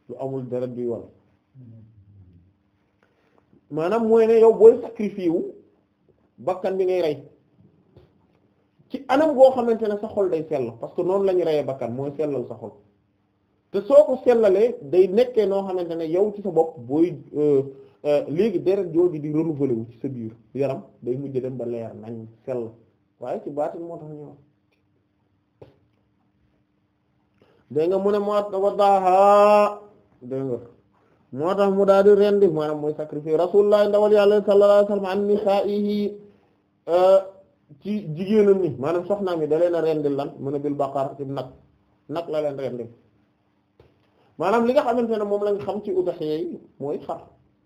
lu amul dara bi wal mm-hmm. maanaam mooy ne yow booy sacrifice bakkan bi ngay rey ci anam goo xamante ne sa xol day sell parce que noonu lañu reyee bakkan mooy sellal sa xol te soo ko sellalee day nekkee noo xamante ne yow ci sa bopp booy euh, euh, léegi deret jooju di renouveler wu ci sa biir yaram day mujj dem ba leer nañ sell waaye ci baatin moo tax ñu wax dégg nga mu ne moo waddaha dégg nga moo tax mu daal di rendi maanaam mooy sacrifice rasulullah ndawal yàlla sallallahu alayhi wasallam an nisaa'ihi e, ci jigéenam ni maanaam soxnaam yi da leen a rendi lan mu ne bil baqar ci nag nag la leen rendi maanaam li nga xamante ne moom lañ xam ci udhiya yi mooy xar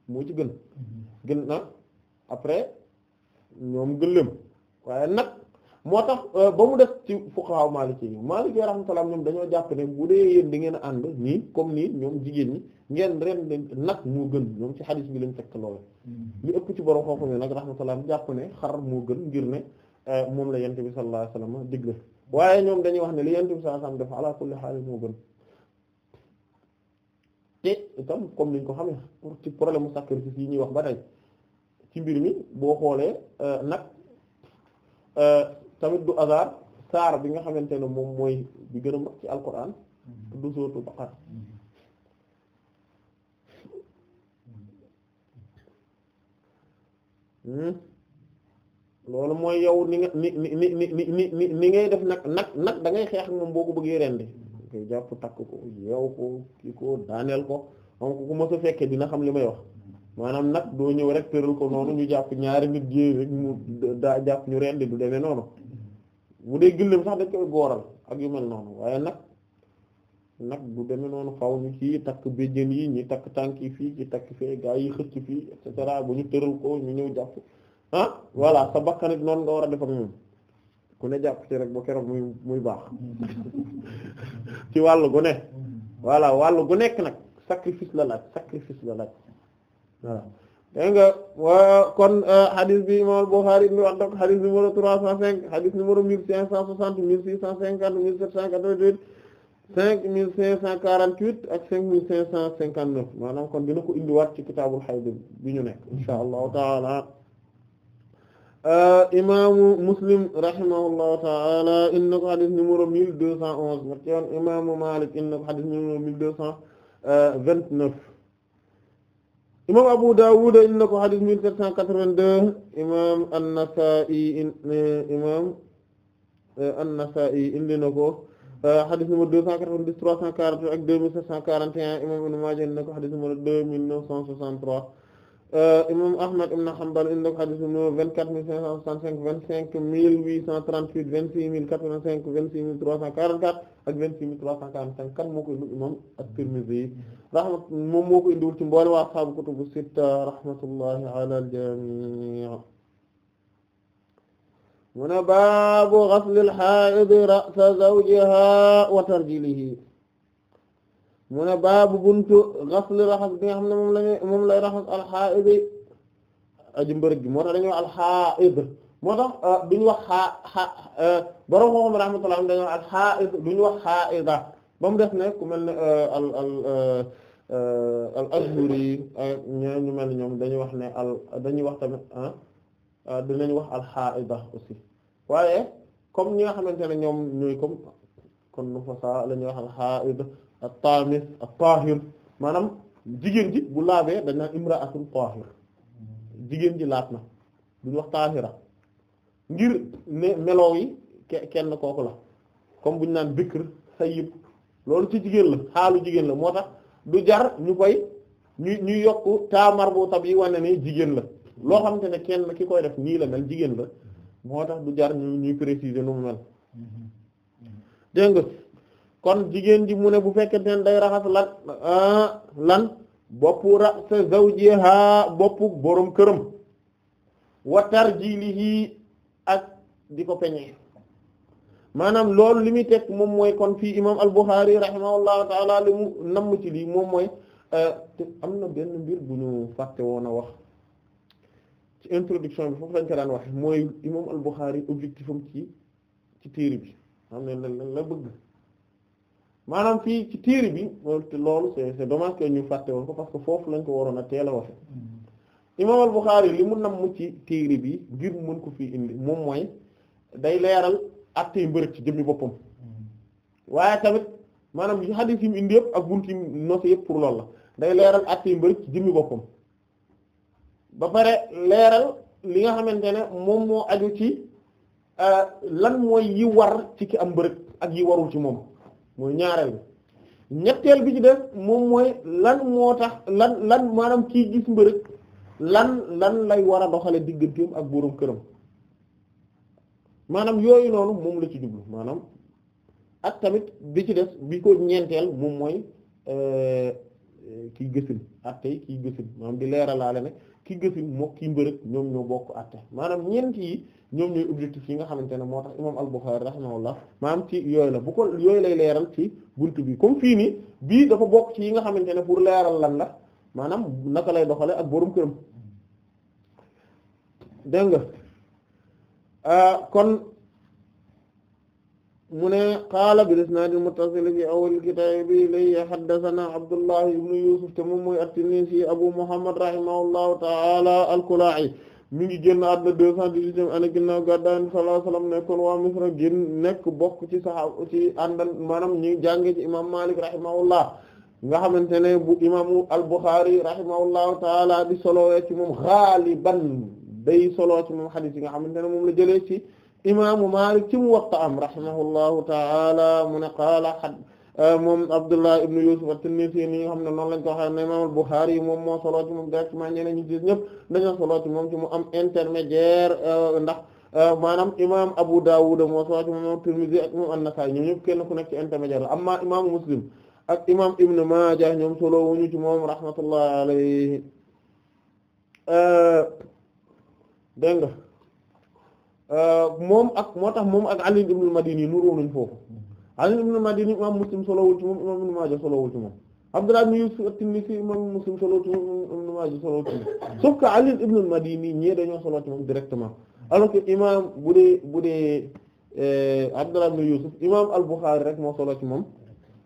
moo ci gën mm-hmm. gën na après ñoom gëléem waaye nag moo tax euh, ba mu def ci fuqaha maliki yi maliki rahmatullah ñoom dañoo jàpp ne bu dee yéen di ngeen a ànd nii comme nii ñoom jigéen ñi ngeen ren de nag moo gën ñoom ci xadis bi lañ fekk loolu ñu ëpp ci borom xooxam ne nag rahmatullah jàpp ne xar moo gën ngir ne euh, moom la yent bi sallallahu alayhi wasallam digle waaye ñoom dañuy wax ne li yent bi sallallahu alayhi wasallam def ala kulli moo gën te itam comme liñ ko xam xamee pour ci problème mu sacrifice yi ñuy wax ba tey ci mbir mi boo xoolee euh, nag tamit du hasard saar bi nga xamante ne moom mooy bi gën a mag ci alquran du sóotu baqara hmm? loolu mooy yow ni nga ni ni ni ni ni ni ni ngay def nag nag nag da ngay xeex ak moom boo ko bëggee rendi koy jàpp takk ko yeew ko kii ko daaneel ko xam ko ku ma sa fekkee dina xam li may wax maanaam nag doo ñëw rek tëral ko noonu ñu jàpp ñaari nit ji rek mu daa jàpp ñu rendi du demee noonu bu dee gëléem sax dañ koy gooral ak yu mel noonu waaye nag nag du demee noonu faaw ñu ci takk béjjén yi ñi takk tànk yi fii ci takk fee gaa yi xëcc fii et cetera bu ñu tëral ko ñu ñëw jàpp ah voilà sa bakkan it noonu nga war a def ak moom ku ne jàpp ci rek ba keroog muy muy baax ci wàll gu ne voilà wàllu gu nekk nag sacrifice la laaj sacrifice la laaj voilà dégg nga kon euh, hadith bi imam Bukhari indi waat donc hadith numéro trois cent cinq hadith numéro mille cinq cent soixante mille six cent cinquante mille sept cent quatre huit cinq mille cinq cent cinquante-neuf maanaam kon dina ko indiwaat ci kitaabul hayd bi ñu nekk insha allahu taala euh, imaamu Muslim rahimahullahu taala indi ko hadith numéro mille deux cent onze imaamu Maalik ko hadith numéro mille deux cent euh, vingt imam Abu Dawud indi na ko xadis mille sept cent quatre-vingt-deux imam An-Nasa'i eh, eh, an indi na ko xadis eh, numéro deux cent quatre-vingt-dix, trois cent quarante ak deux mille sept cent quarante et imam Ibn indi na ko xadis numéro deux mille neuf cent soixante-trois Euh, imam Ahmad ibn Hanbal indi ko hadith numéro vingt-quatre mille cinq cent soixante-cinq vingt-cinq mille huit cent trente-huit vingt-six mille quatre-vingt-cinq vingt-six mille trois cent quarante-quatre ak vingt-six mille trois cent quarante-cinq kan moo ko indi imam at-Tirmidhi rahmat moom moo ko indiwul ci mboole waa ashaabu kutubu sitta rahmatullahi ala al-jami' mu ne baabu ghasli al-haa'id ra'sa zawjiha wa tarjilihi mu ne baabu buntu xasli raxas bi nga xam ne moom lañu moom lay raxas alxaid yi aji mbërëg gi moo tax dañuy wax alxaid moo wax xaa xa borom xooxam rahmatullah dañuy wax alxaid ah, duñu wax ah, xaaida ba mu def ne ku mel ne ah, al al al azhuri yi ñoo ñu mel ñoom dañuy wax ne al dañuy wax tamit ah dinañ wax alxaida aussi waaye comme ñi nga xamante ne ñoom ñooy comme kon nu fa saa la ñuy wax at-taamis at-taahir maanaam jigéen ji bu laabee dañ naan imra'atun jigéen ji laat na duñu wax taahira ngir ne meloo yi kenn kooku la comme bu ñu naan bikr sayyib loolu ci jigéen la xaalu jigéen la moo tax du jar ñu koy ñu ñu yokk taa marbuta bi wane ne jigéen la loo xam te ne kenn ki koy def nii la mel jigéen la moo tax du jar ñu ñuy préciser nu mu mel mm-hmm. Mm-hmm. dégg nga kon jigéen ji mu ne bu fekkente ne day raxas lan ah, lan boppu ra'sa zawjiha boppu borom këram wa tarjilihi ak di ko peñe maanaam lool li muy teg moom mooy kon fii imam al-Bukhari rahimahullahu taala li mu ci lii moom mooy eh, am na benn mbir bu ñu fàtte woon a wax ci introduction bi foofu lañ ko daan waxe mooy imam al-Bukhari objectif ci ci téere bi xam ne la la bëgg maanaam fii ci téere bi loolu c'est c'est dommage que ñu fàtte woon parce que foofu lañ ko waroon a teel a waxe mm-hmm. imam al-Bukhari li mu nam ci téere bi ngir mën ko fii indi moom mooy day leeral attey mbërëg ci jëmmi boppam mm-hmm. waaye tamit maanaam yi xadis yi indi yëpp ak bunti nosi yëpp pour loolu la day leeral attey mbërëg ci jëmmi boppam ba pare leeral li nga xamante ne moom moo aju ci euh, lan mooy yi war ci ki am mbërëg ak yi warul ci moom mooy ñaareel bi ñetteel bi ci def moom mooy lan moo tax lan lan maanaam kii gis mbërëg lan lan lay war a doxale digganteem ak boroom këram maanaam yooyu noonu moom la ci jublu maanaam ak tamit bi ci def bi ko ñeenteel moom mooy euh, kiy gësin attey kiy gësin maanaam di leeralaale ne ki gësin moo ki mbërëg ñoom ñoo bokk atte maanaam ñeent yi ñoom ñooy objectif yi nga xamante ne moo tax imam al-Bukhari rahimahullah maanaam ci yooyu la bu ko yooyu lay leeral ci bunt bi comme fii nii bii dafa bokk ci yi nga xamante ne pour leeral lan la maanaam naka lay doxale ak borom këram dégg nga euh, kon mu ne qaala bil isnaadil muttasil fi awwalil kitaabi ilayhi haddasanaa Abdullahi ibn Yusuf te moom mooy at-Tinnisi Abu Muhammad rahimahullahu ta'ala al-Kalaa'i mi ngi génn àdduna deux cent dix-huitième année ginnaaw gàddaay Yonent bi sallallahu alayhi wa sallam waa Misra génn nekk bokk ci saxaaba ci àndal maanaam ñi jànge ci imaam Maalik rahimahullah nga xamante ne bu imaamu al-Bukhari rahimahullahu ta'ala di solo ci moom xaaliban day solo ci moom xadiis yi nga xamante ne moom la jëlee ci imaamu Maalik ci Muwatta am rahimahullahu ta'ala mu ne qaala had moom Abdullah ibn Yusuf at-Tinnisi ni nga xam ne noonu lañ ko waxee ne imaam al yi moom moo soloo ci moom directement ñeneen ñu gis ñëpp dañoo soloo ci moom ci mu am intermédiaire euh, ndax euh, maanaam imaam Abu Dawud moo soloo ci moom Tirmidhi ak moom ku nekk ci intermédiaire la amma imaamu Muslim ak imaam Ibn Maaja ñoom solo wuñu ci moom rahmatullahi alayhi euh, dégg Euh, moom ak moo tax moom ak Ali ibn al-Madini nuroo nañ foofu Ali ibn al-Madini imam Muslim solowul ci moom imam Ibn Maaja solowul ci moom Abdullah ibn Yusuf at-Tinnisi imam Muslim solowul ci moom Ibn Maaja solowul ci moom sauf que Ali ibn al-Madini ñii dañoo solo ci moom directement alors que imam bu dee bu dee euh, Abdullah ibn Yusuf imam al-Bukhari rek moo solo ci moom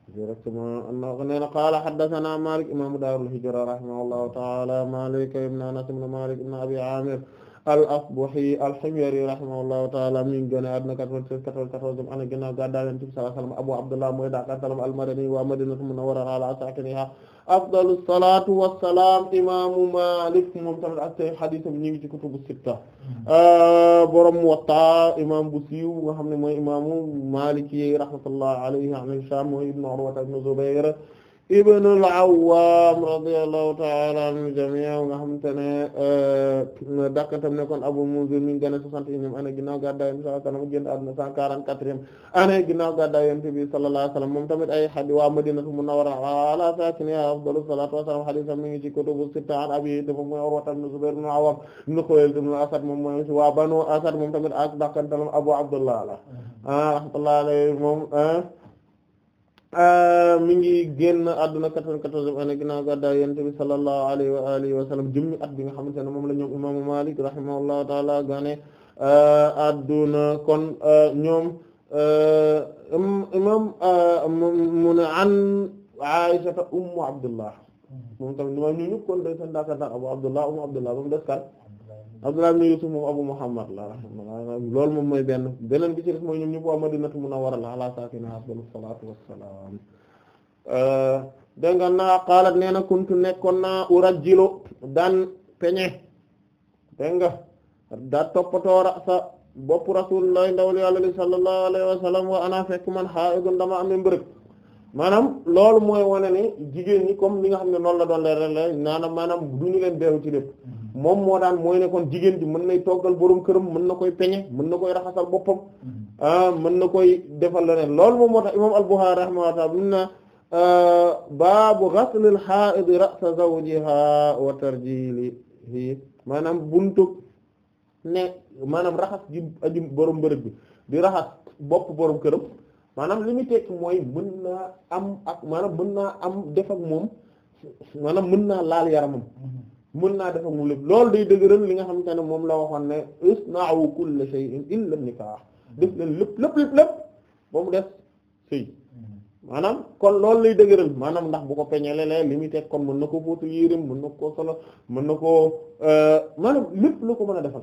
directement anna nee na qaala haddathana Malik imam Darul Hijra rahimahullahu ta'ala Malik ibn Anas ibn Malik ibn Abi Amir al-Asbahi al-Himyari rahimahullahu ta'ala mi ngi génn àdduna 96 94 ana ginnaaw gàddaay Yonent bi sallallahu alayhi wa sallam Abu Abdullah mooy dàqantalam al-Madani wa Madinatul Munawwara ala saakiniha afdalu salaatu wa salaam imaamu Maalik moom tamit ak say xadiisam ñu ngi ci kutubu sitta euh, borom Muwatta imaam bu siiw nga xam ne mooy imaamu Maalik yi rahmatullahi alayhi an Hishaam mooy ibn Urwa ibn Zubayr ibn al-Awwam radiyallahu ta'ala anhu jami'an nga xamante ne euh, dakkantam nekkoon Abu Munzir mi ngi gën a soixante-unième année ginnaaw gàddaay Yonent bi sallallahu alayhi wasallam génn àdduna cent quarante-quatrième année ginnaaw gàddaay Yonent bi sallallahu alayhi wasallam moom tamit ay hadith waa Madinatu Munawwara ala saakiniha afdalu salaatu wassalaam mi ngi ci kutubu sitta an abi te moom mooy Urwa ibn Zubayr ibn Awwam ibn Khuwaylid ibn Asad Abu Abdullah la mm-hmm. ah, rahmatullahi alayhi moom ah, Euh, mi ngi génn àdduna 94 an ginnaaw gàddaay Yonent bi sallallahu alayhi wa alihi wa sallam jëmmi at bi nga xamante ne moom la ñoom imaamu Maalik rahimahullahu taala gane euh, àdduna kon euh, ñoom imam mu ne an Aysata ummu Abdullah hmm. moom tamit ñoom kon day seen daakar naa Abu Abdullah ummu Abdullah ba des kan Abdullah ibn Yusuf moom Abu Muhammad la rahimahullah loolu moom mooy benn beneen bi ci ñu mooy a ñëpp waa Madinatu Munawwara la ala saakinihaa afdalu salaatu wassalaam dégg nga naa qaalat nee na kuntu nekkoon naa urajjilu daan peñe dégg nga daa toppatoo sa bopp Rasulullah ndawul yàlla li sallallahu alayhi wa sallam wa ana fekk man haa'idun dama am mbërëg maanaam loolu mooy wane ne jigéen ñi comme li nga xam ne noonu la doon leer la naana maanaam du ñu leen beewu ci moom moo daan mooy ne kon jigéen ji mën nay toggal borom këram mën na koy peñe mën na koy raxasal boppam mm-hmm. ah mën na koy defal leneen loolu moom moo tax imam al-Bukhari rahimahullahu ta'ala mun na ah, baabu ghasl al-ha'id ra'sa zawjiha wa tarjilihi maanaam buntu ne maanaam raxas ji aji borom bërëb bi di raxas bopp borom këram maanaam li mu tekk mooy mën naa am ak maanaam mën naa am def moom maanaam mën naa laal yaramam mm-hmm. mën naa defa mu lépp loolu day dëgëral li nga xamante ne moom la waxoon ne isna'u kulla shay'in illa nikah def leen lépp lépp lépp lépp ba mu def sëy maanaam kon loolu lay dëgëral maanaam ndax bu ko peñele la li muy teg kon mën na ko fóotul yérim mën na koo solo mën na koo euh, maanaam lépp lu ko mën a defal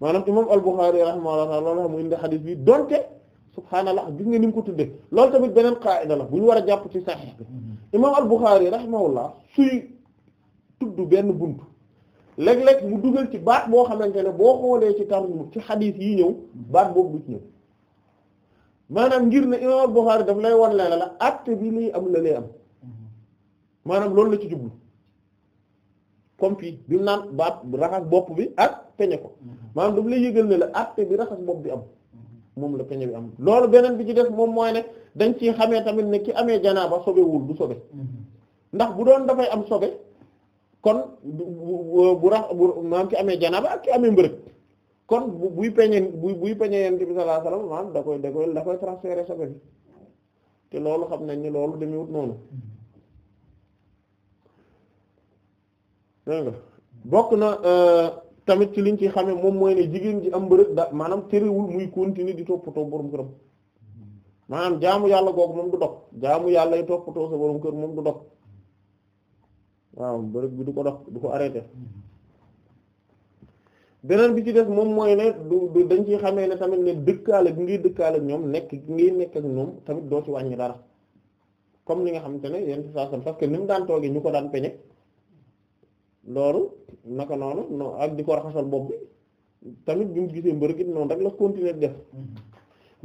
maanaam imam al-Bukhari rahimahullah taala loolu mu indi xadis bi donte subhaanallah gis nga ni mu ko tuddee loolu tamit beneen qaida la bu ñu war a jàpp ci sahih bi mm-hmm. imam al-Bukhari rahimahullah suy tudd benn bunt léeg-léeg mu dugal ci baax boo xamante ne boo xoolee ci tarjuma ci xadiis yi ñëw baat boobu du ci ñëw maanaam ngir ne imam Bukhari daf lay wan la la acte bi lay am la lay am maanaam loolu la ci jublu comme fii bi mu naan baat raxas bopp bi ak peñe ko maanaam daf lay yëgal ne la acte bi raxas bopp bi am moom la peñe bi am loolu beneen bi ci def moom mooy ne dañ ci xamee tamit ne ki amee janaaba sobewul du sobe mm-hmm. ndax bu doon dafay am sobe kon bu rax bu maanaam ki amee janaaba ak ki amee mbërëg kon buy peñeen buy buy peñee yent bi sallallahu alayhi wasallam da koy da koy da koy transférer sobe bi te loolu xam nañ ni loolu demewut noonu dégg nga bokk na euh, tamit ci liñ ci xamee moom mooy ne jigéen ji am mbërëg da maanaam terewul muy continuer di toppatoo borom këram maanaam jaamu yàlla googu moom du dog jaamu yàlla yi toppatoo kër moom du dog waaw bërëb bi du ko dox du ko arrêté beneen bi ci des moom mooy ne du dañ ci xamee ne tamit ne dëkkaale gi ngi dëkkaale ak ñoom nekk ngi nekk ak ñoom tamit doo ci wàññi dara comme li xamante ne yenn saa sam parce daan toogee ñu ko daan peñe loolu naka noonu non ak di ko raxasal bopp bi tamit bi mu gisee mbërëg noonu rek la continuer def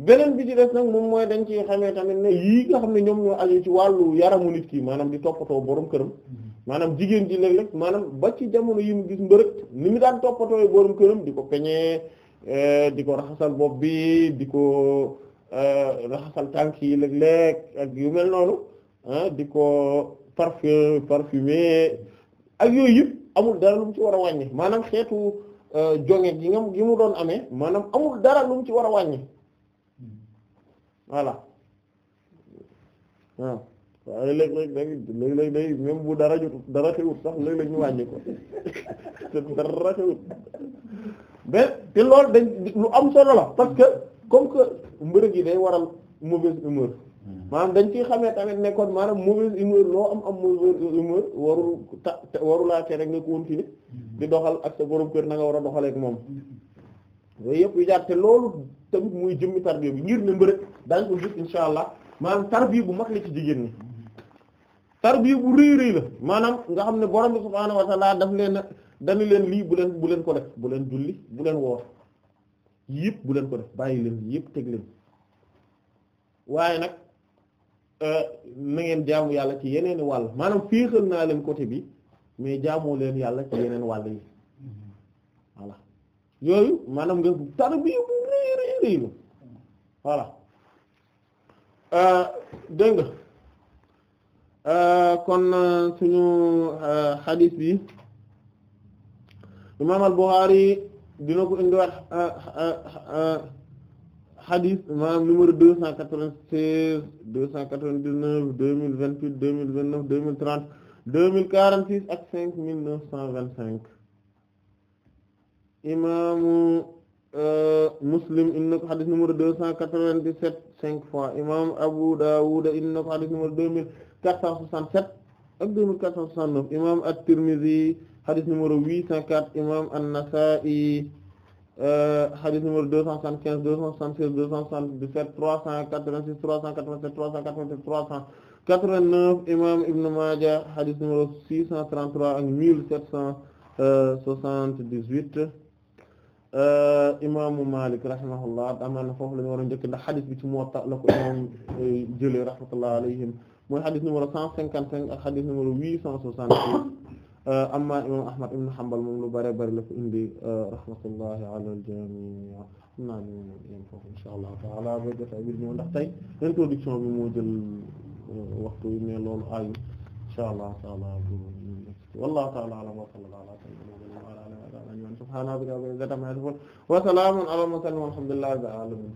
beneen bi ci moom mooy dañ ci xamee tamit ne yii nga xam ne ñoom ñoo aju ci wàllu yaramu nit ki maanaam di toppatoo boroom këram. maanaam jigéen ji léeg-léeg maanaam ba ci jamono yi mu gis mbërëg ni mu daan toppatooy mu kënam di ko peñee eh, di ko raxasal bopp bi di ko eh, raxasal tànk yi léeg-léeg ak yu mel noonu ah, di ko parfum parfumé ak yooyu yëpp amul dara lu mu ci war a wàññi maanaam xeetu eh, jonge gi nga gi mu doon amee maanaam amul dara lu mu ci war a wàññi hmm. voilà waaye léeg-léeg da léeg-léeg day même bu dara jotut dara xewut sax léeg-léeg ñu wàññi ko te dara xewut mais te loolu dañ lu am solo la parce que comme que mbërëg yi day waral mauvaise humeur hmm. maanaam dañ ciy xamee tamit ne kon maanaam mauvaise loo am am mauvaise humeur warul ta warulaa te rek nga continuer hmm. di doxal ak sa borom kër na nga war a doxaleek moom yooyu yëpp yu jaar te loolu tamit muy jëmmi tarbiya bi ngir ne mbërëg daañ ko gis insha allah maanaam tarbiya bu mag la ci jigéen tarbiya bu rëy rëy la maanaam nga xam ne borom bi subhaanahu wa ta'ala daf leen a dañu leen lii bu leen bu leen ko bu leen julli bu leen woor yëpp bu leen ko def bàyyi leen yëpp teg leen waaye nag euh, na ngeen jaamu yàlla ci yeneen wàll maanaam féexal naa leen côté bi mais jaamoo leen yàlla ci yeneen wàll yi voilà yooyu maanaam nga tarbiya bu rëy rëy rëy la euh, Euh, kon euh, suñu xadis euh, bi imam al-Bukhari dina ko indiwaat xadis maanaam numéro deux cent quatre-vingt-seize deux cent quatre-vingt-dix-neuf deux mille vingt-huit deux mille vingt-neuf deux mille trente deux mille quarante-six ak cinq mille neuf cent vingt-cinq imaamu Muslim indi xadis numéro deux cent quatre-vingt-dix-sept cinq fois imam Abu Dawud indi na ko xadis numéro 467 ak 2469 imam at-Tirmidhi hadith numéro 804 imam an-Nasa'i euh, hadith numéro 275 276 277 386 387 388 389 imam Ibn Majah hadith numéro 633 ak 1778 euh, imaamu Malik rahimahullah amaan na foofu la ñu war a njëkk ndax xadis bi ci Muwatta la ko imam euh, jëlee rahmatullah alayhim mooy xadis numéro 155 ak xadis numéro 866 euh, amma imam ahmad ibn hanbal moom lu bare bare la ko indi euh, rahmatullahi ala al-jami' xam naa ne yéen foofu insha allah taala ba jotaay bi ñëw ndax tey introduction bi moo jël euh, waxtu yi mais loolu ayu insha allah taala wallahu taala alam wa sallallahu ala sayyidina wa ala alihi wa sahbihi subhana rabbika rabbil izzati amma yasifun wa salamun ala al mursalin walhamdulillahi rabbil alamin